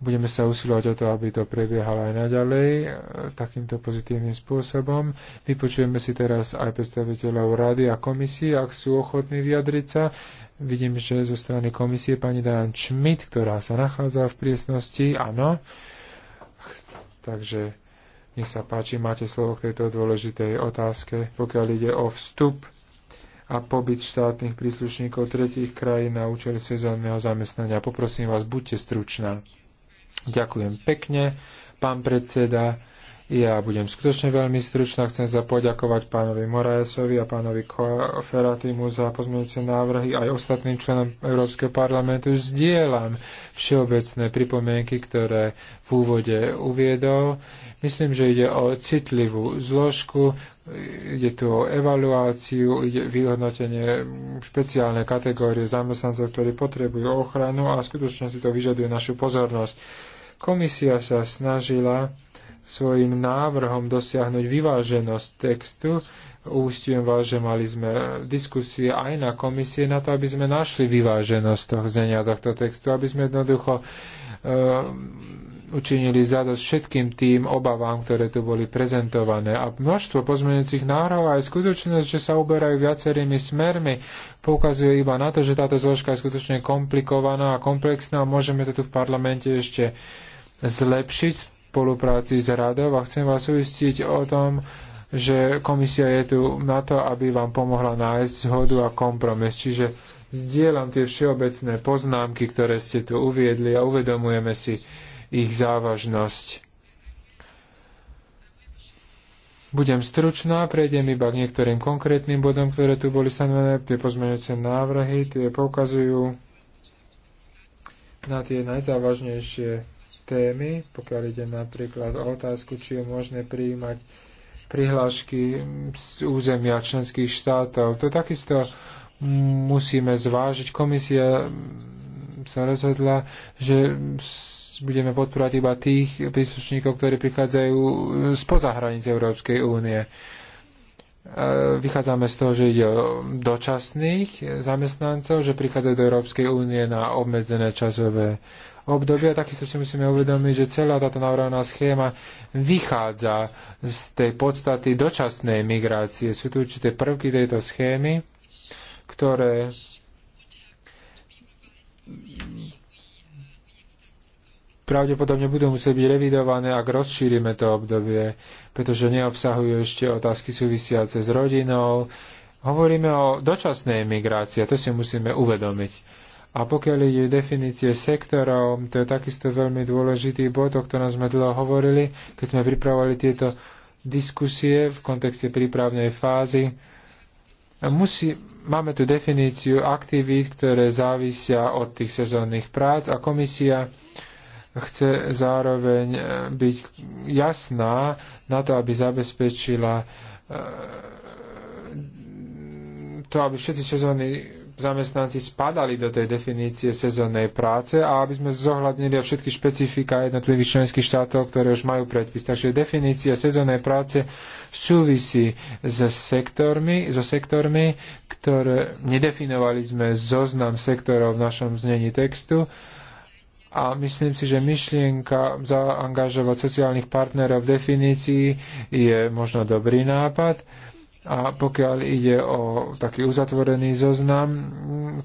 Speaker 2: budeme sa usilovať o to, aby to prebiehalo aj naďalej e, takýmto pozitívnym spôsobom. Vypočujeme si teraz aj predstaviteľov rady a komisie, ak sú ochotní vyjadriť sa. Vidím, že zo strany komisie pani Dan Schmidt, ktorá sa nachádza v priestnosti, áno. Takže nech sa páči, máte slovo k tejto dôležitej otázke, pokiaľ ide o vstup a pobyt štátnych príslušníkov tretích krajín na účel sezónneho zamestnania. Poprosím vás, buďte stručná. Ďakujem pekne, pán predseda. Ja budem skutočne veľmi stručná. Chcem sa poďakovať pánovi Moraesovi a pánovi Koferatimu za pozmeňujúce návrhy aj ostatným členom Európskeho parlamentu. Zdieľam všeobecné pripomienky, ktoré v úvode uviedol. Myslím, že ide o citlivú zložku, ide tu o evaluáciu, ide vyhodnotenie špeciálne kategórie zamestnancov, ktorí potrebujú ochranu a skutočne si to vyžaduje našu pozornosť. Komisia sa snažila svojim návrhom dosiahnuť vyváženosť textu. Ústujem vás, že mali sme diskusie aj na komisie na to, aby sme našli vyváženosť toho znenia tohto textu, aby sme jednoducho uh, učinili zadosť všetkým tým obavám, ktoré tu boli prezentované. A množstvo pozmeňujúcich návrhov aj skutočnosť, že sa uberajú viacerými smermi, poukazuje iba na to, že táto zložka je skutočne komplikovaná a komplexná a môžeme to tu v parlamente ešte zlepšiť spolupráci s radou a chcem vás uistiť o tom, že komisia je tu na to, aby vám pomohla nájsť zhodu a kompromis. Čiže zdieľam tie všeobecné poznámky, ktoré ste tu uviedli a uvedomujeme si ich závažnosť. Budem stručná, prejdem iba k niektorým konkrétnym bodom, ktoré tu boli stanovené. Tie pozmeňujúce návrhy, tie poukazujú na tie najzávažnejšie témy, pokiaľ ide napríklad o otázku, či je možné prijímať prihlášky z územia členských štátov. To takisto mm, musíme zvážiť. Komisia mm, sa rozhodla, že budeme podporovať iba tých príslušníkov, ktorí prichádzajú spoza hranic Európskej únie. E, vychádzame z toho, že ide o dočasných zamestnancov, že prichádzajú do Európskej únie na obmedzené časové obdobie. Takisto si musíme uvedomiť, že celá táto navrhovaná schéma vychádza z tej podstaty dočasnej migrácie. Sú tu určité prvky tejto schémy, ktoré pravdepodobne budú musieť byť revidované, ak rozšírime to obdobie, pretože neobsahujú ešte otázky súvisiace s rodinou. Hovoríme o dočasnej migrácii a to si musíme uvedomiť. A pokiaľ ide definície sektorov, to je takisto veľmi dôležitý bod, o ktorom sme dlho hovorili, keď sme pripravovali tieto diskusie v kontexte prípravnej fázy. Musí, máme tu definíciu aktivít, ktoré závisia od tých sezónnych prác a komisia chce zároveň eh, byť jasná na to, aby zabezpečila eh, to, aby všetci sezónni zamestnanci spadali do tej definície sezónnej práce a aby sme zohľadnili všetky špecifika jednotlivých členských štátov, ktoré už majú predpis. Takže definícia sezónnej práce súvisí s sektormi, so sektormi, ktoré nedefinovali sme zoznam sektorov v našom znení textu, a myslím si, že myšlienka zaangažovať sociálnych partnerov v definícii je možno dobrý nápad. A pokiaľ ide o taký uzatvorený zoznam,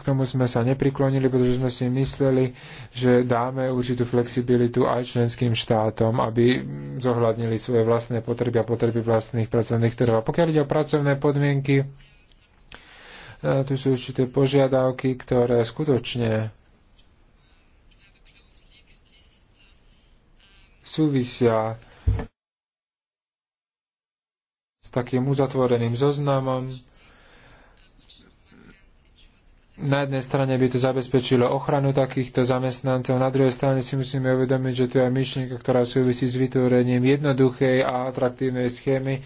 Speaker 2: k tomu sme sa nepriklonili, pretože sme si mysleli, že dáme určitú flexibilitu aj členským štátom, aby zohľadnili svoje vlastné potreby a potreby vlastných pracovných trhov. A pokiaľ ide o pracovné podmienky, e, tu sú určité požiadavky, ktoré skutočne súvisia s takým uzatvoreným zoznamom. Na jednej strane by to zabezpečilo ochranu takýchto zamestnancov, na druhej strane si musíme uvedomiť, že tu je myšlienka, ktorá súvisí s vytvorením jednoduchej a atraktívnej schémy,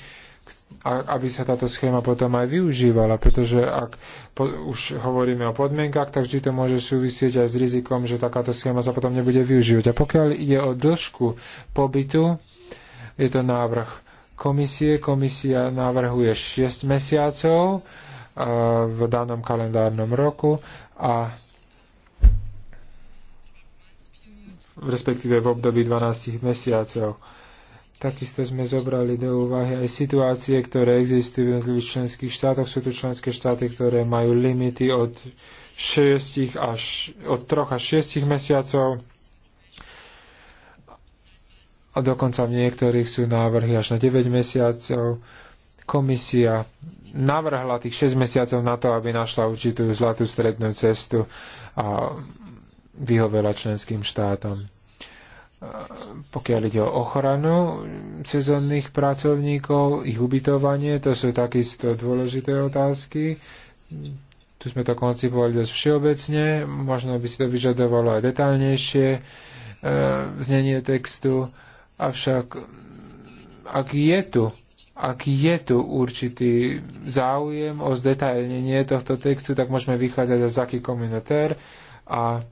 Speaker 2: aby sa táto schéma potom aj využívala, pretože ak po, už hovoríme o podmienkach, tak vždy to môže súvisieť aj s rizikom, že takáto schéma sa potom nebude využívať. A pokiaľ ide o dĺžku pobytu, je to návrh komisie. Komisia navrhuje 6 mesiacov e, v danom kalendárnom roku a respektíve v období 12 mesiacov. Takisto sme zobrali do úvahy aj situácie, ktoré existujú v jednotlivých členských štátoch. Sú to členské štáty, ktoré majú limity od, 6 až, od 3 až 6 mesiacov a dokonca v niektorých sú návrhy až na 9 mesiacov. Komisia navrhla tých 6 mesiacov na to, aby našla určitú zlatú strednú cestu a vyhovela členským štátom pokiaľ ide o ochranu sezónnych pracovníkov, ich ubytovanie, to sú takisto dôležité otázky. Tu sme to koncipovali dosť všeobecne, možno by si to vyžadovalo aj detálnejšie e, znenie textu, avšak ak je tu ak je tu určitý záujem o zdetailnenie tohto textu, tak môžeme vychádzať za Zaki Communautaire a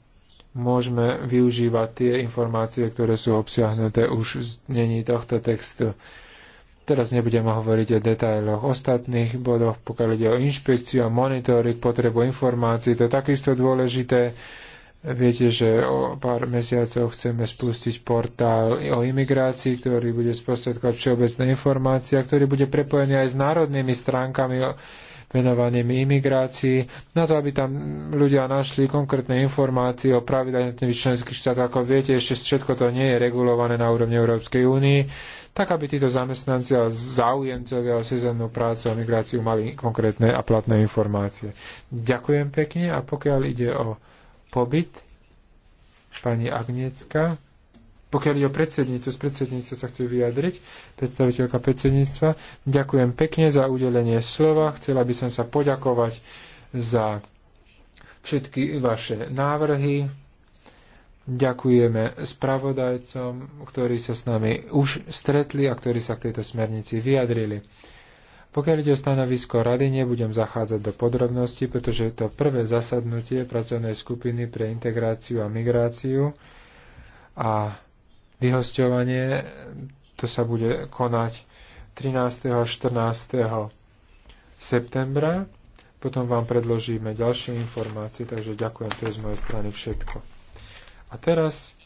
Speaker 2: môžeme využívať tie informácie, ktoré sú obsiahnuté už v znení tohto textu. Teraz nebudeme hovoriť o detailoch ostatných bodoch, pokiaľ ide o inšpekciu a monitoring, potrebu informácií, to je takisto dôležité. Viete, že o pár mesiacov chceme spustiť portál o imigrácii, ktorý bude sprostredkovať všeobecné informácie, a ktorý bude prepojený aj s národnými stránkami venovaným imigrácii, na to, aby tam ľudia našli konkrétne informácie o pravidlách jednotlivých členských štátov. Ako viete, ešte všetko to nie je regulované na úrovni Európskej únii, tak aby títo zamestnanci a záujemcovia o sezónnu prácu a migráciu mali konkrétne a platné informácie. Ďakujem pekne a pokiaľ ide o pobyt, pani Agniecka, pokiaľ je o predsedníctvo, z predsedníctva sa chce vyjadriť, predstaviteľka predsedníctva. Ďakujem pekne za udelenie slova. Chcela by som sa poďakovať za všetky vaše návrhy. Ďakujeme spravodajcom, ktorí sa s nami už stretli a ktorí sa k tejto smernici vyjadrili. Pokiaľ ide o stanovisko rady, nebudem zachádzať do podrobností, pretože to prvé zasadnutie pracovnej skupiny pre integráciu a migráciu a vyhosťovanie, to sa bude konať 13. a 14. septembra. Potom vám predložíme ďalšie informácie, takže ďakujem, to je z mojej strany všetko. A teraz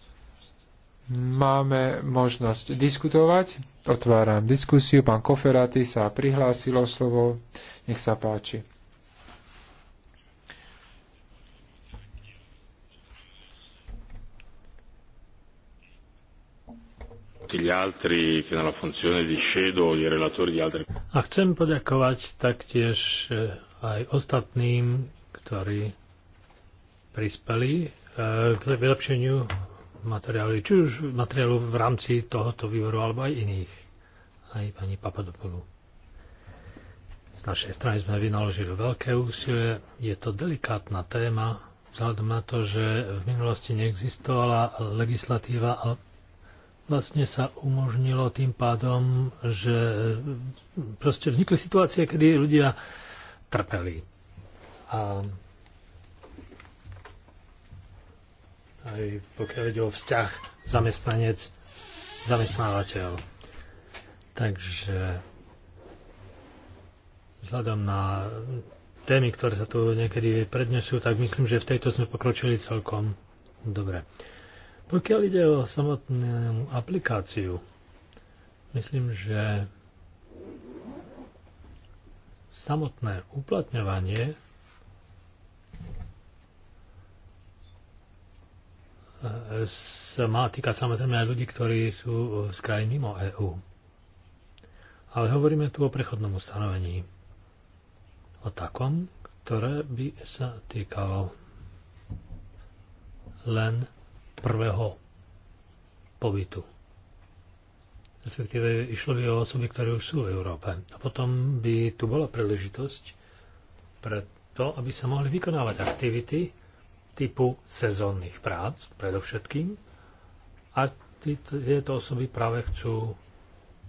Speaker 2: máme možnosť diskutovať. Otváram diskusiu. Pán Koferaty sa prihlásil o slovo. Nech sa páči.
Speaker 1: anche gli altri che nella funzione di shadow, i relatori di altri. A chcem poďakovať taktiež eh, aj ostatným, ktorí prispeli eh, k vylepšeniu materiálu, či už materiálu v rámci tohoto výboru, alebo aj iných. Aj pani Papadopoulou. Z našej strany sme vynaložili veľké úsilie. Je to delikátna téma, vzhľadom na to, že v minulosti neexistovala legislatíva vlastne sa umožnilo tým pádom, že proste vznikli situácie, kedy ľudia trpeli. A aj pokiaľ ide o vzťah zamestnanec, zamestnávateľ. Takže vzhľadom na témy, ktoré sa tu niekedy prednesú, tak myslím, že v tejto sme pokročili celkom dobre. Pokiaľ ide o samotnú aplikáciu, myslím, že samotné uplatňovanie sa má týkať samozrejme aj ľudí, ktorí sú z krajín mimo EÚ. Ale hovoríme tu o prechodnom ustanovení. O takom, ktoré by sa týkalo len prvého pobytu. Respektíve išlo by o osoby, ktoré už sú v Európe. A potom by tu bola príležitosť pre to, aby sa mohli vykonávať aktivity typu sezónnych prác predovšetkým. A tieto osoby práve chcú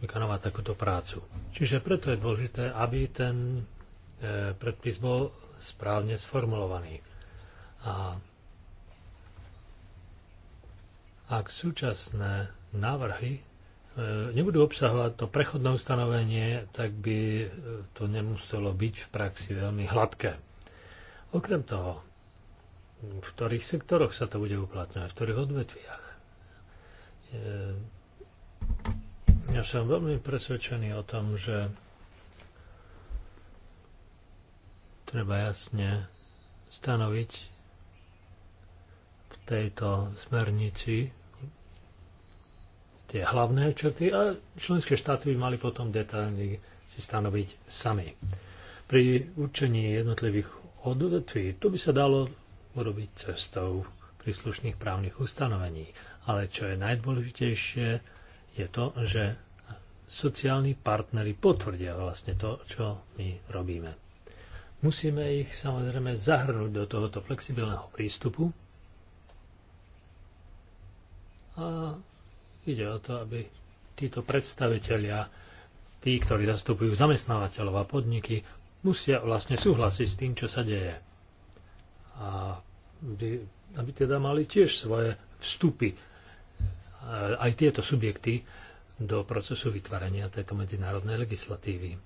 Speaker 1: vykonávať takúto prácu. Čiže preto je dôležité, aby ten e, predpis bol správne sformulovaný. A ak súčasné návrhy e, nebudú obsahovať to prechodné ustanovenie, tak by e, to nemuselo byť v praxi veľmi hladké. Okrem toho, v ktorých sektoroch sa to bude uplatňovať, v ktorých odvetviach. E, ja som veľmi presvedčený o tom, že treba jasne stanoviť tejto smernici tie hlavné črty a členské štáty by mali potom detaily si stanoviť sami. Pri určení jednotlivých odvetví to by sa dalo urobiť cestou príslušných právnych ustanovení. Ale čo je najdôležitejšie, je to, že sociálni partnery potvrdia vlastne to, čo my robíme. Musíme ich samozrejme zahrnúť do tohoto flexibilného prístupu, a ide o to, aby títo predstavitelia, tí, ktorí zastupujú zamestnávateľov a podniky, musia vlastne súhlasiť s tým, čo sa deje. A aby, aby teda mali tiež svoje vstupy, aj tieto subjekty, do procesu vytvárania tejto medzinárodnej legislatívy.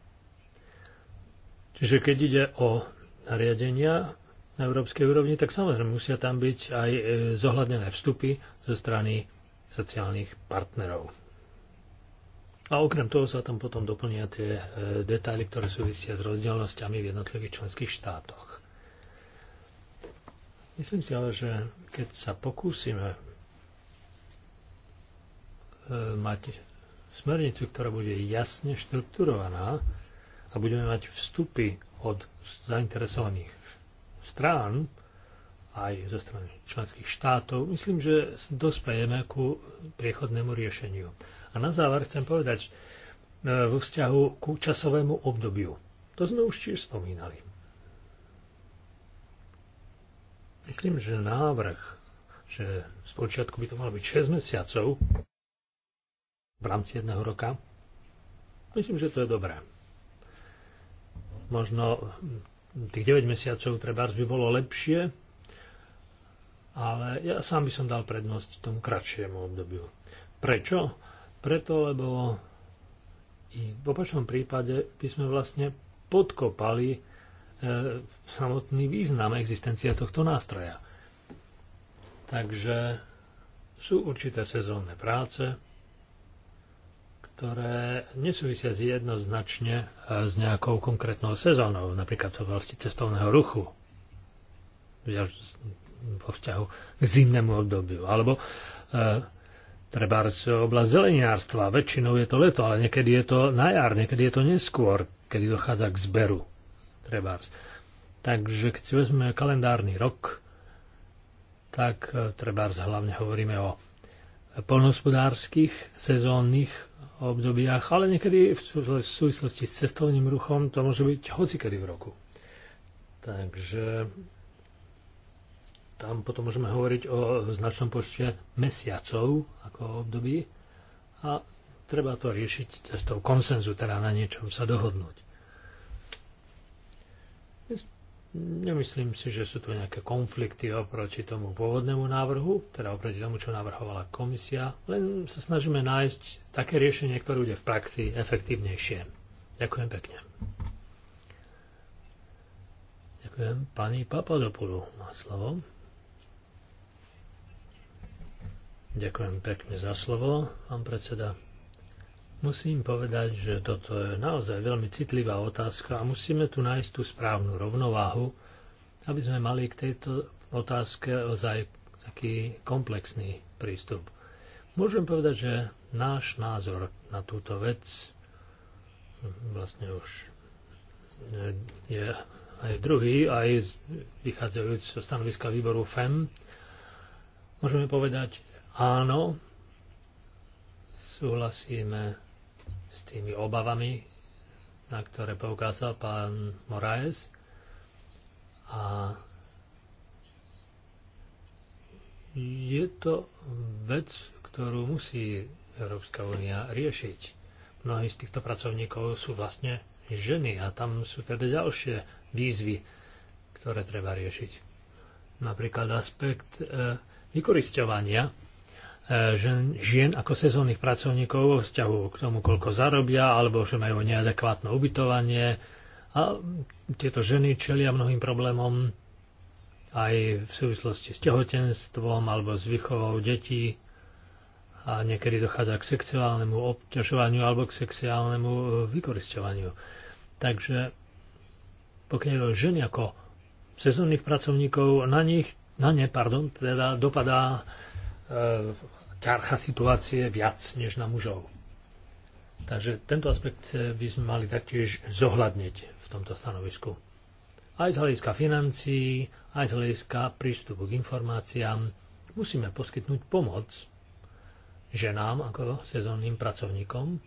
Speaker 1: Čiže keď ide o nariadenia na európskej úrovni, tak samozrejme musia tam byť aj e, zohľadnené vstupy zo strany sociálnych partnerov. A okrem toho sa tam potom doplnia tie e, detaily, ktoré súvisia s rozdielnosťami v jednotlivých členských štátoch. Myslím si ale, že keď sa pokúsime e, mať smernicu, ktorá bude jasne štrukturovaná a budeme mať vstupy od zainteresovaných strán, aj zo strany členských štátov, myslím, že dospejeme ku priechodnému riešeniu. A na záver chcem povedať e, vo vzťahu ku časovému obdobiu. To sme už tiež spomínali. Myslím, že návrh, že z počiatku by to malo byť 6 mesiacov v rámci jedného roka, myslím, že to je dobré. Možno tých 9 mesiacov treba by bolo lepšie, ale ja sám by som dal prednosť tomu kratšiemu obdobiu. Prečo? Preto, lebo i v opačnom prípade by sme vlastne podkopali e, samotný význam existencie tohto nástroja. Takže sú určité sezónne práce, ktoré nesúvisia jednoznačne e, s nejakou konkrétnou sezónou, napríklad v oblasti cestovného ruchu. Ja vo vzťahu k zimnému obdobiu. Alebo e, treba oblasť zeleniárstva. Väčšinou je to leto, ale niekedy je to na jar, niekedy je to neskôr, kedy dochádza k zberu. Trebárs. Takže keď si vezme kalendárny rok, tak e, trebárs hlavne hovoríme o polnohospodárskych sezónnych obdobiach, ale niekedy v súvislosti s cestovným ruchom to môže byť hocikedy v roku. Takže tam potom môžeme hovoriť o značnom počte mesiacov ako období a treba to riešiť cestou konsenzu, teda na niečom sa dohodnúť. Nemyslím si, že sú tu nejaké konflikty oproti tomu pôvodnému návrhu, teda oproti tomu, čo navrhovala komisia, len sa snažíme nájsť také riešenie, ktoré bude v praxi efektívnejšie. Ďakujem pekne. Ďakujem. Pani Papadopulu má slovo. Ďakujem pekne za slovo, pán predseda. Musím povedať, že toto je naozaj veľmi citlivá otázka a musíme tu nájsť tú správnu rovnováhu, aby sme mali k tejto otázke ozaj taký komplexný prístup. Môžem povedať, že náš názor na túto vec vlastne už je aj druhý, aj vychádzajúc zo stanoviska výboru FEM, môžeme povedať, Áno, súhlasíme s tými obavami, na ktoré poukázal pán Moraes. A je to vec, ktorú musí Európska únia riešiť. Mnohí z týchto pracovníkov sú vlastne ženy a tam sú teda ďalšie výzvy, ktoré treba riešiť. Napríklad aspekt e, eh, vykoristovania Eh, žien ako sezónnych pracovníkov vo vzťahu k tomu, koľko zarobia, alebo že majú neadekvátne ubytovanie. A tieto ženy čelia mnohým problémom aj v súvislosti s tehotenstvom alebo s výchovou detí a niekedy dochádza k sexuálnemu obťažovaniu alebo k sexuálnemu eh, vykoristovaniu. Takže pokiaľ ženy ako sezónnych pracovníkov, na nich, na ne, pardon, teda dopadá eh, ťarcha situácie viac než na mužov. Takže tento aspekt by sme mali taktiež zohľadniť v tomto stanovisku. Aj z hľadiska financií, aj z hľadiska prístupu k informáciám musíme poskytnúť pomoc ženám ako sezónnym pracovníkom.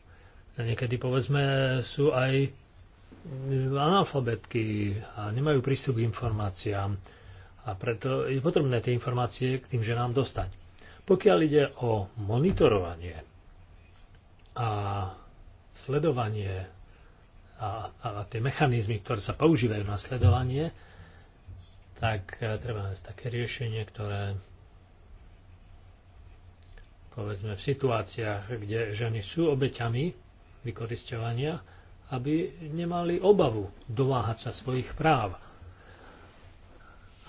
Speaker 1: Niekedy povedzme sú aj analfabetky a nemajú prístup k informáciám a preto je potrebné tie informácie k tým ženám dostať. Pokiaľ ide o monitorovanie a sledovanie a, a tie mechanizmy, ktoré sa používajú na sledovanie, tak e, treba mať také riešenie, ktoré povedzme v situáciách, kde ženy sú obeťami vykoristovania, aby nemali obavu domáhať sa svojich práv,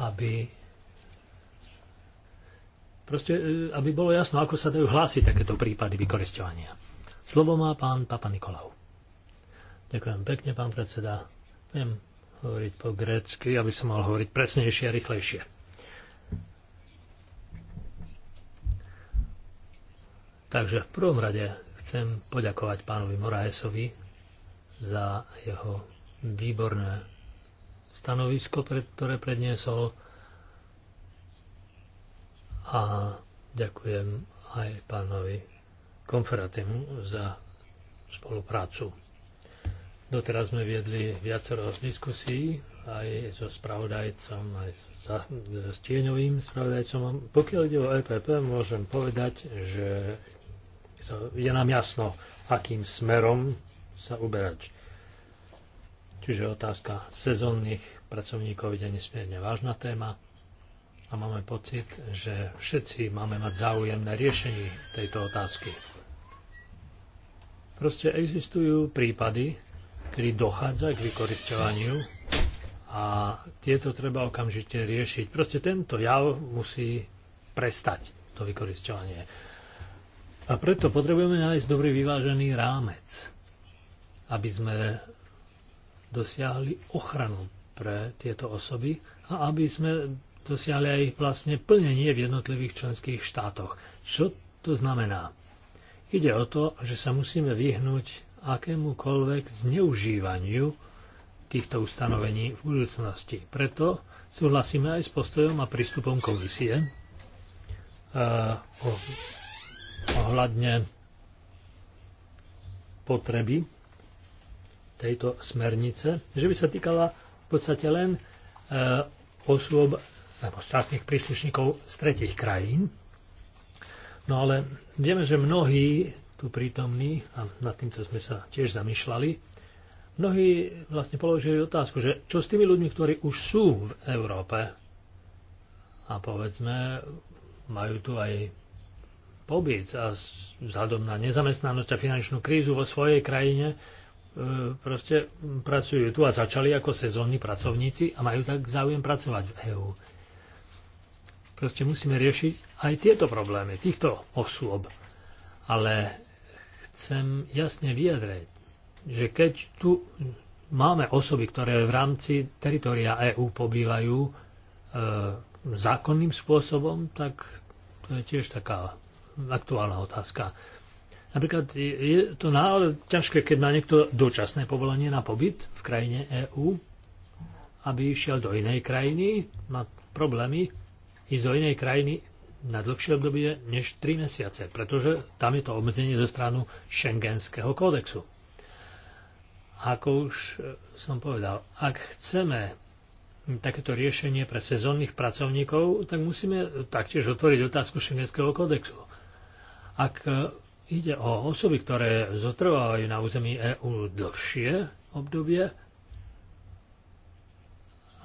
Speaker 1: aby proste, e, aby bolo jasno, ako sa dajú hlásiť takéto prípady vykoristovania. Slovo má pán Papa Nikolau. Ďakujem pekne, pán predseda. Viem hovoriť po grécky, aby som mal hovoriť presnejšie a rýchlejšie. Takže v prvom rade chcem poďakovať pánovi Moraesovi za jeho výborné stanovisko, ktoré predniesol a ďakujem aj pánovi Konferatému za spoluprácu. Doteraz sme viedli viacero diskusí aj so spravodajcom, aj s tieňovým spravodajcom. Pokiaľ ide o EPP, môžem povedať, že je nám jasno, akým smerom sa uberať. Čiže otázka sezónnych pracovníkov je nesmierne vážna téma a máme pocit, že všetci máme mať záujem na riešení tejto otázky. Proste existujú prípady, kedy dochádza k vykoristovaniu a tieto treba okamžite riešiť. Proste tento jav musí prestať, to vykoristovanie. A preto potrebujeme nájsť dobrý vyvážený rámec, aby sme dosiahli ochranu pre tieto osoby a aby sme dosiahli aj vlastne plnenie v jednotlivých členských štátoch. Čo to znamená? Ide o to, že sa musíme vyhnúť akémukoľvek zneužívaniu týchto ustanovení v budúcnosti. Preto súhlasíme aj s postojom a prístupom komisie uh, ohľadne potreby tejto smernice, že by sa týkala v podstate len uh, osôb alebo štátnych príslušníkov z tretich krajín. No ale vieme, že mnohí tu prítomní, a nad týmto sme sa tiež zamýšľali, mnohí vlastne položili otázku, že čo s tými ľuďmi, ktorí už sú v Európe a povedzme majú tu aj pobyt a vzhľadom na nezamestnanosť a finančnú krízu vo svojej krajine e, proste pracujú tu a začali ako sezónni pracovníci a majú tak záujem pracovať v EÚ. Proste musíme riešiť aj tieto problémy, týchto osôb. Ale chcem jasne vyjadriť, že keď tu máme osoby, ktoré v rámci teritoria EÚ pobývajú e, zákonným spôsobom, tak to je tiež taká aktuálna otázka. Napríklad je to náhle ťažké, keď má niekto dočasné povolenie na pobyt v krajine EÚ, aby išiel do inej krajiny, má problémy ísť do inej krajiny na dlhšie obdobie než 3 mesiace, pretože tam je to obmedzenie zo stranu Schengenského kódexu. Ako už eh, som povedal, ak chceme takéto riešenie pre sezónnych pracovníkov, tak musíme taktiež otvoriť otázku Schengenského kódexu. Ak eh, ide o osoby, ktoré zotrvávajú na území EÚ dlhšie obdobie,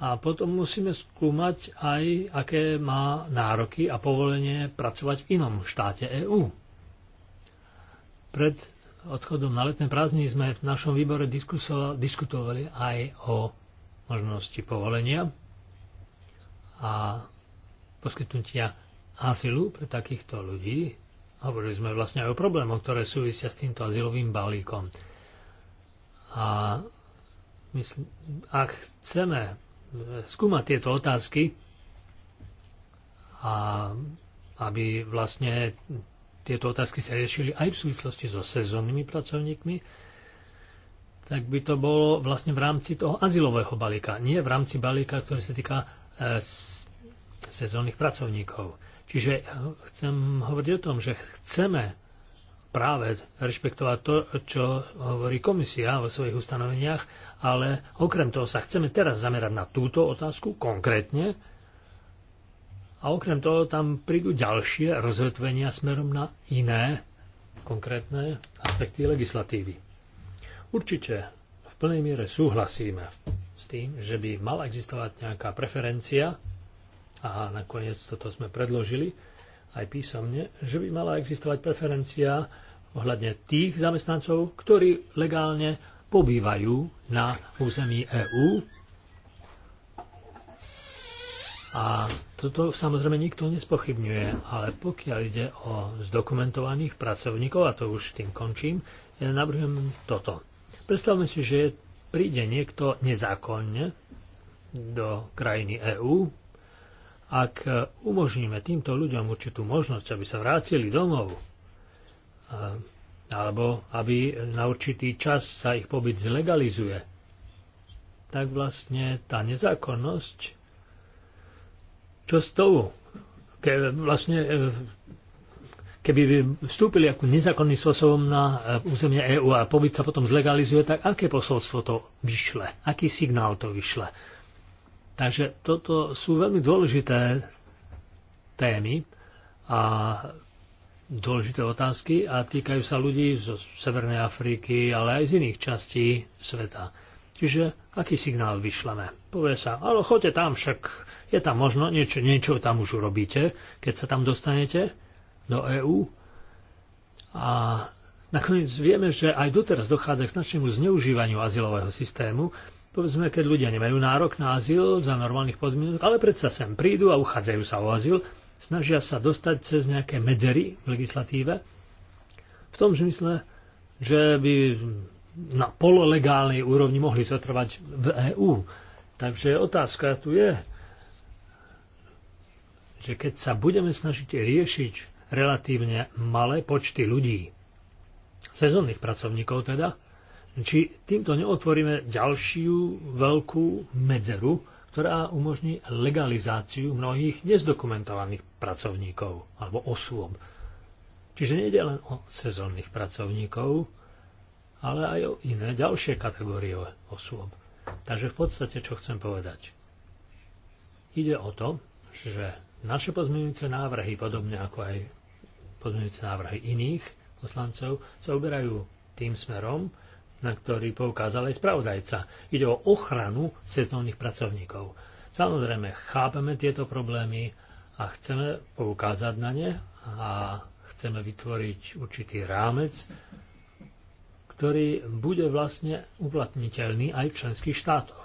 Speaker 1: a potom musíme skúmať aj, aké má nároky a povolenie pracovať v inom štáte EÚ. Pred odchodom na letné prázdniny sme v našom výbore diskutovali aj o možnosti povolenia a poskytnutia azylu pre takýchto ľudí. Hovorili sme vlastne aj o problémoch, ktoré súvisia s týmto azylovým balíkom. A myslím, ak chceme skúmať tieto otázky a aby vlastne tieto otázky sa riešili aj v súvislosti so sezónnymi pracovníkmi, tak by to bolo vlastne v rámci toho azylového balíka, nie v rámci balíka, ktorý sa týka e, sezónnych pracovníkov. Čiže e, chcem hovoriť o tom, že chceme práve rešpektovať to, čo hovorí komisia vo svojich ustanoveniach ale okrem toho sa chceme teraz zamerať na túto otázku konkrétne a okrem toho tam prídu ďalšie rozvetvenia smerom na iné konkrétne aspekty legislatívy. Určite v plnej miere súhlasíme s tým, že by mala existovať nejaká preferencia a nakoniec toto sme predložili aj písomne, že by mala existovať preferencia ohľadne tých zamestnancov, ktorí legálne pobývajú na území EÚ. A toto samozrejme nikto nespochybňuje, ale pokiaľ ide o zdokumentovaných pracovníkov, a to už tým končím, ja navrhujem toto. Predstavme si, že príde niekto nezákonne do krajiny EÚ, ak umožníme týmto ľuďom určitú možnosť, aby sa vrátili domov, alebo aby na určitý čas sa ich pobyt zlegalizuje, tak vlastne tá nezákonnosť, čo s tou? Ke, vlastne, e, keby by vstúpili ako nezákonným spôsobom na e, územie EÚ a pobyt sa potom zlegalizuje, tak aké posolstvo to vyšle? Aký signál to vyšle? Takže toto sú veľmi dôležité témy a dôležité otázky a týkajú sa ľudí zo Severnej Afriky, ale aj z iných častí sveta. Čiže aký signál vyšleme? Povie sa, ale choďte tam, však je tam možno, niečo, niečo tam už urobíte, keď sa tam dostanete do EÚ. A nakoniec vieme, že aj doteraz dochádza k značnému zneužívaniu azylového systému, povedzme, keď ľudia nemajú nárok na azyl za normálnych podmienok, ale predsa sem prídu a uchádzajú sa o azyl snažia sa dostať cez nejaké medzery v legislatíve, v tom zmysle, že by na pololegálnej úrovni mohli zotrvať v EÚ. Takže otázka tu je, že keď sa budeme snažiť riešiť relatívne malé počty ľudí, sezónnych pracovníkov teda, či týmto neotvoríme ďalšiu veľkú medzeru ktorá umožní legalizáciu mnohých nezdokumentovaných pracovníkov alebo osôb. Čiže nejde len o sezónnych pracovníkov, ale aj o iné ďalšie kategórie osôb. Takže v podstate, čo chcem povedať? Ide o to, že naše pozmeňujúce návrhy, podobne ako aj pozmeňujúce návrhy iných poslancov, sa uberajú tým smerom, na ktorý poukázal aj spravodajca. Ide o ochranu sezónnych pracovníkov. Samozrejme, chápeme tieto problémy a chceme poukázať na ne a chceme vytvoriť určitý rámec, ktorý bude vlastne uplatniteľný aj v členských štátoch.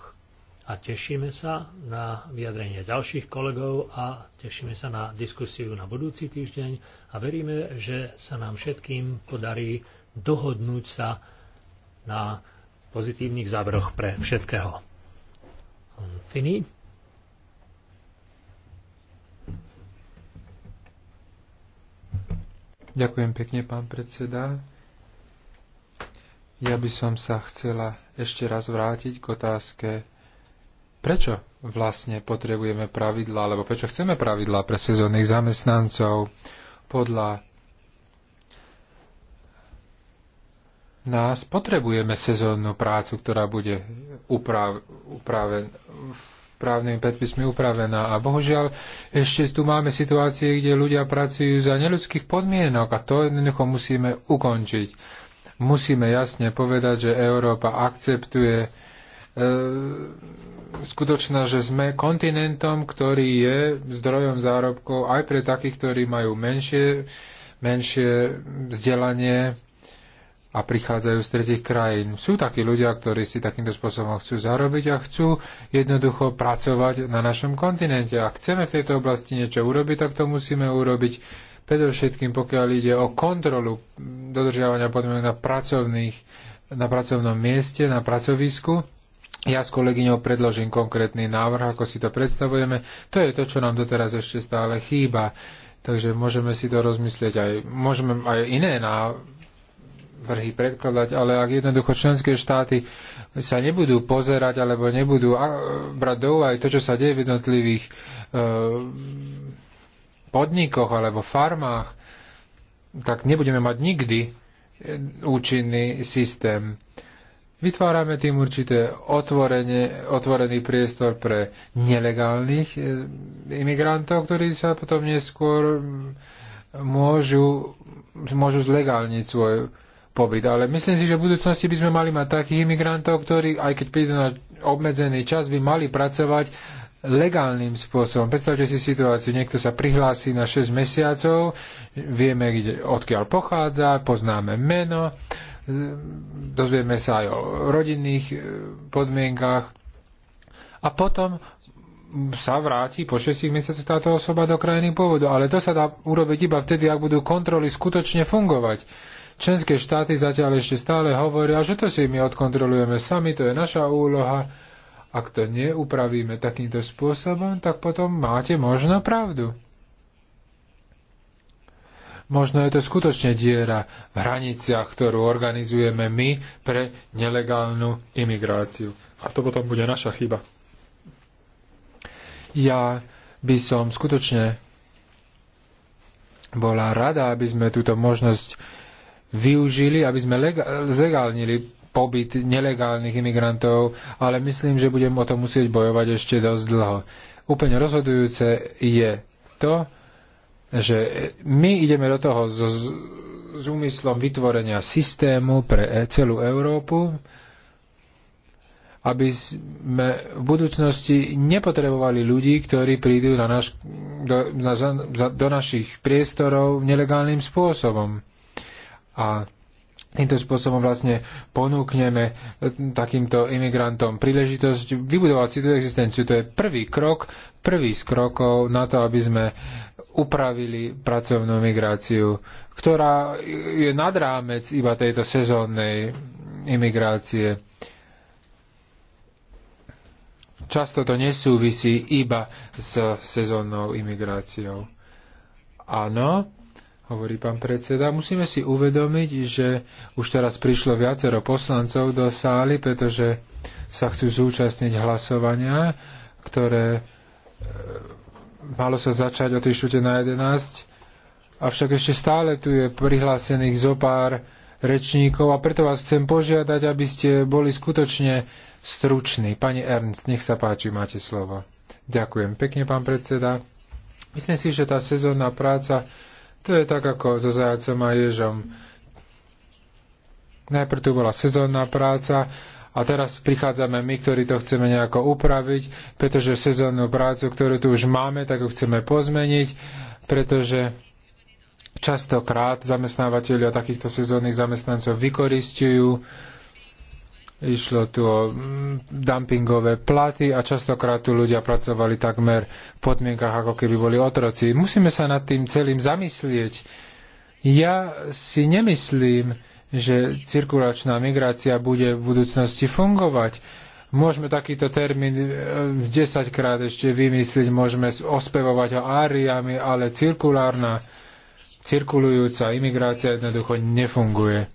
Speaker 1: A tešíme sa na vyjadrenie ďalších kolegov a tešíme sa na diskusiu na budúci týždeň a veríme, že sa nám všetkým podarí dohodnúť sa na pozitívnych záveroch pre všetkého. Fini? Ďakujem pekne,
Speaker 2: pán predseda. Ja by som sa chcela ešte raz vrátiť k otázke, prečo vlastne potrebujeme pravidla alebo prečo chceme pravidla pre sezónnych zamestnancov. Podľa nás potrebujeme sezónnu prácu, ktorá bude uprav, upraven, právnymi predpismi upravená. A bohužiaľ, ešte tu máme situácie, kde ľudia pracujú za neludských podmienok a to jednoducho musíme ukončiť. Musíme jasne povedať, že Európa akceptuje e, skutočná, že sme kontinentom, ktorý je zdrojom zárobkov aj pre takých, ktorí majú menšie, menšie vzdelanie, a prichádzajú z tretich krajín. Sú takí ľudia, ktorí si takýmto spôsobom chcú zarobiť a chcú jednoducho pracovať na našom kontinente. Ak chceme v tejto oblasti niečo urobiť, tak to musíme urobiť predovšetkým, pokiaľ ide o kontrolu dodržiavania podmienok na, pracovných, na pracovnom mieste, na pracovisku. Ja s kolegyňou predložím konkrétny návrh, ako si to predstavujeme. To je to, čo nám doteraz ešte stále chýba. Takže môžeme si to rozmyslieť aj, môžeme aj iné návrhy vrhy predkladať, ale ak jednoducho členské štáty sa nebudú pozerať alebo nebudú brať do úvahy to, čo sa deje v jednotlivých e, podnikoch alebo farmách, tak nebudeme mať nikdy e, účinný systém. Vytvárame tým určité otvorenie, otvorený priestor pre nelegálnych e, imigrantov, ktorí sa potom neskôr môžu, môžu zlegálniť svoju pobyt. Ale myslím si, že v budúcnosti by sme mali mať takých imigrantov, ktorí, aj keď prídu na obmedzený čas, by mali pracovať legálnym spôsobom. Predstavte si situáciu, niekto sa prihlási na 6 mesiacov, vieme, kde, odkiaľ pochádza, poznáme meno, dozvieme sa aj o rodinných e, podmienkach a potom sa vráti po 6 mesiacoch táto osoba do krajiny pôvodu. Ale to sa dá urobiť iba vtedy, ak budú kontroly skutočne fungovať Členské štáty zatiaľ ešte stále hovoria, že to si my odkontrolujeme sami, to je naša úloha. Ak to neupravíme takýmto spôsobom, tak potom máte možno pravdu. Možno je to skutočne diera v hraniciach, ktorú organizujeme my pre nelegálnu imigráciu. A to potom bude naša chyba. Ja by som skutočne bola rada, aby sme túto možnosť využili, aby sme zlegálnili pobyt nelegálnych imigrantov, ale myslím, že budem o to musieť bojovať ešte dosť dlho. Úplne rozhodujúce je to, že my ideme do toho s, s úmyslom vytvorenia systému pre e- celú Európu, aby sme v budúcnosti nepotrebovali ľudí, ktorí prídu na naš, do, na, za, do našich priestorov nelegálnym spôsobom a Týmto spôsobom vlastne ponúkneme takýmto imigrantom príležitosť vybudovať si tú existenciu. To je prvý krok, prvý z krokov na to, aby sme upravili pracovnú migráciu, ktorá je nad rámec iba tejto sezónnej imigrácie. Často to nesúvisí iba s sezónnou imigráciou. Áno, hovorí pán predseda. Musíme si uvedomiť, že už teraz prišlo viacero poslancov do sály, pretože sa chcú zúčastniť hlasovania, ktoré e, malo sa začať o 3 na 11, avšak ešte stále tu je prihlásených zo pár rečníkov a preto vás chcem požiadať, aby ste boli skutočne struční. Pani Ernst, nech sa páči, máte slovo. Ďakujem pekne, pán predseda. Myslím si, že tá sezónna práca to je tak ako so zajacom a ježom. Najprv tu bola sezónna práca a teraz prichádzame my, ktorí to chceme nejako upraviť, pretože sezónnu prácu, ktorú tu už máme, tak ju chceme pozmeniť, pretože častokrát zamestnávateľia takýchto sezónnych zamestnancov vykoristujú Išlo tu o mm, dumpingové platy a častokrát tu ľudia pracovali takmer v podmienkach, ako keby boli otroci. Musíme sa nad tým celým zamyslieť. Ja si nemyslím, že cirkulačná migrácia bude v budúcnosti fungovať. Môžeme takýto termín 10 e, krát ešte vymyslieť, môžeme ospevovať ho áriami, ale cirkulárna, cirkulujúca imigrácia jednoducho nefunguje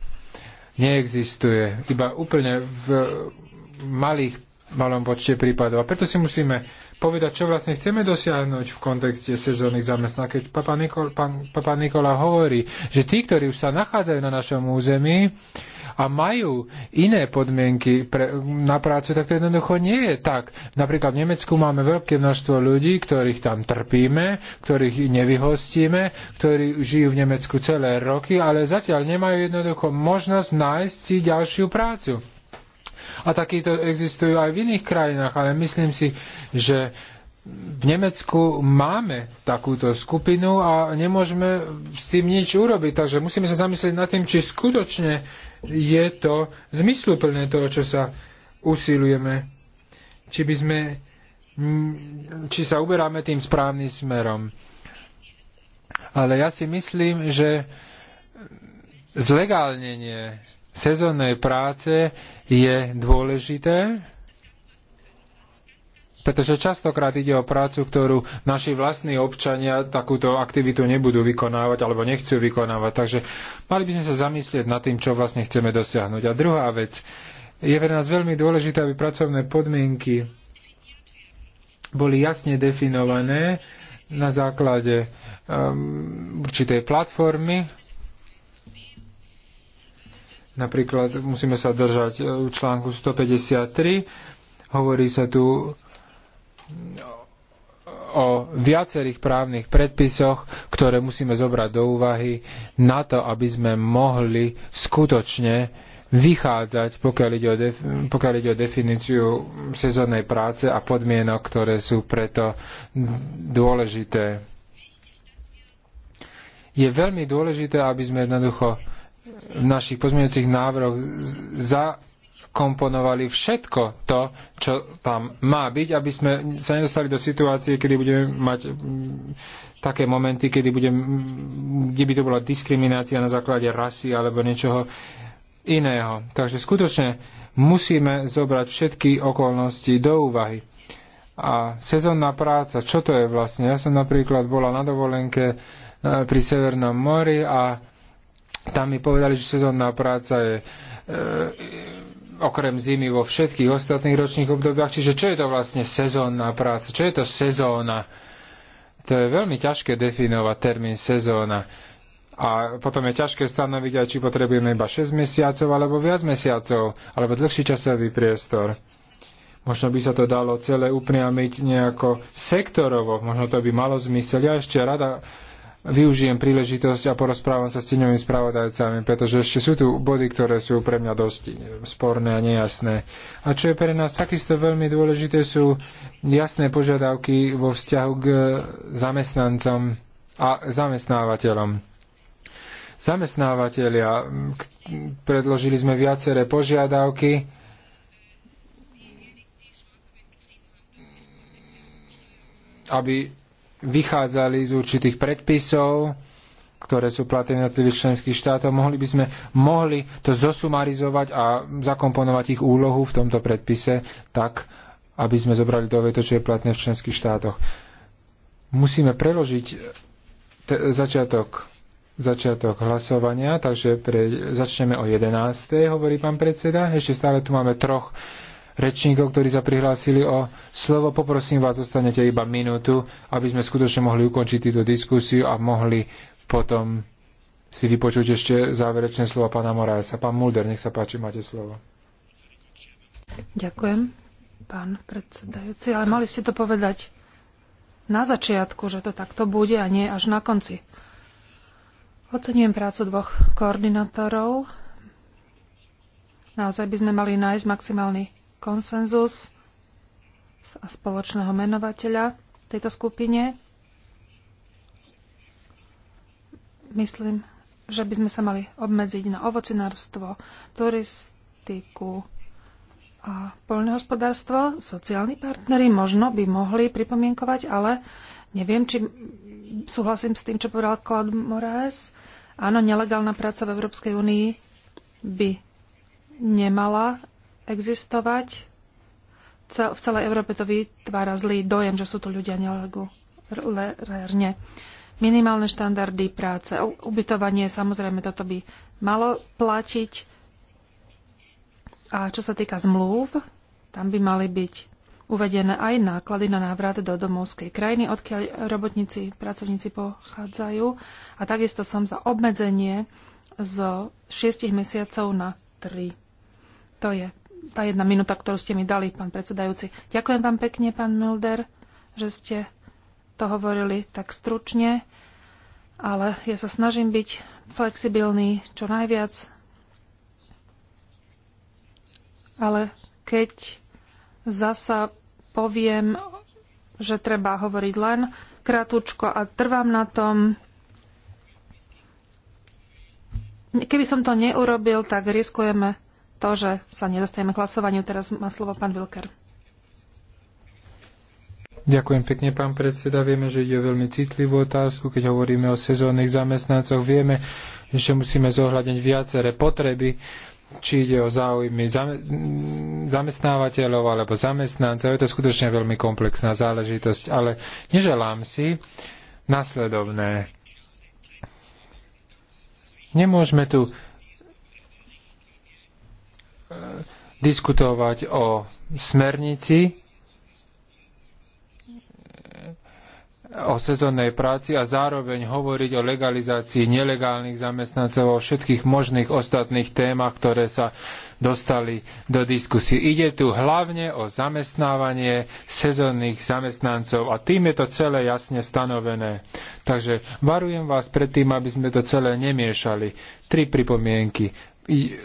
Speaker 2: neexistuje. Iba úplne v malých, malom počte prípadov. A preto si musíme povedať, čo vlastne chceme dosiahnuť v kontexte sezónnych zamestnaní. Keď Papa, Nikol, pán, Papa Nikola hovorí, že tí, ktorí už sa nachádzajú na našom území, a majú iné podmienky pre, na prácu, tak to jednoducho nie je tak. Napríklad v Nemecku máme veľké množstvo ľudí, ktorých tam trpíme, ktorých nevyhostíme, ktorí žijú v Nemecku celé roky, ale zatiaľ nemajú jednoducho možnosť nájsť si ďalšiu prácu. A takýto existujú aj v iných krajinách, ale myslím si, že v Nemecku máme takúto skupinu a nemôžeme s tým nič urobiť. Takže musíme sa zamyslieť nad tým, či skutočne je to zmysluplné toho, čo sa usilujeme. Či by sme či sa uberáme tým správnym smerom. Ale ja si myslím, že zlegálnenie sezónnej práce je dôležité pretože častokrát ide o prácu, ktorú naši vlastní občania takúto aktivitu nebudú vykonávať alebo nechcú vykonávať. Takže mali by sme sa zamyslieť nad tým, čo vlastne chceme dosiahnuť. A druhá vec, je pre nás veľmi dôležité, aby pracovné podmienky boli jasne definované na základe um, určitej platformy, Napríklad musíme sa držať uh, článku 153. Hovorí sa tu o viacerých právnych predpisoch, ktoré musíme zobrať do úvahy na to, aby sme mohli skutočne vychádzať, pokiaľ ide o, def- pokiaľ ide o definíciu sezónnej práce a podmienok, ktoré sú preto dôležité. Je veľmi dôležité, aby sme jednoducho v našich pozmeňujúcich návrhoch za komponovali všetko to, čo tam má byť, aby sme sa nedostali do situácie, kedy budeme mať mm, také momenty, kedy budem, mm, kde by to bola diskriminácia na základe rasy alebo niečoho iného. Takže skutočne musíme zobrať všetky okolnosti do úvahy. A sezónna práca, čo to je vlastne? Ja som napríklad bola na dovolenke e, pri Severnom mori a tam mi povedali, že sezónna práca je e, okrem zimy vo všetkých ostatných ročných obdobiach. Čiže čo je to vlastne sezónna práca? Čo je to sezóna? To je veľmi ťažké definovať termín sezóna. A potom je ťažké stanoviť aj, či potrebujeme iba 6 mesiacov, alebo viac mesiacov, alebo dlhší časový priestor. Možno by sa to dalo celé upriamiť nejako sektorovo, možno to by malo zmysel. Ja ešte rada využijem príležitosť a porozprávam sa s tíňovými spravodajcami, pretože ešte sú tu body, ktoré sú pre mňa dosť sporné a nejasné. A čo je pre nás takisto veľmi dôležité, sú jasné požiadavky vo vzťahu k zamestnancom a zamestnávateľom. Zamestnávateľia, predložili sme viaceré požiadavky, aby vychádzali z určitých predpisov, ktoré sú platené tých členských štátov, mohli by sme mohli to zosumarizovať a zakomponovať ich úlohu v tomto predpise tak, aby sme zobrali do to, čo je platné v členských štátoch. Musíme preložiť začiatok, začiatok hlasovania, takže pre, začneme o 11. hovorí pán predseda. Ešte stále tu máme troch rečníkov, ktorí sa prihlásili o slovo. Poprosím vás, zostanete iba minútu, aby sme skutočne mohli ukončiť túto diskusiu a mohli potom si vypočuť ešte záverečné slova pána Moraesa. Pán Mulder, nech sa páči, máte slovo.
Speaker 3: Ďakujem, pán predsedajúci, ale mali ste to povedať na začiatku, že to takto bude a nie až na konci. Oceňujem prácu dvoch koordinátorov. Naozaj by sme mali nájsť maximálny konsenzus a spoločného menovateľa tejto skupine. Myslím, že by sme sa mali obmedziť na ovocinárstvo, turistiku a poľnohospodárstvo. Sociálni partnery možno by mohli pripomienkovať, ale neviem, či súhlasím s tým, čo povedal Claude Moraes. Áno, nelegálna práca v Európskej únii by nemala existovať. V celej Európe to vytvára zlý dojem, že sú tu ľudia nelegálne. Minimálne štandardy práce, ubytovanie, samozrejme toto by malo platiť. A čo sa týka zmluv, tam by mali byť uvedené aj náklady na návrat do domovskej krajiny, odkiaľ robotníci, pracovníci pochádzajú. A takisto som za obmedzenie z 6 mesiacov na 3. To je tá jedna minúta, ktorú ste mi dali, pán predsedajúci. Ďakujem vám pekne, pán Mulder, že ste to hovorili tak stručne, ale ja sa snažím byť flexibilný čo najviac. Ale keď zasa poviem, že treba hovoriť len krátko a trvám na tom, keby som to neurobil, tak riskujeme to, že sa nedostajeme k hlasovaniu. Teraz má slovo pán Vilker.
Speaker 2: Ďakujem pekne, pán predseda. Vieme, že ide o veľmi citlivú otázku. Keď hovoríme o sezónnych zamestnancoch, vieme, že musíme zohľadniť viaceré potreby, či ide o záujmy zamestnávateľov alebo zamestnancov. Je to skutočne veľmi komplexná záležitosť, ale neželám si nasledovné. Nemôžeme tu diskutovať o smernici, o sezónnej práci a zároveň hovoriť o legalizácii nelegálnych zamestnancov, o všetkých možných ostatných témach, ktoré sa dostali do diskusie. Ide tu hlavne o zamestnávanie sezónnych zamestnancov a tým je to celé jasne stanovené. Takže varujem vás pred tým, aby sme to celé nemiešali. Tri pripomienky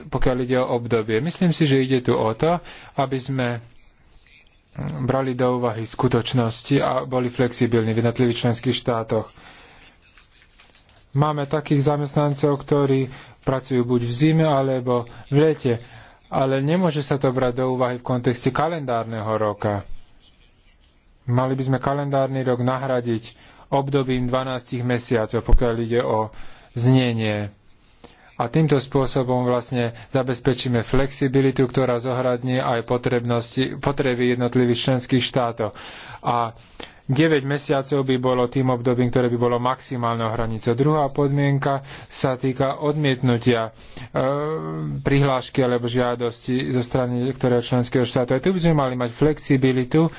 Speaker 2: pokiaľ ide o obdobie. Myslím si, že ide tu o to, aby sme brali do úvahy skutočnosti a boli flexibilní v jednotlivých členských štátoch. Máme takých zamestnancov, ktorí pracujú buď v zime alebo v lete, ale nemôže sa to brať do úvahy v kontexte kalendárneho roka. Mali by sme kalendárny rok nahradiť obdobím 12 mesiacov, pokiaľ ide o znenie a týmto spôsobom vlastne zabezpečíme flexibilitu, ktorá zohradní aj potreby jednotlivých členských štátov. A 9 mesiacov by bolo tým obdobím, ktoré by bolo maximálnou hranicou. Druhá podmienka sa týka odmietnutia e, prihlášky alebo žiadosti zo strany ktorého členského štátu. Aj tu by sme mali mať flexibilitu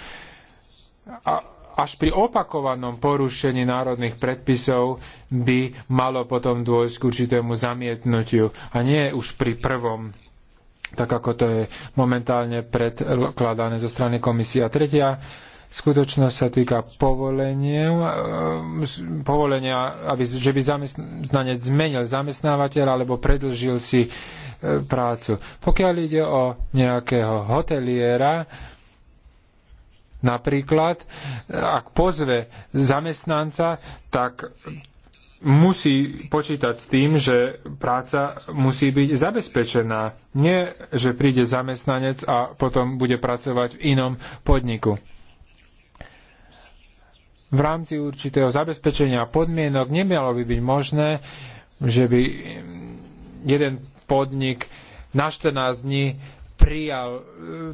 Speaker 2: a až pri opakovanom porušení národných predpisov by malo potom dôjsť k určitému zamietnutiu a nie už pri prvom tak ako to je momentálne predkladané zo strany komisie. A tretia skutočnosť sa týka povolenia, eh, povolenia aby, že by zamestnanec zmenil zamestnávateľa alebo predlžil si eh, prácu. Pokiaľ ide o nejakého hoteliera, Napríklad, ak pozve zamestnanca, tak musí počítať s tým, že práca musí byť zabezpečená. Nie, že príde zamestnanec a potom bude pracovať v inom podniku. V rámci určitého zabezpečenia podmienok nemalo by byť možné, že by jeden podnik na 14 dní prijal e,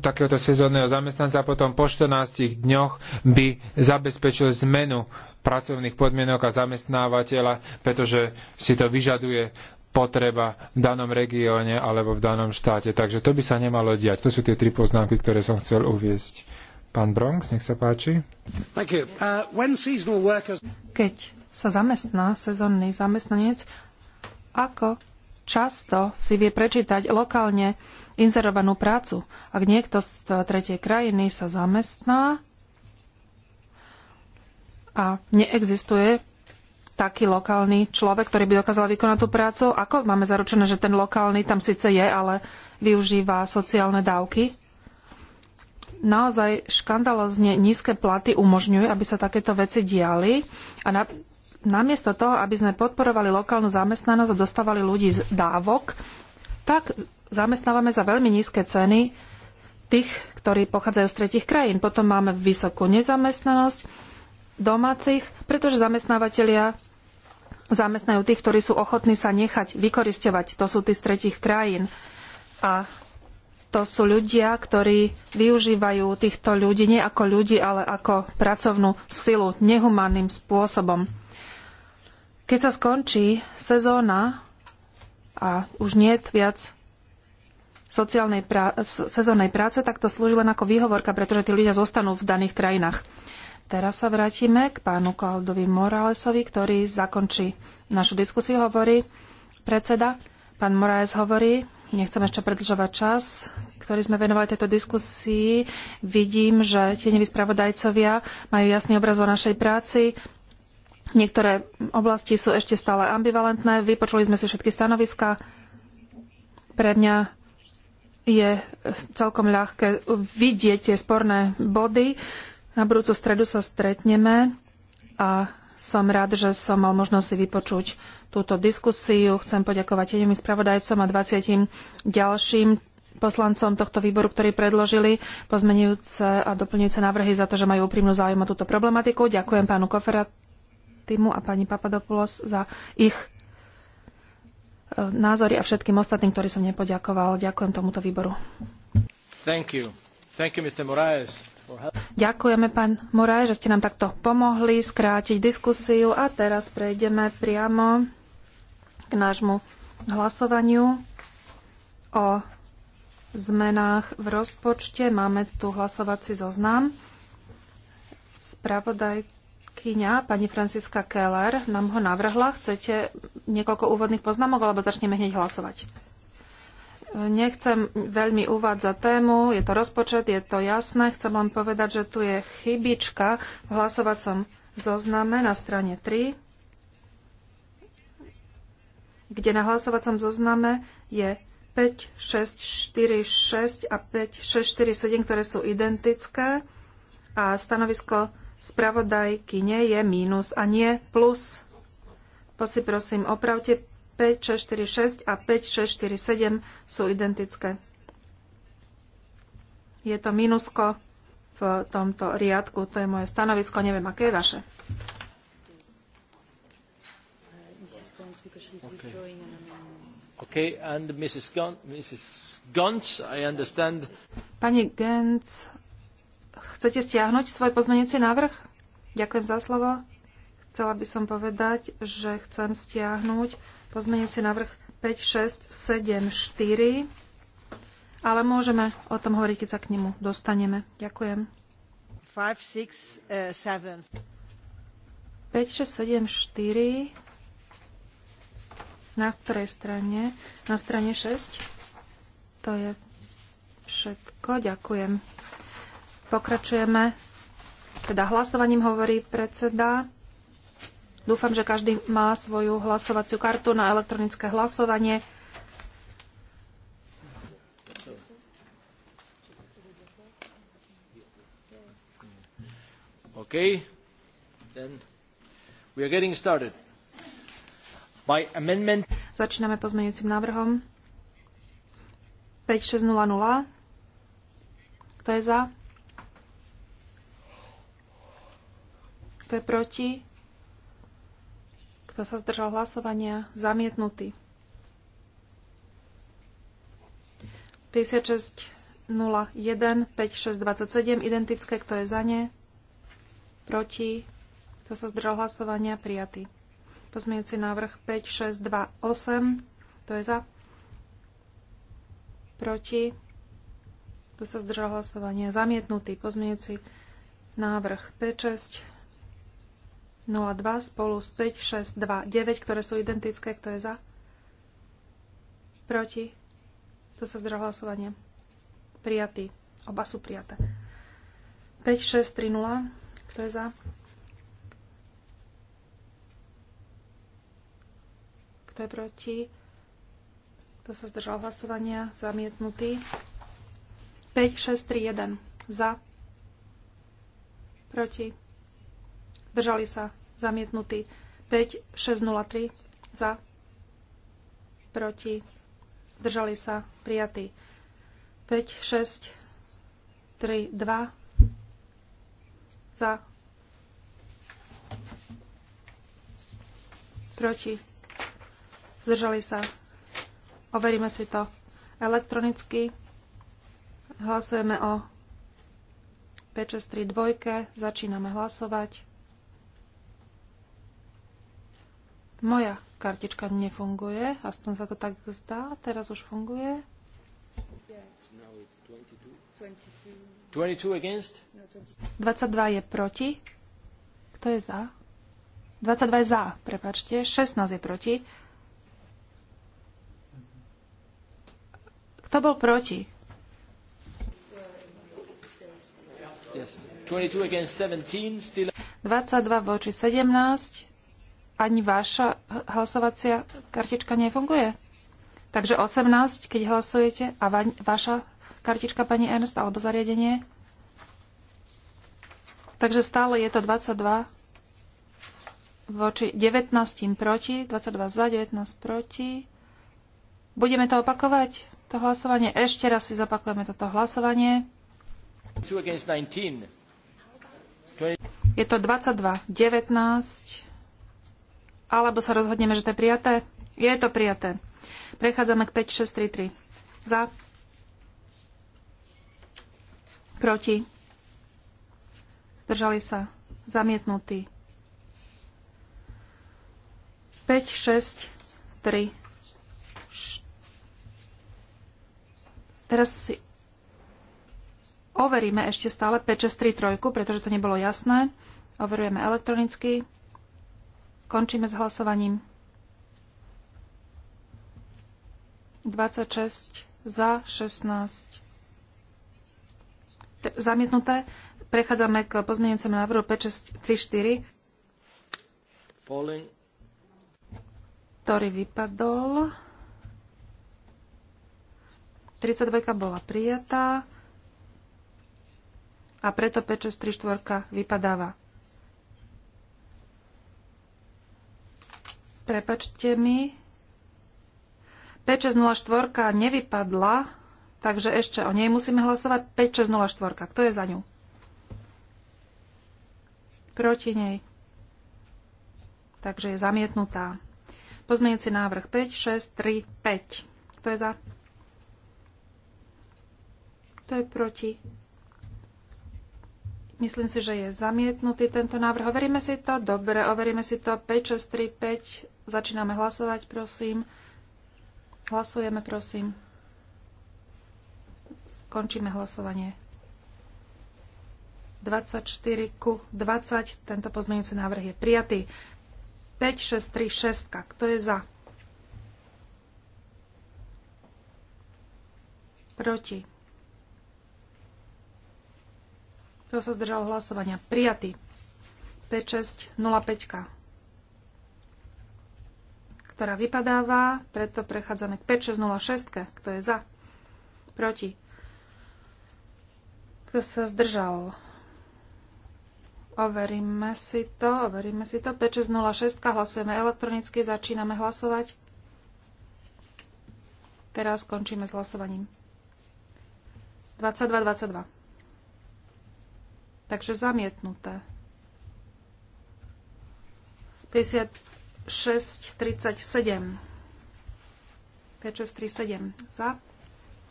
Speaker 2: takéhoto sezónneho zamestnanca a potom po 14 dňoch by zabezpečil zmenu pracovných podmienok a zamestnávateľa, pretože si to vyžaduje potreba v danom regióne alebo v danom štáte. Takže to by sa nemalo diať. To sú tie tri poznámky, ktoré som chcel uviesť. Pán Bronx, nech sa páči.
Speaker 1: Uh,
Speaker 3: Keď sa zamestná sezónny zamestnanec, ako často si vie prečítať lokálne inzerovanú prácu. Ak niekto z tretej krajiny sa zamestná a neexistuje taký lokálny človek, ktorý by dokázal vykonať tú prácu, ako máme zaručené, že ten lokálny tam síce je, ale využíva sociálne dávky? Naozaj škandalozne nízke platy umožňujú, aby sa takéto veci diali a na, namiesto toho, aby sme podporovali lokálnu zamestnanosť a dostávali ľudí z dávok, tak zamestnávame za veľmi nízke ceny tých, ktorí pochádzajú z tretich krajín. Potom máme vysokú nezamestnanosť domácich, pretože zamestnávateľia zamestnajú tých, ktorí sú ochotní sa nechať vykorisťovať. To sú tí z tretich krajín. A to sú ľudia, ktorí využívajú týchto ľudí nie ako ľudí, ale ako pracovnú silu nehumánnym spôsobom. Keď sa skončí sezóna a už nie viac sociálnej prá- sezónnej práce, tak to slúži len ako výhovorka, pretože tí ľudia zostanú v daných krajinách. Teraz sa vrátime k pánu Klaudovi Moralesovi, ktorý zakončí našu diskusiu, hovorí predseda. Pán Morales hovorí, nechcem ešte predlžovať čas, ktorý sme venovali tejto diskusii. Vidím, že tie nevyspravodajcovia majú jasný obraz o našej práci. Niektoré oblasti sú ešte stále ambivalentné. Vypočuli sme si všetky stanoviska. Pre mňa je celkom ľahké vidieť tie sporné body. Na budúcu stredu sa stretneme a som rád, že som mal možnosť si vypočuť túto diskusiu. Chcem poďakovať jedným spravodajcom a 20 ďalším poslancom tohto výboru, ktorí predložili pozmenujúce a doplňujúce návrhy za to, že majú úprimnú záujem o túto problematiku. Ďakujem pánu Koferatimu a pani Papadopoulos za ich názory a všetkým ostatným, ktorí som nepoďakoval. Ďakujem tomuto výboru.
Speaker 1: Thank you. Thank you, Mr. Moraes.
Speaker 3: Ďakujeme, pán Moraes, že ste nám takto pomohli skrátiť diskusiu a teraz prejdeme priamo k nášmu hlasovaniu o zmenách v rozpočte. Máme tu hlasovací zoznam. Spravodajka Kyňa, pani Franciska Keller nám ho navrhla. Chcete niekoľko úvodných poznámok, alebo začneme hneď hlasovať? Nechcem veľmi uvádzať tému, je to rozpočet, je to jasné. Chcem len povedať, že tu je chybička v hlasovacom zozname na strane 3, kde na hlasovacom zozname je 5, 6, 4, 6 a 5, 6, 4, 7, ktoré sú identické a stanovisko spravodajkyne je mínus a nie plus. Posi prosím, opravte 5, 6, 4, 6 a 5, 6, 4, 7 sú identické. Je to mínusko v tomto riadku. To je moje stanovisko, neviem, aké je vaše. Okay. Okay,
Speaker 1: Mrs. Gons, Mrs. Gons,
Speaker 3: Pani Gens, Chcete stiahnuť svoj pozmenujúci návrh? Ďakujem za slovo. Chcela by som povedať, že chcem stiahnuť pozmenujúci návrh 5, 6, 7, 4, ale môžeme o tom hovoriť, keď sa k nemu dostaneme. Ďakujem. 5, 6, 7. 5, 6, 7, 4. Na ktorej strane? Na strane 6. To je všetko. Ďakujem. Pokračujeme teda hlasovaním, hovorí predseda. Dúfam, že každý má svoju hlasovaciu kartu na elektronické hlasovanie.
Speaker 1: Okay. Then we are getting started.
Speaker 3: By amendment... Začíname pozmeňujúcim návrhom. 5600. Kto je za? Kto je proti? Kto sa zdržal hlasovania? Zamietnutý. 56 01 56 27 identické, kto je za ne? Proti? Kto sa zdržal hlasovania? Prijatý. Pozmienujúci návrh 5 6 2 8 to je za? Proti? Kto sa zdržal hlasovania? Zamietnutý. Pozmienujúci návrh 5 6 02 spolu s 5, 6, 2, 9, ktoré sú identické. Kto je za? Proti? To sa zdržal hlasovanie. Prijatý. Oba sú prijaté. 5, 6, 3, 0. Kto je za? Kto je proti? To sa zdržal hlasovania? Zamietnutý. 5, 6, 3, 1. Za. Proti. Zdržali sa. Zamietnutý. 5603 za. Proti. Zdržali sa. Prijatý. 2. za. Proti. Zdržali sa. Overíme si to elektronicky. Hlasujeme o 2, Začíname hlasovať. Moja kartička nefunguje, aspoň sa to tak zdá. Teraz už funguje. 22 je proti. Kto je za? 22 je za, prepačte. 16 je proti. Kto bol proti?
Speaker 1: Yes. 22
Speaker 3: voči 17 ani vaša hlasovacia kartička nefunguje? Takže 18, keď hlasujete, a va- vaša kartička pani Ernst alebo zariadenie? Takže stále je to 22 voči 19 proti, 22 za, 19 proti. Budeme to opakovať, to hlasovanie. Ešte raz si zapakujeme toto hlasovanie. Je to 22, 19, alebo sa rozhodneme, že to je prijaté? Je to prijaté. Prechádzame k 5633. Za. Proti. Zdržali sa. Zamietnutí. 5, 6, 3. Teraz si overíme ešte stále 5, 6, 3, 3, pretože to nebolo jasné. Overujeme elektronicky. Končíme s hlasovaním. 26 za, 16 T zamietnuté. Prechádzame k pozmeňujúcemu návrhu 5634, ktorý vypadol. 32 bola prijatá a preto 5634 vypadáva. Prepačte mi. P604 nevypadla, takže ešte o nej musíme hlasovať. 5604. Kto je za ňu? Proti nej. Takže je zamietnutá. Pozmeňujúci návrh 5, 6, 3, 5. Kto je za? Kto je proti? Myslím si, že je zamietnutý tento návrh. Overíme si to. Dobre, overíme si to. 5, 6, 3, 5. Začíname hlasovať, prosím. Hlasujeme, prosím. Skončíme hlasovanie. 24 ku 20. Tento pozmeňujúci návrh je prijatý. 5, 6, 3, 6. Kto je za? Proti. Kto sa zdržal hlasovania? Prijatý. 5, 6, 0, 5 ktorá vypadáva, preto prechádzame k 5606, kto je za, proti, kto sa zdržal. Overíme si to, overíme si to. 5606, hlasujeme elektronicky, začíname hlasovať. Teraz skončíme s hlasovaním. 22, 22. Takže zamietnuté. 50, 5, 6, 3, 7. za,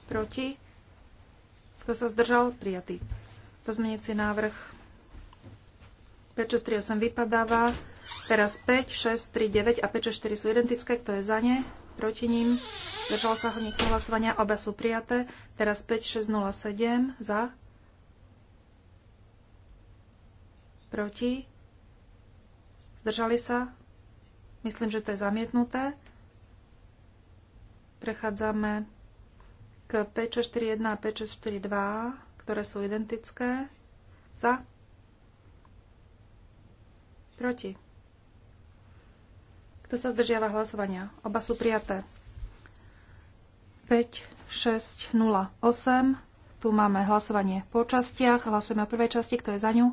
Speaker 3: proti. Kto sa zdržal? Prijatý. Pozmeniaci návrh 5, 6, 3, 8 vypadáva. Teraz 5, 6, 3, 9 a 5, 6, 4 sú identické. Kto je za ne? Proti ním. Zdržal sa niekto hlasovania. Oba sú prijaté. Teraz 5, 6, 0, 7 za. Proti. Zdržali sa? Myslím, že to je zamietnuté. Prechádzame k 5641 a 5642, ktoré sú identické. Za. Proti. Kto sa zdržiava hlasovania? Oba sú prijaté. 5, 6, 0, 8. Tu máme hlasovanie po častiach. Hlasujeme o prvej časti. Kto je za ňu?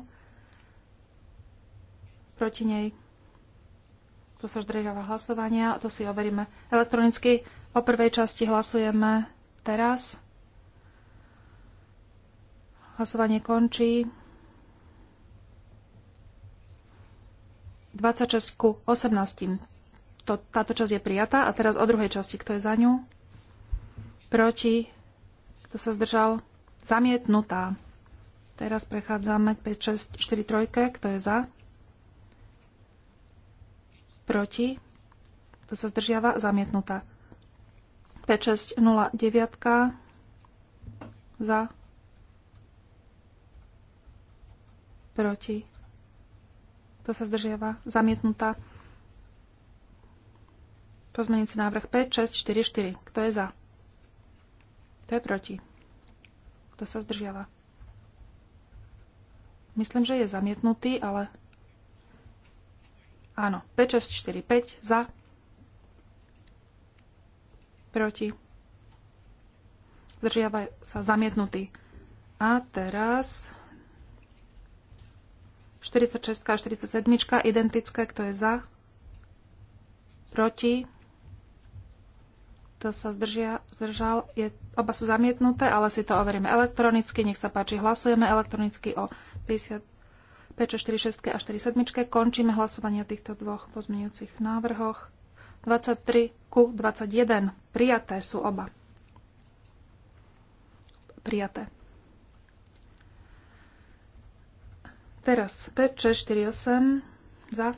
Speaker 3: Proti nej. Tu sa zdržiava hlasovania. To si overíme elektronicky. O prvej časti hlasujeme teraz. Hlasovanie končí. 26 ku 18. To, táto časť je prijatá. A teraz o druhej časti. Kto je za ňu? Proti? Kto sa zdržal? Zamietnutá. Teraz prechádzame k 5, 6, 4, 3. Kto je za? proti, kto sa zdržiava, zamietnutá. 5609 za, proti, to sa zdržiava, zamietnutá. Pozmenujúci návrh 4. Kto je za? Kto je proti? Kto sa zdržiava? Myslím, že je zamietnutý, ale Áno, 5, 6, 4, 5 za. Proti. Zdržiava sa zamietnutý. A teraz 46 a 47 identické, kto je za. Proti. To sa zdržia, zdržal. Je, oba sú zamietnuté, ale si to overíme elektronicky. Nech sa páči, hlasujeme elektronicky o 50 5, 4, 6 a 4, 7. Končíme hlasovanie o týchto dvoch pozmeňujúcich návrhoch. 23 ku 21. Prijaté sú oba. Prijaté. Teraz 5, 6, 4, 8 za.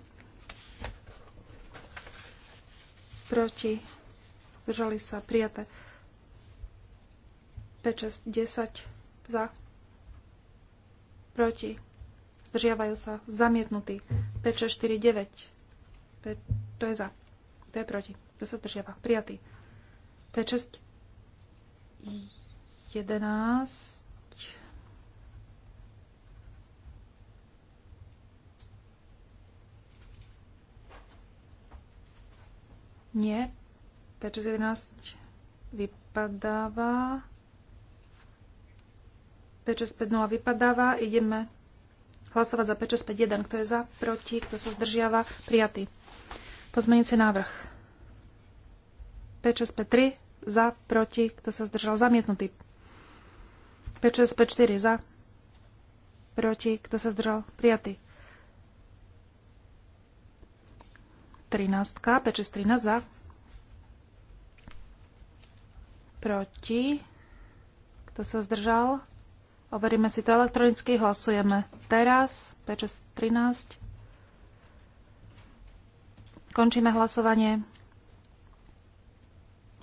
Speaker 3: Proti. Zdržali sa. Prijaté. 5, 6, 10 za. Proti zdržiavajú sa, zamietnutý. 5, to je za, to je proti, to sa zdržiava, prijatý. P6 11. Nie. P611 vypadáva. P650 vypadáva. Ideme hlasovať za 5651. Kto je za? Proti? Kto sa zdržiava? Prijatý. Pozmenujúci návrh. 5653. Za? Proti? Kto sa zdržal? Zamietnutý. 5654. Za? Proti? Kto sa zdržal? Prijatý. 13. 5613. Za? Proti? Kto sa zdržal? Overíme si to elektronicky. Hlasujeme teraz. 5613. Končíme hlasovanie.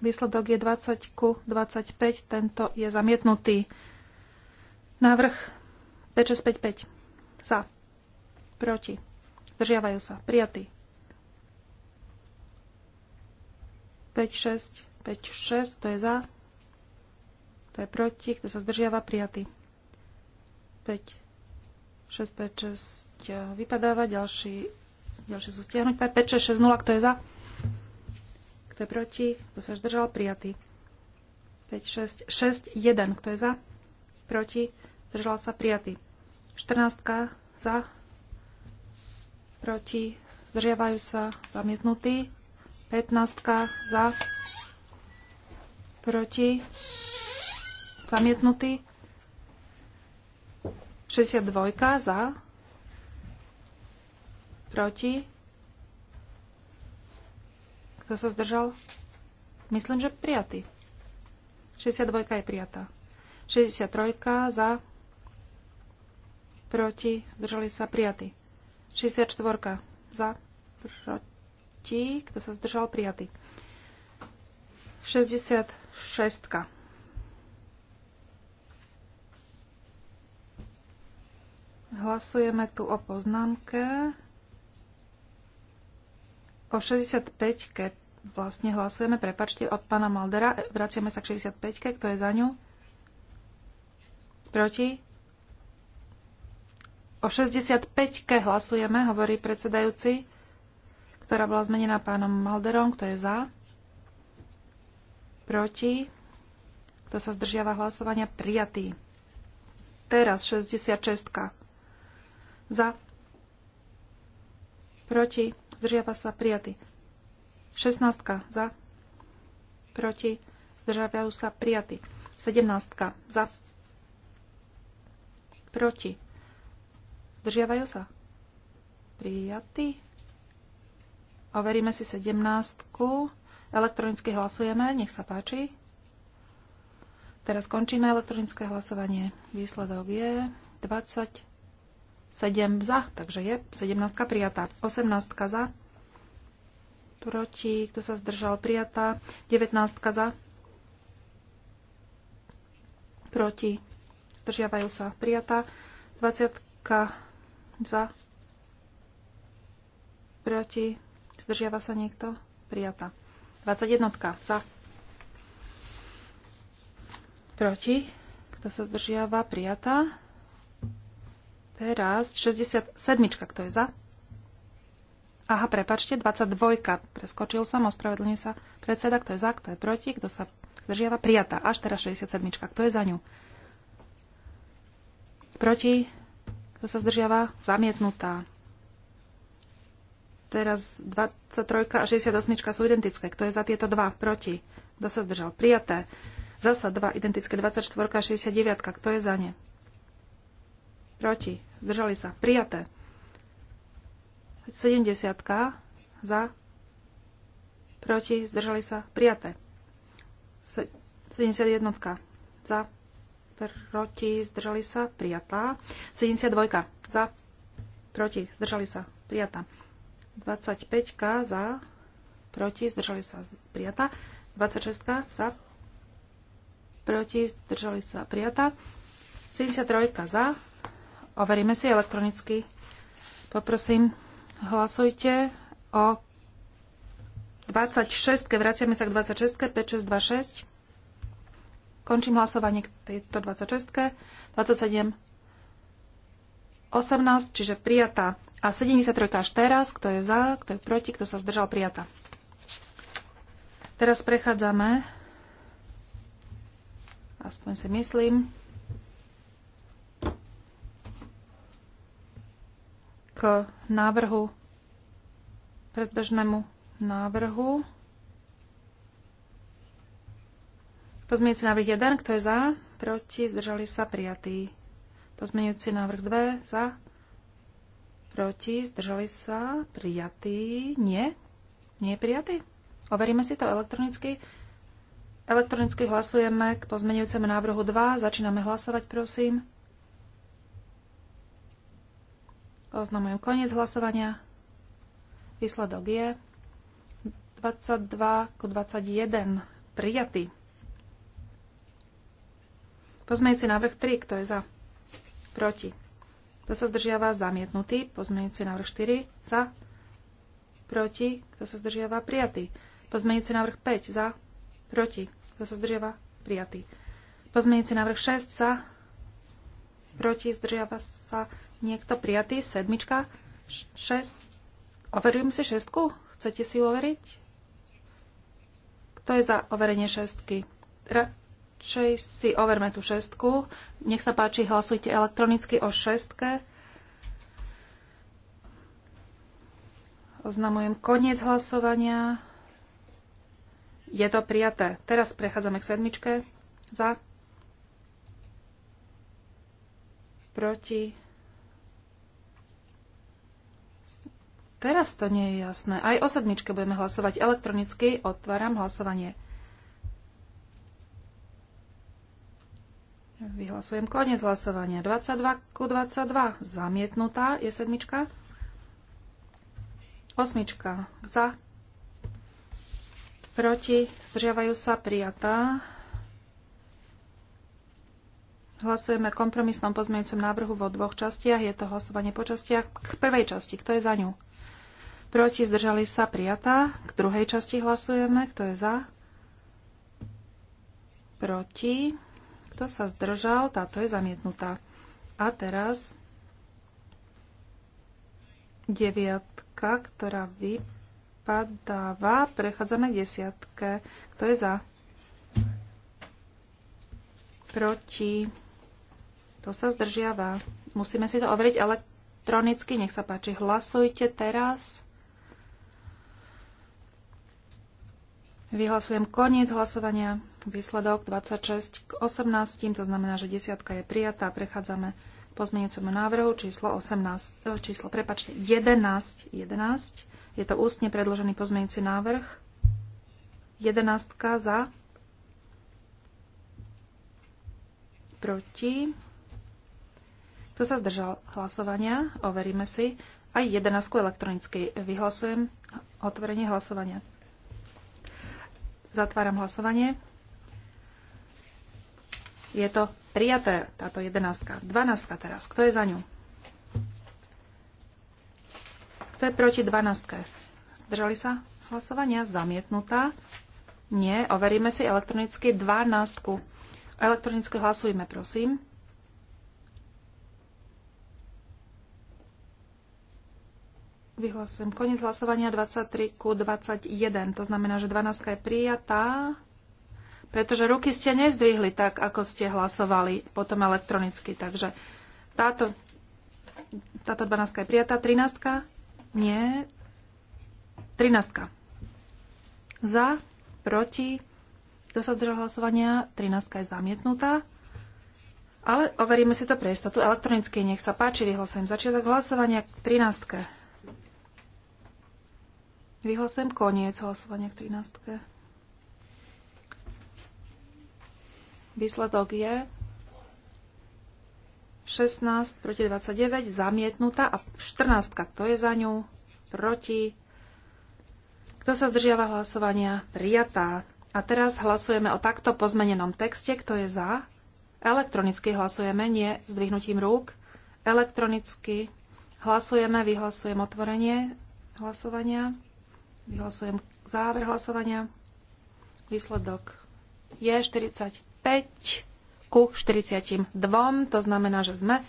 Speaker 3: Výsledok je 20 ku 25. Tento je zamietnutý. Návrh 5655. Za. Proti. Držiavajú sa. Prijatý. 5656, to je za, to je proti, kto sa zdržiava, prijatý. 5, 6, 5, 6 vypadáva, ďalší, ďalšie sú stiahnuť. 5, 6, 6, 0, kto je za? Kto je proti? Kto sa zdržal? Prijatý. 5, 6, 6, 1, kto je za? Proti? Zdržal sa? Prijatý. 14 za? Proti? Zdržiavajú sa? Zamietnutý. 15 za? Proti? Zamietnutý. 62 za, proti, kto sa zdržal? Myslím, že prijatý. 62 je prijatá. 63 za, proti, zdržali sa prijatí. 64 za, proti, kto sa zdržal prijatý. 66 Hlasujeme tu o poznámke. O 65-ke vlastne hlasujeme, prepačte, od pána Maldera. Vraciame sa k 65-ke, kto je za ňu? Proti? O 65-ke hlasujeme, hovorí predsedajúci, ktorá bola zmenená pánom Malderom. Kto je za? Proti? Kto sa zdržiava hlasovania? Prijatý. Teraz 66. -ka. Za. Proti. Zdržiava sa prijatý. 16. Za. Proti. Zdržiavajú sa prijatý. 17. Za. Proti. Zdržiavajú sa. Prijatý. Overíme si 17. Elektronicky hlasujeme. Nech sa páči. Teraz končíme elektronické hlasovanie. Výsledok je 20 7 za, takže je 17 prijatá. 18 za, proti, kto sa zdržal, prijatá. 19 za, proti, zdržiavajú sa, prijatá. 20 za, proti, zdržiava sa niekto, prijatá. 21 za, proti, kto sa zdržiava, prijatá. Teraz 67. Kto je za? Aha, prepačte, 22. Preskočil som, ospravedlňuje sa predseda. Kto je za, kto je proti, kto sa zdržiava? Prijatá. Až teraz 67. Kto je za ňu? Proti, kto sa zdržiava? Zamietnutá. Teraz 23 a 68 sú identické. Kto je za tieto dva? Proti. Kto sa zdržal? Prijaté. Zasa dva identické 24 a 69. Kto je za ne? Proti zdržali sa, prijaté. 70 za, proti, zdržali sa, prijaté. 71 za, proti, zdržali sa, prijatá. 72 za, proti, zdržali sa, prijatá. 25 za, proti, zdržali sa, prijatá. 26 za, proti, zdržali sa, prijatá. 73 za, Overíme si elektronicky. Poprosím, hlasujte o 26. Vraciame sa k 26. 5626. Končím hlasovanie k tejto 26. 27. 18, čiže prijatá. A 73 až teraz, kto je za, kto je proti, kto sa zdržal, prijatá. Teraz prechádzame, aspoň si myslím, k návrhu, predbežnému návrhu. Pozmeňujúci návrh 1, kto je za? Proti, zdržali sa prijatý. Pozmeňujúci návrh 2, za? Proti, zdržali sa prijatý. Nie? Nie je prijatý? Overíme si to elektronicky. Elektronicky hlasujeme k pozmeňujúcemu návrhu 2. Začíname hlasovať, prosím. Oznamujem koniec hlasovania. Výsledok je 22 ku 21 prijatý. Pozmejúci návrh 3, kto je za? Proti. Kto sa zdržiava? Zamietnutý. Pozmejúci návrh 4, za? Proti. Kto sa zdržiava? Prijatý. Pozmejúci návrh 5, za? Proti. Kto sa zdržiava? Prijatý. Pozmejúci návrh 6, za? Proti. Zdržiava sa? Niekto prijatý? Sedmička? Šesť? Overujem si šestku? Chcete si overiť? Kto je za overenie šestky? Radšej si overme tú šestku. Nech sa páči, hlasujte elektronicky o šestke. Oznamujem koniec hlasovania. Je to prijaté. Teraz prechádzame k sedmičke. Za. Proti. Teraz to nie je jasné. Aj o sedmičke budeme hlasovať elektronicky. Otváram hlasovanie. Vyhlasujem koniec hlasovania. 22 ku 22. Zamietnutá je sedmička. Osmička za. Proti. Zdržiavajú sa prijatá. Hlasujeme kompromisnom pozmeňujúcom návrhu vo dvoch častiach. Je to hlasovanie po častiach. K prvej časti. Kto je za ňu? proti, zdržali sa, prijatá. K druhej časti hlasujeme, kto je za, proti, kto sa zdržal, táto je zamietnutá. A teraz deviatka, ktorá vypadáva, prechádzame k desiatke, kto je za, proti, to sa zdržiava. Musíme si to overiť elektronicky. Nech sa páči, hlasujte teraz. Vyhlasujem koniec hlasovania. Výsledok 26 k 18, to znamená, že desiatka je prijatá. Prechádzame k pozmeniecomu návrhu číslo 18, eh, číslo, prepačte, 11, 11. Je to ústne predložený pozmeniecí návrh. 11 za, proti. Kto sa zdržal hlasovania? Overíme si. Aj 11 elektronicky vyhlasujem otvorenie hlasovania. Zatváram hlasovanie. Je to prijaté, táto jedenáctka. Dvanáctka teraz. Kto je za ňu? Kto je proti dvanáctke? Zdržali sa hlasovania? Zamietnutá? Nie. Overíme si elektronicky dvanáctku. Elektronicky hlasujme, prosím. Vyhlasujem koniec hlasovania 23 ku 21. To znamená, že 12 je prijatá, pretože ruky ste nezdvihli tak, ako ste hlasovali potom elektronicky. Takže táto, táto 12 je prijatá. 13? Nie. 13. Za, proti, kto sa zdržal hlasovania? 13 je zamietnutá. Ale overíme si to pre istotu elektronicky. Nech sa páči, vyhlasujem začiatok hlasovania k 13. Vyhlasujem koniec hlasovania k 13. Výsledok je 16 proti 29 zamietnutá a 14. Kto je za ňu? Proti. Kto sa zdržiava hlasovania? Prijatá. A teraz hlasujeme o takto pozmenenom texte. Kto je za? Elektronicky hlasujeme, nie zdvihnutím rúk. Elektronicky hlasujeme, vyhlasujem otvorenie hlasovania. Vyhlasujem záver hlasovania. Výsledok je 45 ku 42. To znamená, že sme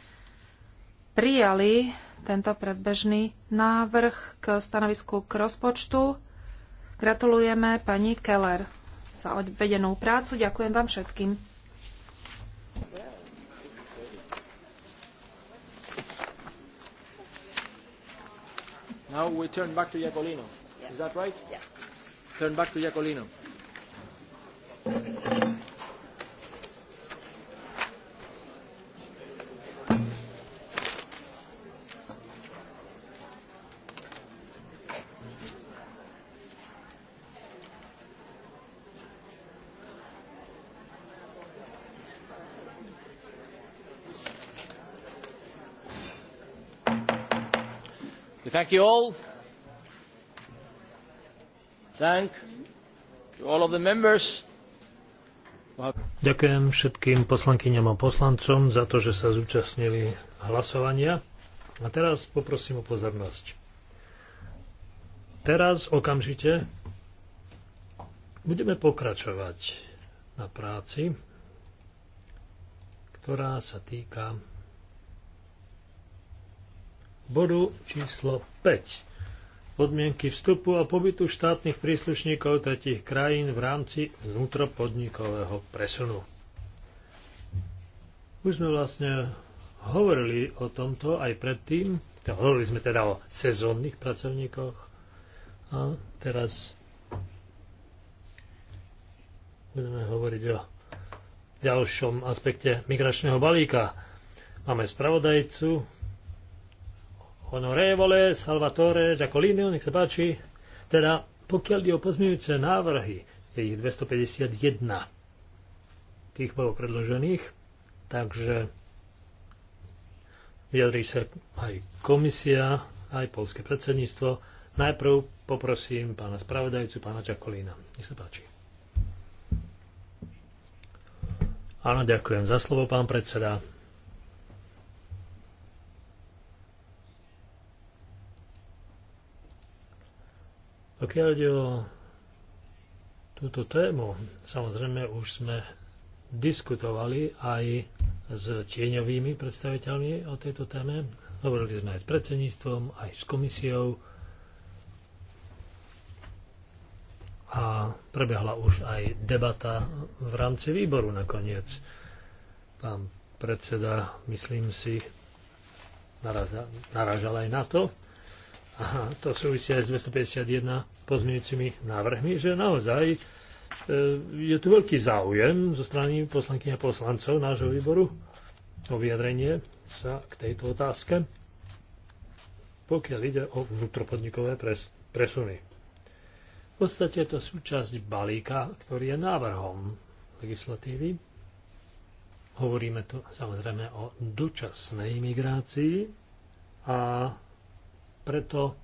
Speaker 3: prijali tento predbežný návrh k stanovisku k rozpočtu. Gratulujeme pani Keller za odvedenú prácu. Ďakujem vám všetkým.
Speaker 1: Now we turn back to Iacolino. Is that right? Yeah. Turn back to Jacolino. Thank you all. Ďakujem všetkým poslankyňam a poslancom za to, že sa zúčastnili hlasovania. A teraz poprosím o pozornosť. Teraz okamžite budeme pokračovať na práci, ktorá sa týka bodu číslo 5 podmienky vstupu a pobytu štátnych príslušníkov tretich krajín v rámci vnútropodnikového presunu. Už sme vlastne hovorili o tomto aj predtým. Hovorili sme teda o sezónnych pracovníkoch. A teraz budeme hovoriť o ďalšom aspekte migračného balíka. Máme spravodajcu, Honorevole, Salvatore, Giacolino, nech sa páči. Teda, pokiaľ je o pozmeňujúce návrhy, je ich 251. Tých bolo predložených, takže vyjadrí sa aj komisia, aj polské predsedníctvo. Najprv poprosím pána spravodajcu, pána Čakolína. Nech sa páči. Áno, ďakujem za slovo, pán predseda. Pokiaľ ide o túto tému, samozrejme už sme diskutovali aj s tieňovými predstaviteľmi o tejto téme. Hovorili sme aj s predsedníctvom, aj s komisiou. A prebehla už aj debata v rámci výboru nakoniec. Pán predseda, myslím si, naražal aj na to, a to súvisia aj s 251 pozmeňujúcimi návrhmi, že naozaj e, je tu veľký záujem zo strany poslanky a poslancov nášho výboru o vyjadrenie sa k tejto otázke, pokiaľ ide o vnútropodnikové presuny. V podstate je to súčasť balíka, ktorý je návrhom legislatívy. Hovoríme tu samozrejme o dočasnej migrácii a preto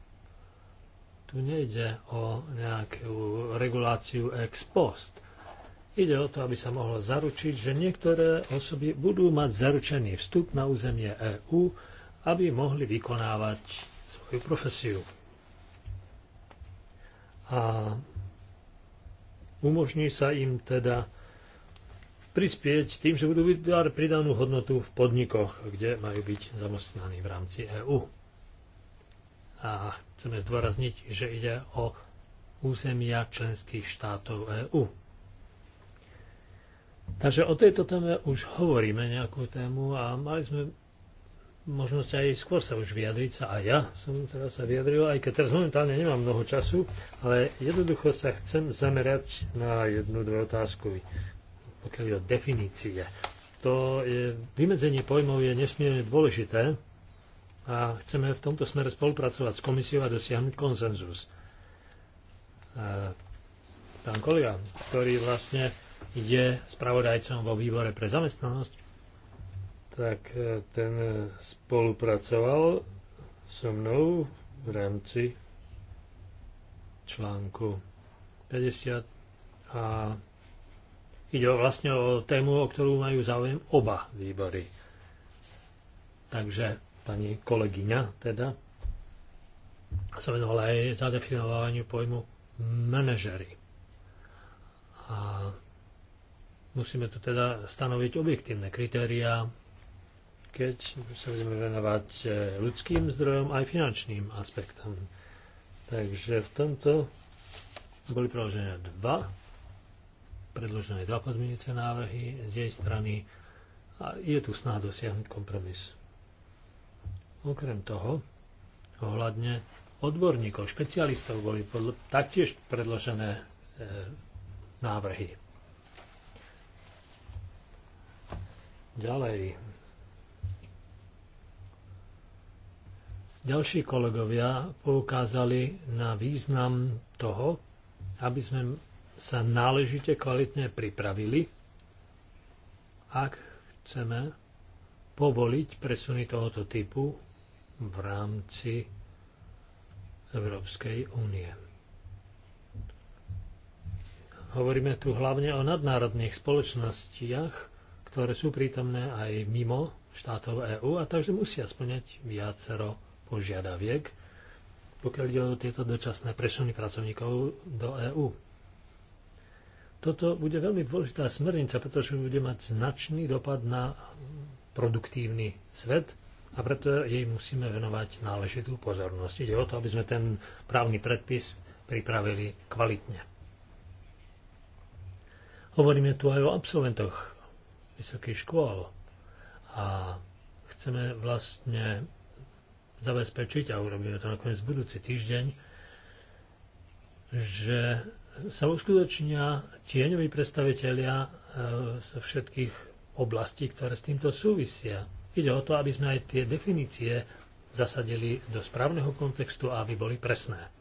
Speaker 1: tu nejde o nejakú reguláciu ex post. Ide o to, aby sa mohlo zaručiť, že niektoré osoby budú mať zaručený vstup na územie EÚ, aby mohli vykonávať svoju profesiu. A umožní sa im teda prispieť tým, že budú vytvárať pridanú hodnotu v podnikoch, kde majú byť zamestnaní v rámci EÚ a chceme zdôrazniť, že ide o územia členských štátov EÚ. Takže o tejto téme už hovoríme nejakú tému a mali sme možnosť aj skôr sa už vyjadriť sa a ja som teraz sa vyjadril, aj keď teraz momentálne nemám mnoho času, ale jednoducho sa chcem zamerať na jednu, dve otázku, pokiaľ je o definície. To je, vymedzenie pojmov je nesmierne dôležité, a chceme v tomto smere spolupracovať s komisiou a dosiahnuť konsenzus. E, pán kolega, ktorý vlastne je spravodajcom vo výbore pre zamestnanosť, tak e, ten spolupracoval so mnou v rámci článku 50 a ide vlastne o tému, o ktorú majú záujem oba výbory. Takže pani kolegyňa teda, sa venovala aj zadefinovaniu pojmu manažery. A musíme tu teda stanoviť objektívne kritériá, keď sa budeme venovať e, ľudským zdrojom aj finančným aspektom. Takže v tomto boli preložené dva, predložené dva pozmienice návrhy z jej strany a je tu snaha dosiahnuť kompromis. Okrem toho, ohľadne odborníkov, špecialistov boli podl- taktiež predložené e, návrhy. Ďalej. Ďalší kolegovia poukázali na význam toho, aby sme sa náležite kvalitne pripravili, ak chceme povoliť presuny tohoto typu v rámci Európskej únie. Hovoríme tu hlavne o nadnárodných spoločnostiach, ktoré sú prítomné aj mimo štátov EÚ a takže musia splňať viacero požiadaviek, pokiaľ ide o tieto dočasné presuny pracovníkov do EÚ. Toto bude veľmi dôležitá smernica, pretože bude mať značný dopad na produktívny svet a preto jej musíme venovať náležitú pozornosť. Ide o to, aby sme ten právny predpis pripravili kvalitne. Hovoríme tu aj o absolventoch vysokých škôl a chceme vlastne zabezpečiť, a urobíme to nakoniec budúci týždeň, že sa uskutočnia tieňoví predstavitelia e, zo všetkých oblastí, ktoré s týmto súvisia Ide o to, aby sme aj tie definície zasadili do správneho kontextu a aby boli presné.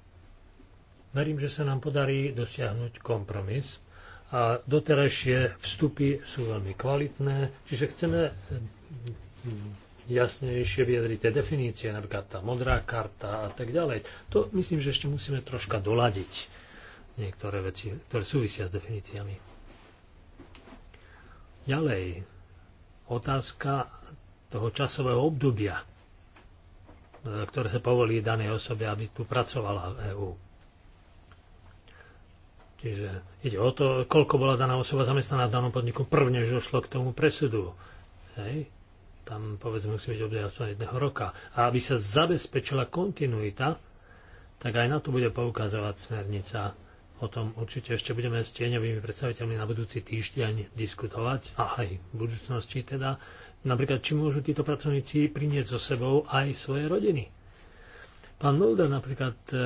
Speaker 1: Verím, že sa nám podarí dosiahnuť kompromis a doterajšie vstupy sú veľmi kvalitné, čiže chceme jasnejšie vyjadriť tie definície, napríklad tá modrá karta a tak ďalej. To myslím, že ešte musíme troška doladiť niektoré veci, ktoré súvisia s definíciami. Ďalej, otázka toho časového obdobia, e, ktoré sa povolí danej osobe, aby tu pracovala v EÚ. Čiže ide o to, koľko bola daná osoba zamestnaná v danom podniku, prvne, že došlo k tomu presudu. Hej? Tam povedzme musí byť obdobie jedného roka. A aby sa zabezpečila kontinuita, tak aj na to bude poukazovať smernica. O tom určite ešte budeme s tieňovými predstaviteľmi na budúci týždeň diskutovať, a aj v budúcnosti teda. Napríklad, či môžu títo pracovníci priniesť so sebou aj svoje rodiny. Pán Mulder napríklad e,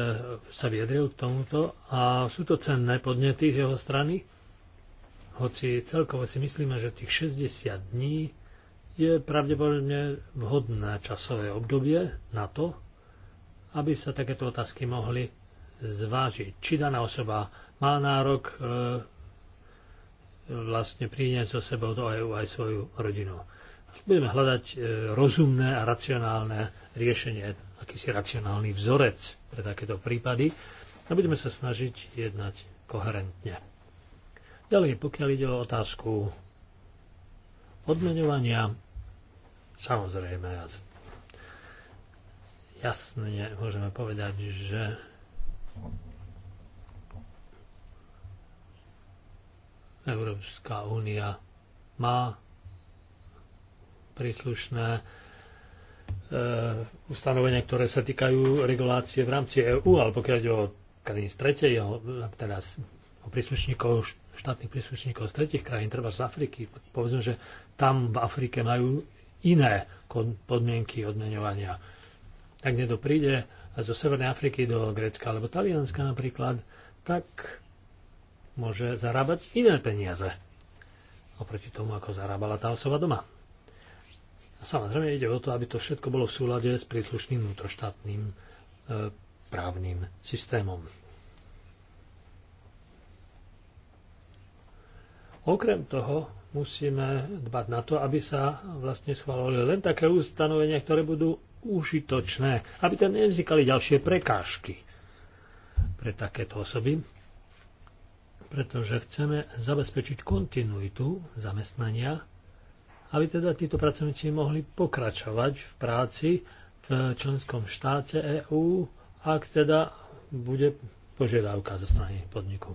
Speaker 1: sa vyjadril k tomuto a sú to cenné podnety z jeho strany, hoci celkovo si myslíme, že tých 60 dní je pravdepodobne vhodné časové obdobie na to, aby sa takéto otázky mohli zvážiť. Či daná osoba má nárok e, vlastne priniesť so sebou do EU aj svoju rodinu budeme hľadať e, rozumné a racionálne riešenie, akýsi racionálny vzorec pre takéto prípady a budeme sa snažiť jednať koherentne. Ďalej, pokiaľ ide o otázku odmeňovania, samozrejme, jasne môžeme povedať, že Európska únia má príslušné e, ustanovenia, ktoré sa týkajú regulácie v rámci EÚ, alebo keď o krajín z tretej, teda o príslušníkov, štátnych príslušníkov z tretich krajín, treba z Afriky. Povedzme, že tam v Afrike majú iné podmienky odmeňovania. Ak niekto príde zo Severnej Afriky do Grécka alebo Talianska napríklad, tak môže zarábať iné peniaze oproti tomu, ako zarábala tá osoba doma. Samozrejme ide o to, aby to všetko bolo v súlade s príslušným vnútroštátnym e, právnym systémom. Okrem toho musíme dbať na to, aby sa vlastne schválili len také ustanovenia, ktoré budú užitočné, aby tam nevznikali ďalšie prekážky pre takéto osoby, pretože chceme zabezpečiť kontinuitu zamestnania aby teda títo pracovníci mohli pokračovať v práci v členskom štáte EÚ, ak teda bude požiadavka zo strany podniku.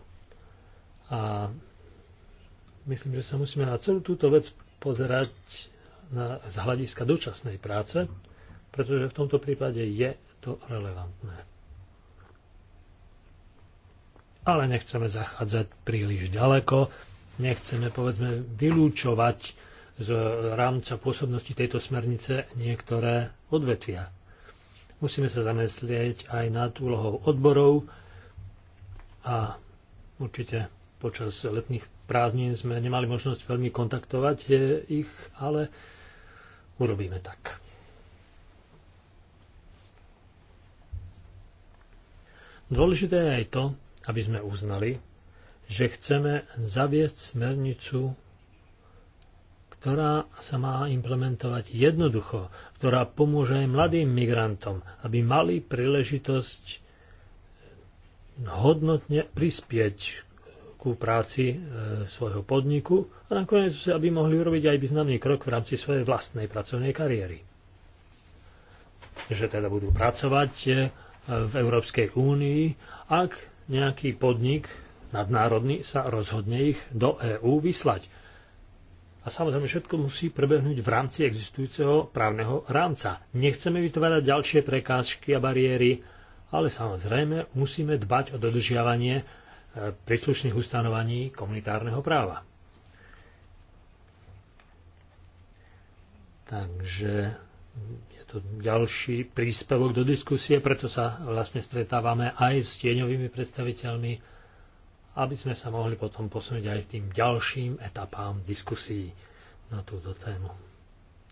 Speaker 1: A myslím, že sa musíme na celú túto vec pozerať na, z hľadiska dočasnej práce, pretože v tomto prípade je to relevantné. Ale nechceme zachádzať príliš ďaleko, nechceme povedzme vylúčovať z rámca pôsobnosti tejto smernice niektoré odvetvia. Musíme sa zamyslieť aj nad úlohou odborov a určite počas letných prázdnin sme nemali možnosť veľmi kontaktovať ich, ale urobíme tak. Dôležité je aj to, aby sme uznali, že chceme zaviesť smernicu ktorá sa má implementovať jednoducho, ktorá pomôže aj mladým migrantom, aby mali príležitosť hodnotne prispieť ku práci e, svojho podniku a nakoniec, aby mohli urobiť aj významný krok v rámci svojej vlastnej pracovnej kariéry. Že teda budú pracovať e, v Európskej únii, ak nejaký podnik nadnárodný sa rozhodne ich do EÚ vyslať. A samozrejme všetko musí prebehnúť v rámci existujúceho právneho rámca. Nechceme vytvárať ďalšie prekážky a bariéry, ale samozrejme musíme dbať o dodržiavanie e, príslušných ustanovaní komunitárneho práva. Takže je to ďalší príspevok do diskusie, preto sa vlastne stretávame aj s tieňovými predstaviteľmi aby sme sa mohli potom posunúť aj tým ďalším etapám diskusí na túto tému,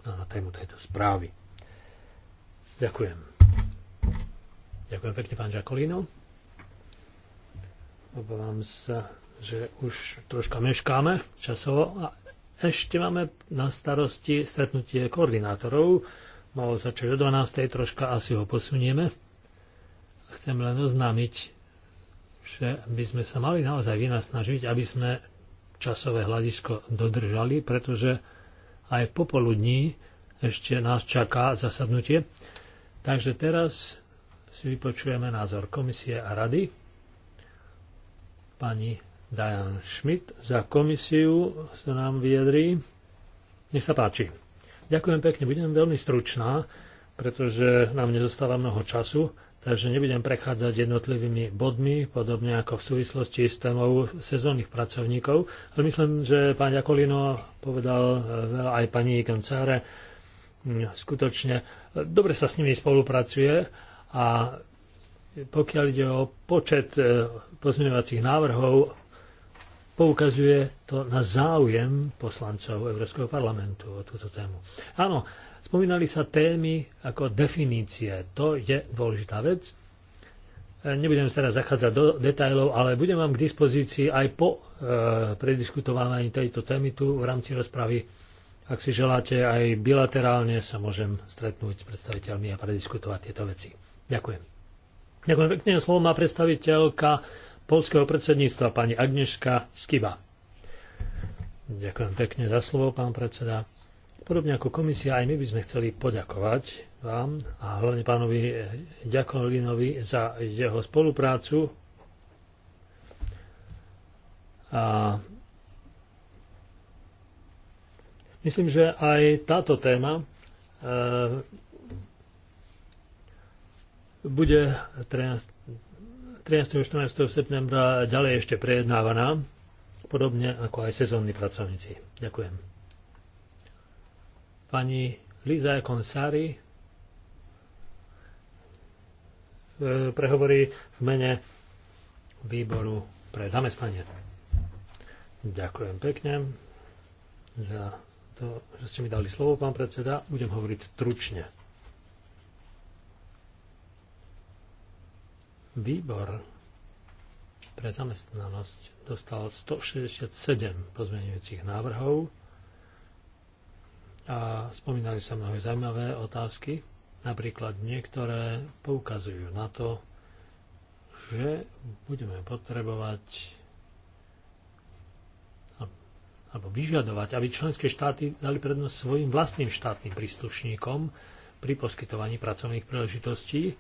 Speaker 1: na tému tejto správy. Ďakujem. Ďakujem pekne, pán Žakolino. Obávam sa, že už troška meškáme časovo a ešte máme na starosti stretnutie koordinátorov. Malo začať o 12.00 troška asi ho posunieme. Chcem len oznámiť, že by sme sa mali naozaj vynasnažiť, aby sme časové hľadisko dodržali, pretože aj popoludní ešte nás čaká zasadnutie. Takže teraz si vypočujeme názor komisie a rady. Pani Diane Schmidt za komisiu sa nám vyjadrí. Nech sa páči. Ďakujem pekne, budem veľmi stručná, pretože nám nezostáva mnoho času Takže nebudem prechádzať jednotlivými bodmi, podobne ako v súvislosti s témou sezónnych pracovníkov. Ale myslím, že pán Jakolino povedal e, aj pani Kancáre, skutočne e, dobre sa s nimi spolupracuje a pokiaľ ide o počet e, pozmeňovacích návrhov, poukazuje to na záujem poslancov Európskeho parlamentu o túto tému. Áno, Spomínali sa témy ako definície. To je dôležitá vec. E, nebudem teraz zachádzať do detajlov, ale budem vám k dispozícii aj po e, prediskutovaní tejto témy tu v rámci rozpravy. Ak si želáte, aj bilaterálne sa môžem stretnúť s predstaviteľmi a prediskutovať tieto veci. Ďakujem. Ďakujem pekne. Slovo má predstaviteľka polského predsedníctva pani Agneška Skiba. Ďakujem pekne za slovo, pán predseda. Podobne ako komisia, aj my by sme chceli poďakovať vám a hlavne pánovi Ďakolinovi za jeho spoluprácu a myslím, že aj táto téma e, bude 13. 13. 14. septembra ďalej ešte prejednávaná, podobne ako aj sezónni pracovníci. Ďakujem. Pani Liza Konsári e, prehovorí v mene výboru pre zamestnanie. Ďakujem pekne za to, že ste mi dali slovo, pán predseda. Budem hovoriť stručne. Výbor pre zamestnanosť dostal 167 pozmeňujúcich návrhov a spomínali sa mnohé zaujímavé otázky. Napríklad niektoré poukazujú na to, že budeme potrebovať alebo vyžadovať, aby členské štáty dali prednosť svojim vlastným štátnym príslušníkom pri poskytovaní pracovných príležitostí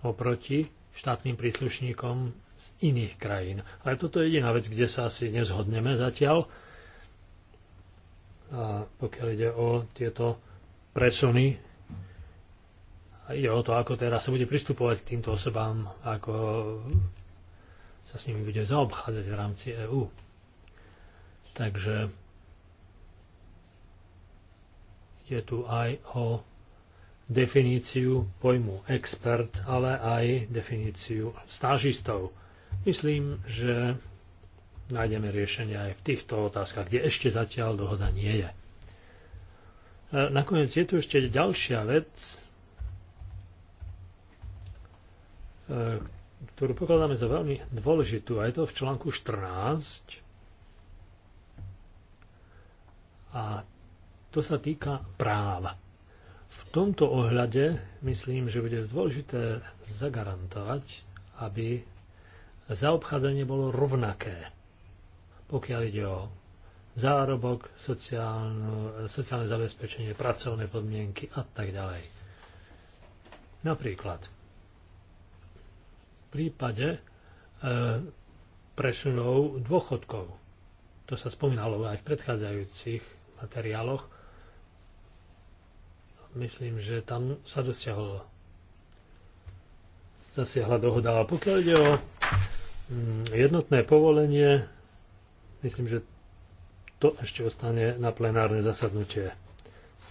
Speaker 1: oproti štátnym príslušníkom z iných krajín. Ale toto je jediná vec, kde sa asi nezhodneme zatiaľ. A pokiaľ ide o tieto presuny, ide o to, ako teraz sa bude pristupovať k týmto osobám, ako sa s nimi bude zaobchádzať v rámci EÚ. Takže je tu aj o definíciu pojmu expert, ale aj definíciu stážistov. Myslím, že nájdeme riešenie aj v týchto otázkach, kde ešte zatiaľ dohoda nie je. E, nakoniec je tu ešte ďalšia vec, e, ktorú pokladáme za veľmi dôležitú a je to v článku 14 a to sa týka práva. V tomto ohľade myslím, že bude dôležité zagarantovať, aby zaobchádzanie bolo rovnaké pokiaľ ide o zárobok, sociálne, sociálne zabezpečenie, pracovné podmienky a tak ďalej. Napríklad v prípade e, presunov dôchodkov, to sa spomínalo aj v predchádzajúcich materiáloch, myslím, že tam sa dosiahlo zasiahla dohoda. A pokiaľ ide o mm, jednotné povolenie Myslím, že to ešte ostane na plenárne zasadnutie.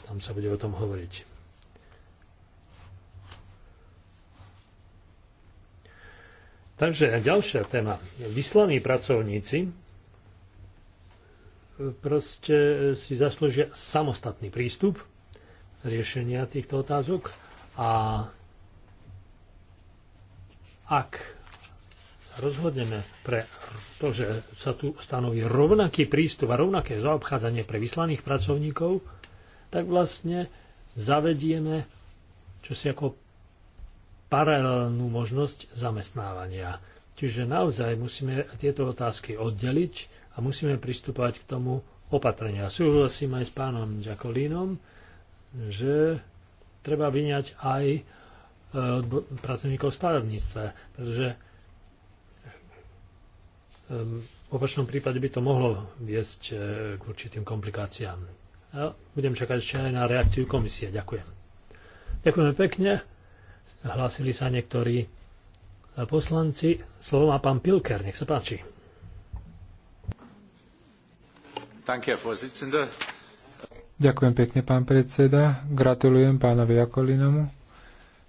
Speaker 1: Tam sa bude o tom hovoriť. Takže ďalšia téma. Vyslaní pracovníci proste si zaslúžia samostatný prístup riešenia týchto otázok a ak rozhodneme pre to, že sa tu stanoví rovnaký prístup a rovnaké zaobchádzanie pre vyslaných pracovníkov, tak vlastne zavedieme čo si ako paralelnú možnosť zamestnávania. Čiže naozaj musíme tieto otázky oddeliť a musíme pristupovať k tomu opatrenia. Súhlasím aj s pánom Ďakolínom, že treba vyňať aj e, pracovníkov v stavebníctve, pretože Ehm, v opačnom prípade by to mohlo viesť e, k určitým komplikáciám. Ja budem čakať ešte aj na reakciu komisie. Ďakujem. Ďakujeme pekne. Hlásili sa niektorí e, poslanci. Slovo má pán Pilker, nech sa páči.
Speaker 2: Ďakujem pekne, pán predseda. Gratulujem pánovi Jakolinomu.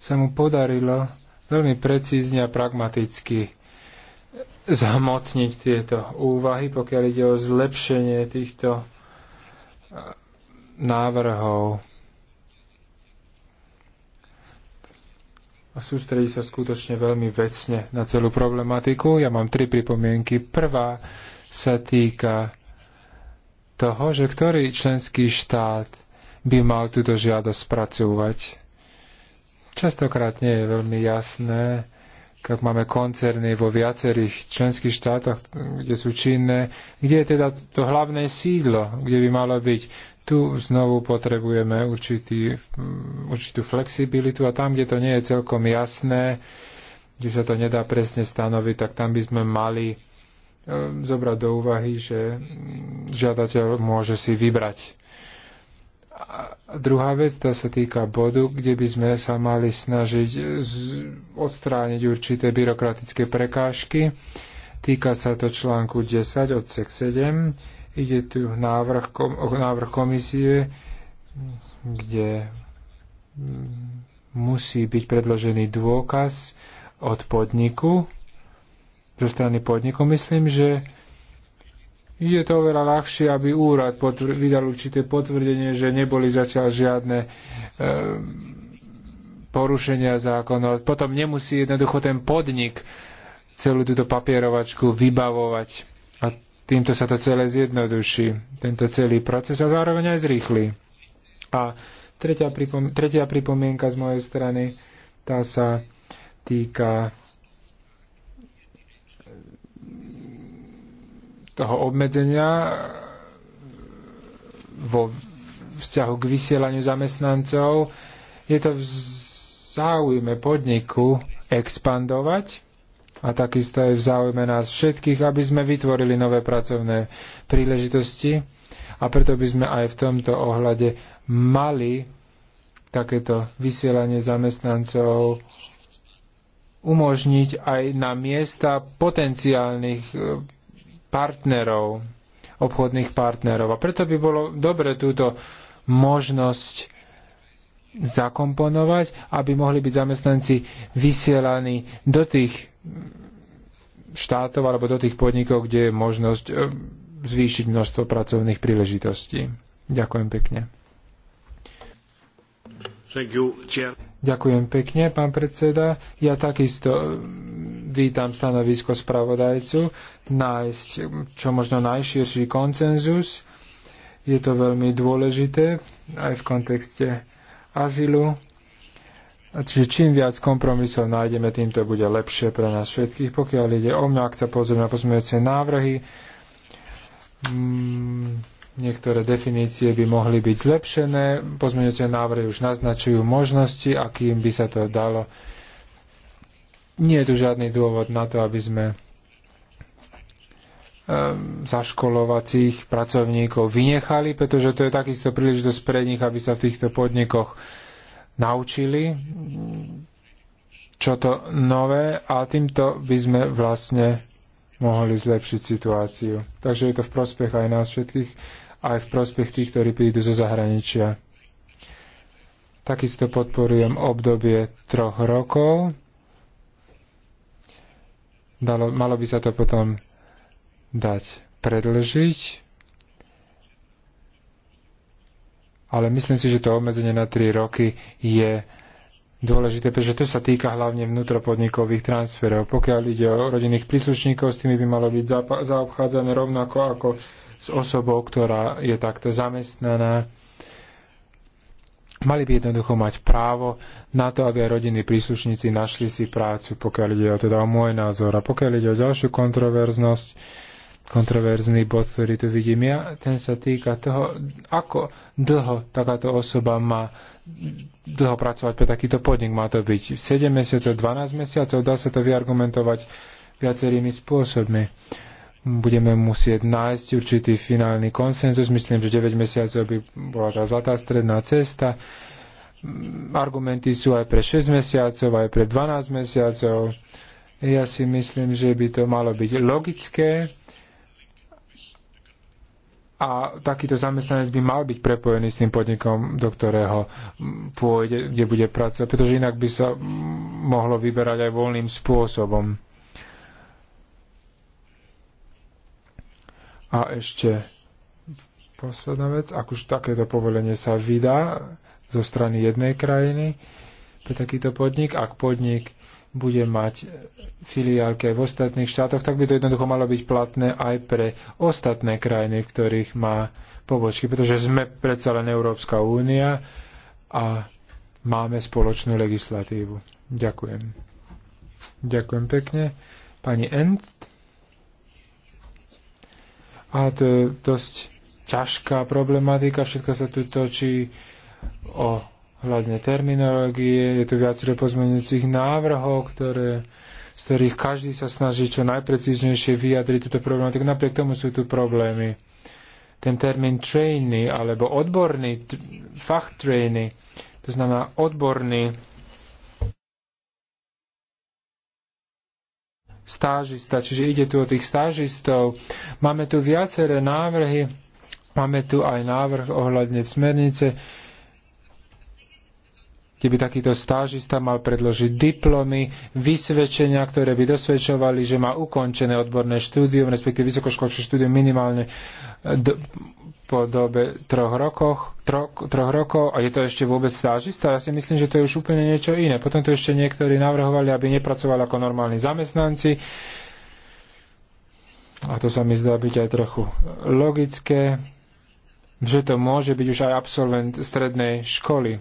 Speaker 2: Sa mu podarilo veľmi precízne a pragmaticky zhmotniť tieto úvahy, pokiaľ ide o zlepšenie týchto e, návrhov. A sústredí sa skutočne veľmi vecne na celú problematiku. Ja mám tri pripomienky. Prvá sa týka toho, že ktorý členský štát by mal túto žiadosť spracovať. Častokrát nie je veľmi jasné, ak máme koncerny vo viacerých členských štátoch, kde sú činné, kde je teda to hlavné sídlo, kde by malo byť. Tu znovu potrebujeme určitý, mm, určitú flexibilitu a tam, kde to nie je celkom jasné, kde sa to nedá presne stanoviť, tak tam by sme mali e, zobrať do úvahy, že mm, žiadateľ môže si vybrať a druhá vec, tá sa týka bodu, kde by sme sa mali snažiť odstrániť určité byrokratické prekážky. Týka sa to článku 10 odsek 7. Ide tu návrh, kom, návrh komisie, kde musí byť predložený dôkaz od podniku, zo strany podniku. Myslím, že je to oveľa ľahšie, aby úrad potvr- vydal určité potvrdenie, že neboli zatiaľ žiadne e, porušenia zákona. Potom nemusí jednoducho ten podnik celú túto papierovačku vybavovať. A týmto sa to celé zjednoduší, tento celý proces a zároveň aj zrýchli. A tretia, pripom- tretia pripomienka z mojej strany, tá sa týka toho obmedzenia vo vzťahu k vysielaniu zamestnancov. Je to v záujme podniku expandovať a takisto je v záujme nás všetkých, aby sme vytvorili nové pracovné príležitosti a preto by sme aj v tomto ohľade mali takéto vysielanie zamestnancov umožniť aj na miesta potenciálnych partnerov, obchodných partnerov. A preto by bolo dobre túto možnosť zakomponovať, aby mohli byť zamestnanci vysielaní do tých štátov alebo do tých podnikov, kde je možnosť e, zvýšiť množstvo pracovných príležitostí. Ďakujem pekne. Ďakujem pekne, pán predseda. Ja takisto mm, vítam stanovisko spravodajcu nájsť čo možno najširší koncenzus. Je to veľmi dôležité aj v kontexte azylu. čiže čím viac kompromisov nájdeme, tým to bude lepšie pre nás všetkých. Pokiaľ ide o mňa, ak sa pozrieme na pozmeňujúce návrhy, mm, Niektoré definície by mohli byť zlepšené. Pozmeňujúce návrhy už naznačujú možnosti, akým by sa to dalo. Nie je tu žiadny dôvod na to, aby sme ehm, zaškolovacích pracovníkov vynechali, pretože to je takisto príležitosť pre nich, aby sa v týchto podnikoch naučili čo to nové a týmto by sme vlastne mohli zlepšiť situáciu. Takže je to v prospech aj nás všetkých, aj v prospech tých, ktorí prídu zo zahraničia. Takisto podporujem obdobie troch rokov. Dalo, malo by sa to potom dať predlžiť, ale myslím si, že to obmedzenie na 3 roky je dôležité, pretože to sa týka hlavne vnútropodnikových transferov. Pokiaľ ide o rodinných príslušníkov, s tými by malo byť zaobchádzané rovnako ako s osobou, ktorá je takto zamestnaná. Mali by jednoducho mať právo na to, aby aj rodinní príslušníci našli si prácu, pokiaľ ide o teda o môj názor. A pokiaľ ide o ďalšiu kontroverznosť, kontroverzný bod, ktorý tu vidím ja, ten sa týka toho, ako dlho takáto osoba má dlho pracovať pre takýto podnik. Má to byť 7 mesiacov, 12 mesiacov, dá sa to vyargumentovať viacerými spôsobmi. Budeme musieť nájsť určitý finálny konsenzus. Myslím, že 9 mesiacov by bola tá zlatá stredná cesta. Argumenty sú aj pre 6 mesiacov, aj pre 12 mesiacov. Ja si myslím, že by to malo byť logické a takýto zamestnanec by mal byť prepojený s tým podnikom, do ktorého pôjde, kde bude pracovať, pretože inak by sa mohlo vyberať aj voľným spôsobom. A ešte posledná vec, ak už takéto povolenie sa vydá zo strany jednej krajiny pre takýto podnik, ak podnik bude mať filiálky aj v ostatných štátoch, tak by to jednoducho malo byť platné aj pre ostatné krajiny, v ktorých má pobočky, pretože sme predsa len Európska únia a máme spoločnú legislatívu. Ďakujem. Ďakujem pekne. Pani Enst. A to je dosť ťažká problematika, všetko sa tu točí o hľadne terminológie, je tu viacero pozmeňujúcich návrhov, ktoré, z ktorých každý sa snaží čo najprecíznejšie vyjadriť túto problematiku. Napriek tomu sú tu problémy. Ten termín trainy alebo odborný, fach trainy, to znamená odborný stážista, čiže ide tu o tých stážistov. Máme tu viaceré návrhy, máme tu aj návrh ohľadne smernice, keby takýto stážista mal predložiť diplomy, vysvedčenia, ktoré by dosvedčovali, že má ukončené odborné štúdium, respektíve vysokoškolské štúdium minimálne do, po dobe troch, rokoch, tro, troch rokov a je to ešte vôbec stážista? Ja si myslím, že to je už úplne niečo iné. Potom tu ešte niektorí navrhovali, aby nepracovali ako normálni zamestnanci. A to sa mi zdá byť aj trochu logické, že to môže byť už aj absolvent strednej školy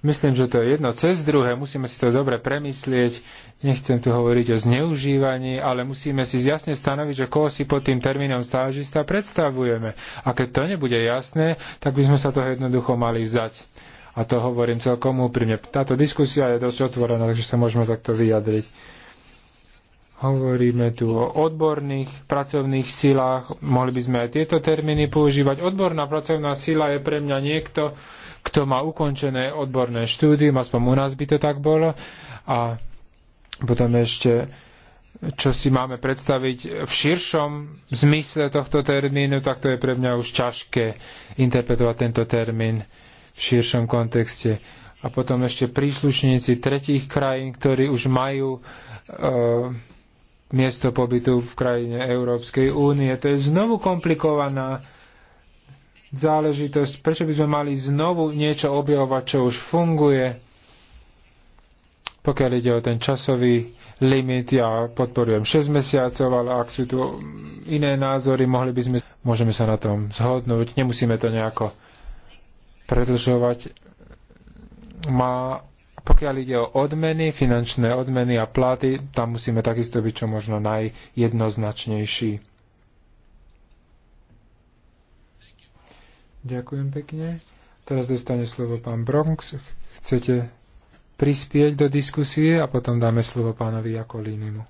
Speaker 2: Myslím, že to je jedno cez druhé, musíme si to dobre premyslieť. Nechcem tu hovoriť o zneužívaní, ale musíme si jasne stanoviť, že koho si pod tým termínom stážista predstavujeme. A keď to nebude jasné, tak by sme sa toho jednoducho mali vzať. A to hovorím celkom úprimne. Táto diskusia je dosť otvorená, takže sa môžeme takto vyjadriť. Hovoríme tu o odborných pracovných silách. Mohli by sme aj tieto termíny používať. Odborná pracovná sila je pre mňa niekto, kto má ukončené odborné štúdium, aspoň u nás by to tak bolo. A potom ešte čo si máme predstaviť v širšom zmysle tohto termínu, tak to je pre mňa už ťažké interpretovať tento termín v širšom kontexte. A potom ešte príslušníci tretích krajín, ktorí už majú e, miesto pobytu v krajine Európskej únie. To je znovu komplikovaná záležitosť, prečo by sme mali znovu niečo objavovať, čo už funguje. Pokiaľ ide o ten časový limit, ja podporujem 6 mesiacov, ale ak sú tu iné názory, mohli by sme, môžeme sa na tom zhodnúť, nemusíme to nejako predlžovať. Má, pokiaľ ide o odmeny, finančné odmeny a platy, tam musíme takisto byť čo možno najjednoznačnejší. Ďakujem pekne. Teraz dostane slovo pán Bronx. Chcete prispieť do diskusie a potom dáme slovo pánovi Jakolínimu.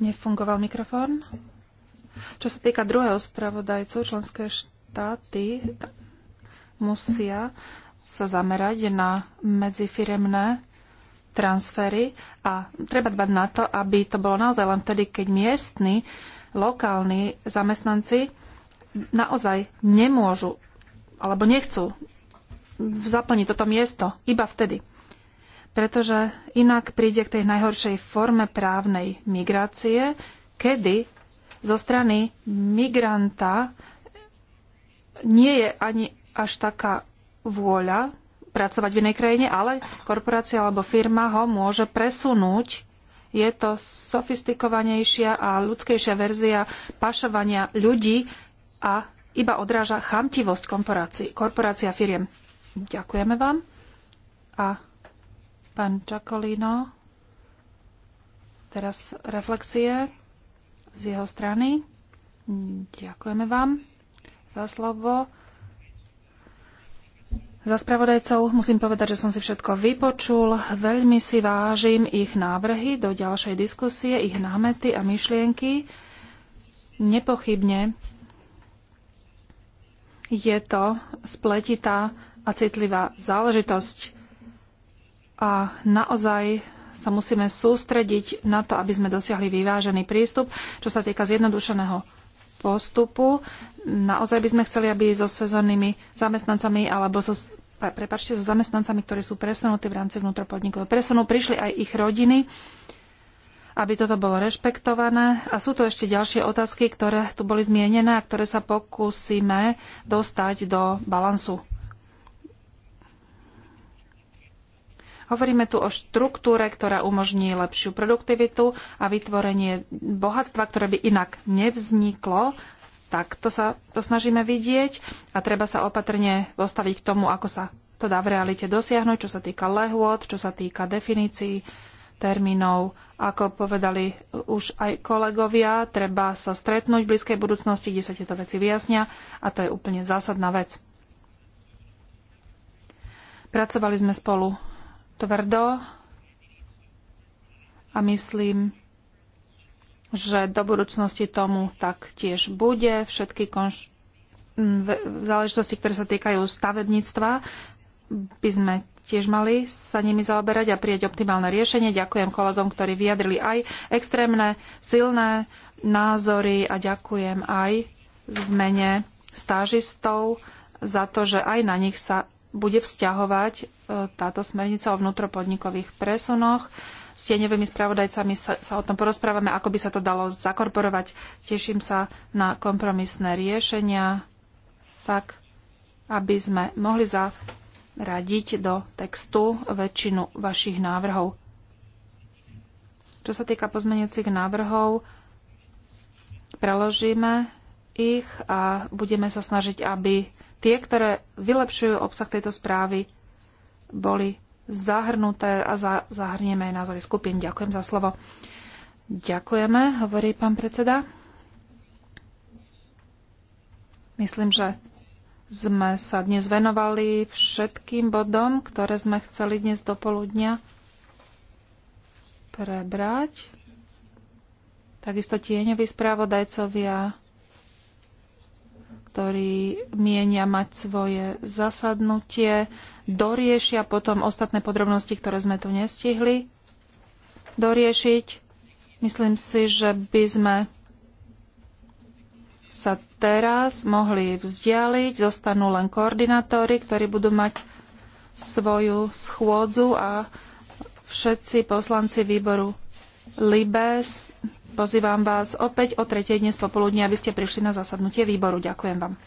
Speaker 3: Nefungoval mikrofón. Čo sa týka druhého spravodajcu, členské štáty musia sa zamerať na medzifiremné transfery a treba dbať na to, aby to bolo naozaj len vtedy, keď miestni, lokálni zamestnanci naozaj nemôžu alebo nechcú zaplniť toto miesto iba vtedy. Pretože inak príde k tej najhoršej forme právnej migrácie, kedy zo strany migranta nie je ani až taká vôľa pracovať v inej krajine, ale korporácia alebo firma ho môže presunúť. Je to sofistikovanejšia a ľudskejšia verzia pašovania ľudí a iba odráža chamtivosť korporácií, korporácia firiem. Ďakujeme vám. A pán Čakolino, teraz reflexie z jeho strany. Ďakujeme vám za slovo za spravodajcov. Musím povedať, že som si všetko vypočul. Veľmi si vážim ich návrhy do ďalšej diskusie, ich námety a myšlienky. Nepochybne je to spletitá a citlivá záležitosť. A naozaj sa musíme sústrediť na to, aby sme dosiahli vyvážený prístup, čo sa týka zjednodušeného postupu. Naozaj by sme chceli, aby so sezónnymi zamestnancami alebo so, prepačte, so zamestnancami, ktorí sú presunutí v rámci vnútropodnikového presunu, prišli aj ich rodiny, aby toto bolo rešpektované. A sú tu ešte ďalšie otázky, ktoré tu boli zmienené a ktoré sa pokúsime dostať do balansu. Hovoríme tu o štruktúre, ktorá umožní lepšiu produktivitu a vytvorenie bohatstva, ktoré by inak nevzniklo. Tak to sa to snažíme vidieť a treba sa opatrne postaviť k tomu, ako sa to dá v realite dosiahnuť, čo sa týka lehôd, čo sa týka definícií termínov. Ako povedali už aj kolegovia, treba sa stretnúť v blízkej budúcnosti, kde sa tieto veci vyjasnia a to je úplne zásadná vec. Pracovali sme spolu tvrdo a myslím, že do budúcnosti tomu tak tiež bude. Všetky konš- v záležitosti, ktoré sa týkajú stavebníctva, by sme tiež mali sa nimi zaoberať a prijať optimálne riešenie. Ďakujem kolegom, ktorí vyjadrili aj extrémne, silné názory a ďakujem aj v mene stážistov za to, že aj na nich sa bude vzťahovať e, táto smernica o vnútropodnikových presunoch. S tieňovými spravodajcami sa, sa o tom porozprávame, ako by sa to dalo zakorporovať. Teším sa na kompromisné riešenia, tak aby sme mohli zaradiť do textu väčšinu vašich návrhov. Čo sa týka pozmeniacich návrhov, preložíme ich a budeme sa snažiť, aby tie, ktoré vylepšujú obsah tejto správy, boli zahrnuté a za, zahrnieme aj názory skupín. Ďakujem za slovo. Ďakujeme, hovorí pán predseda. Myslím, že sme sa dnes venovali všetkým bodom, ktoré sme chceli dnes do poludnia prebrať. Takisto tieňoví správodajcovia ktorí mienia mať svoje zasadnutie, doriešia potom ostatné podrobnosti, ktoré sme tu nestihli doriešiť. Myslím si, že by sme sa teraz mohli vzdialiť, zostanú len koordinátori, ktorí budú mať svoju schôdzu a všetci poslanci výboru Libes Pozývam vás opäť o tretej dnes popoludne, aby ste prišli na zasadnutie výboru. Ďakujem vám.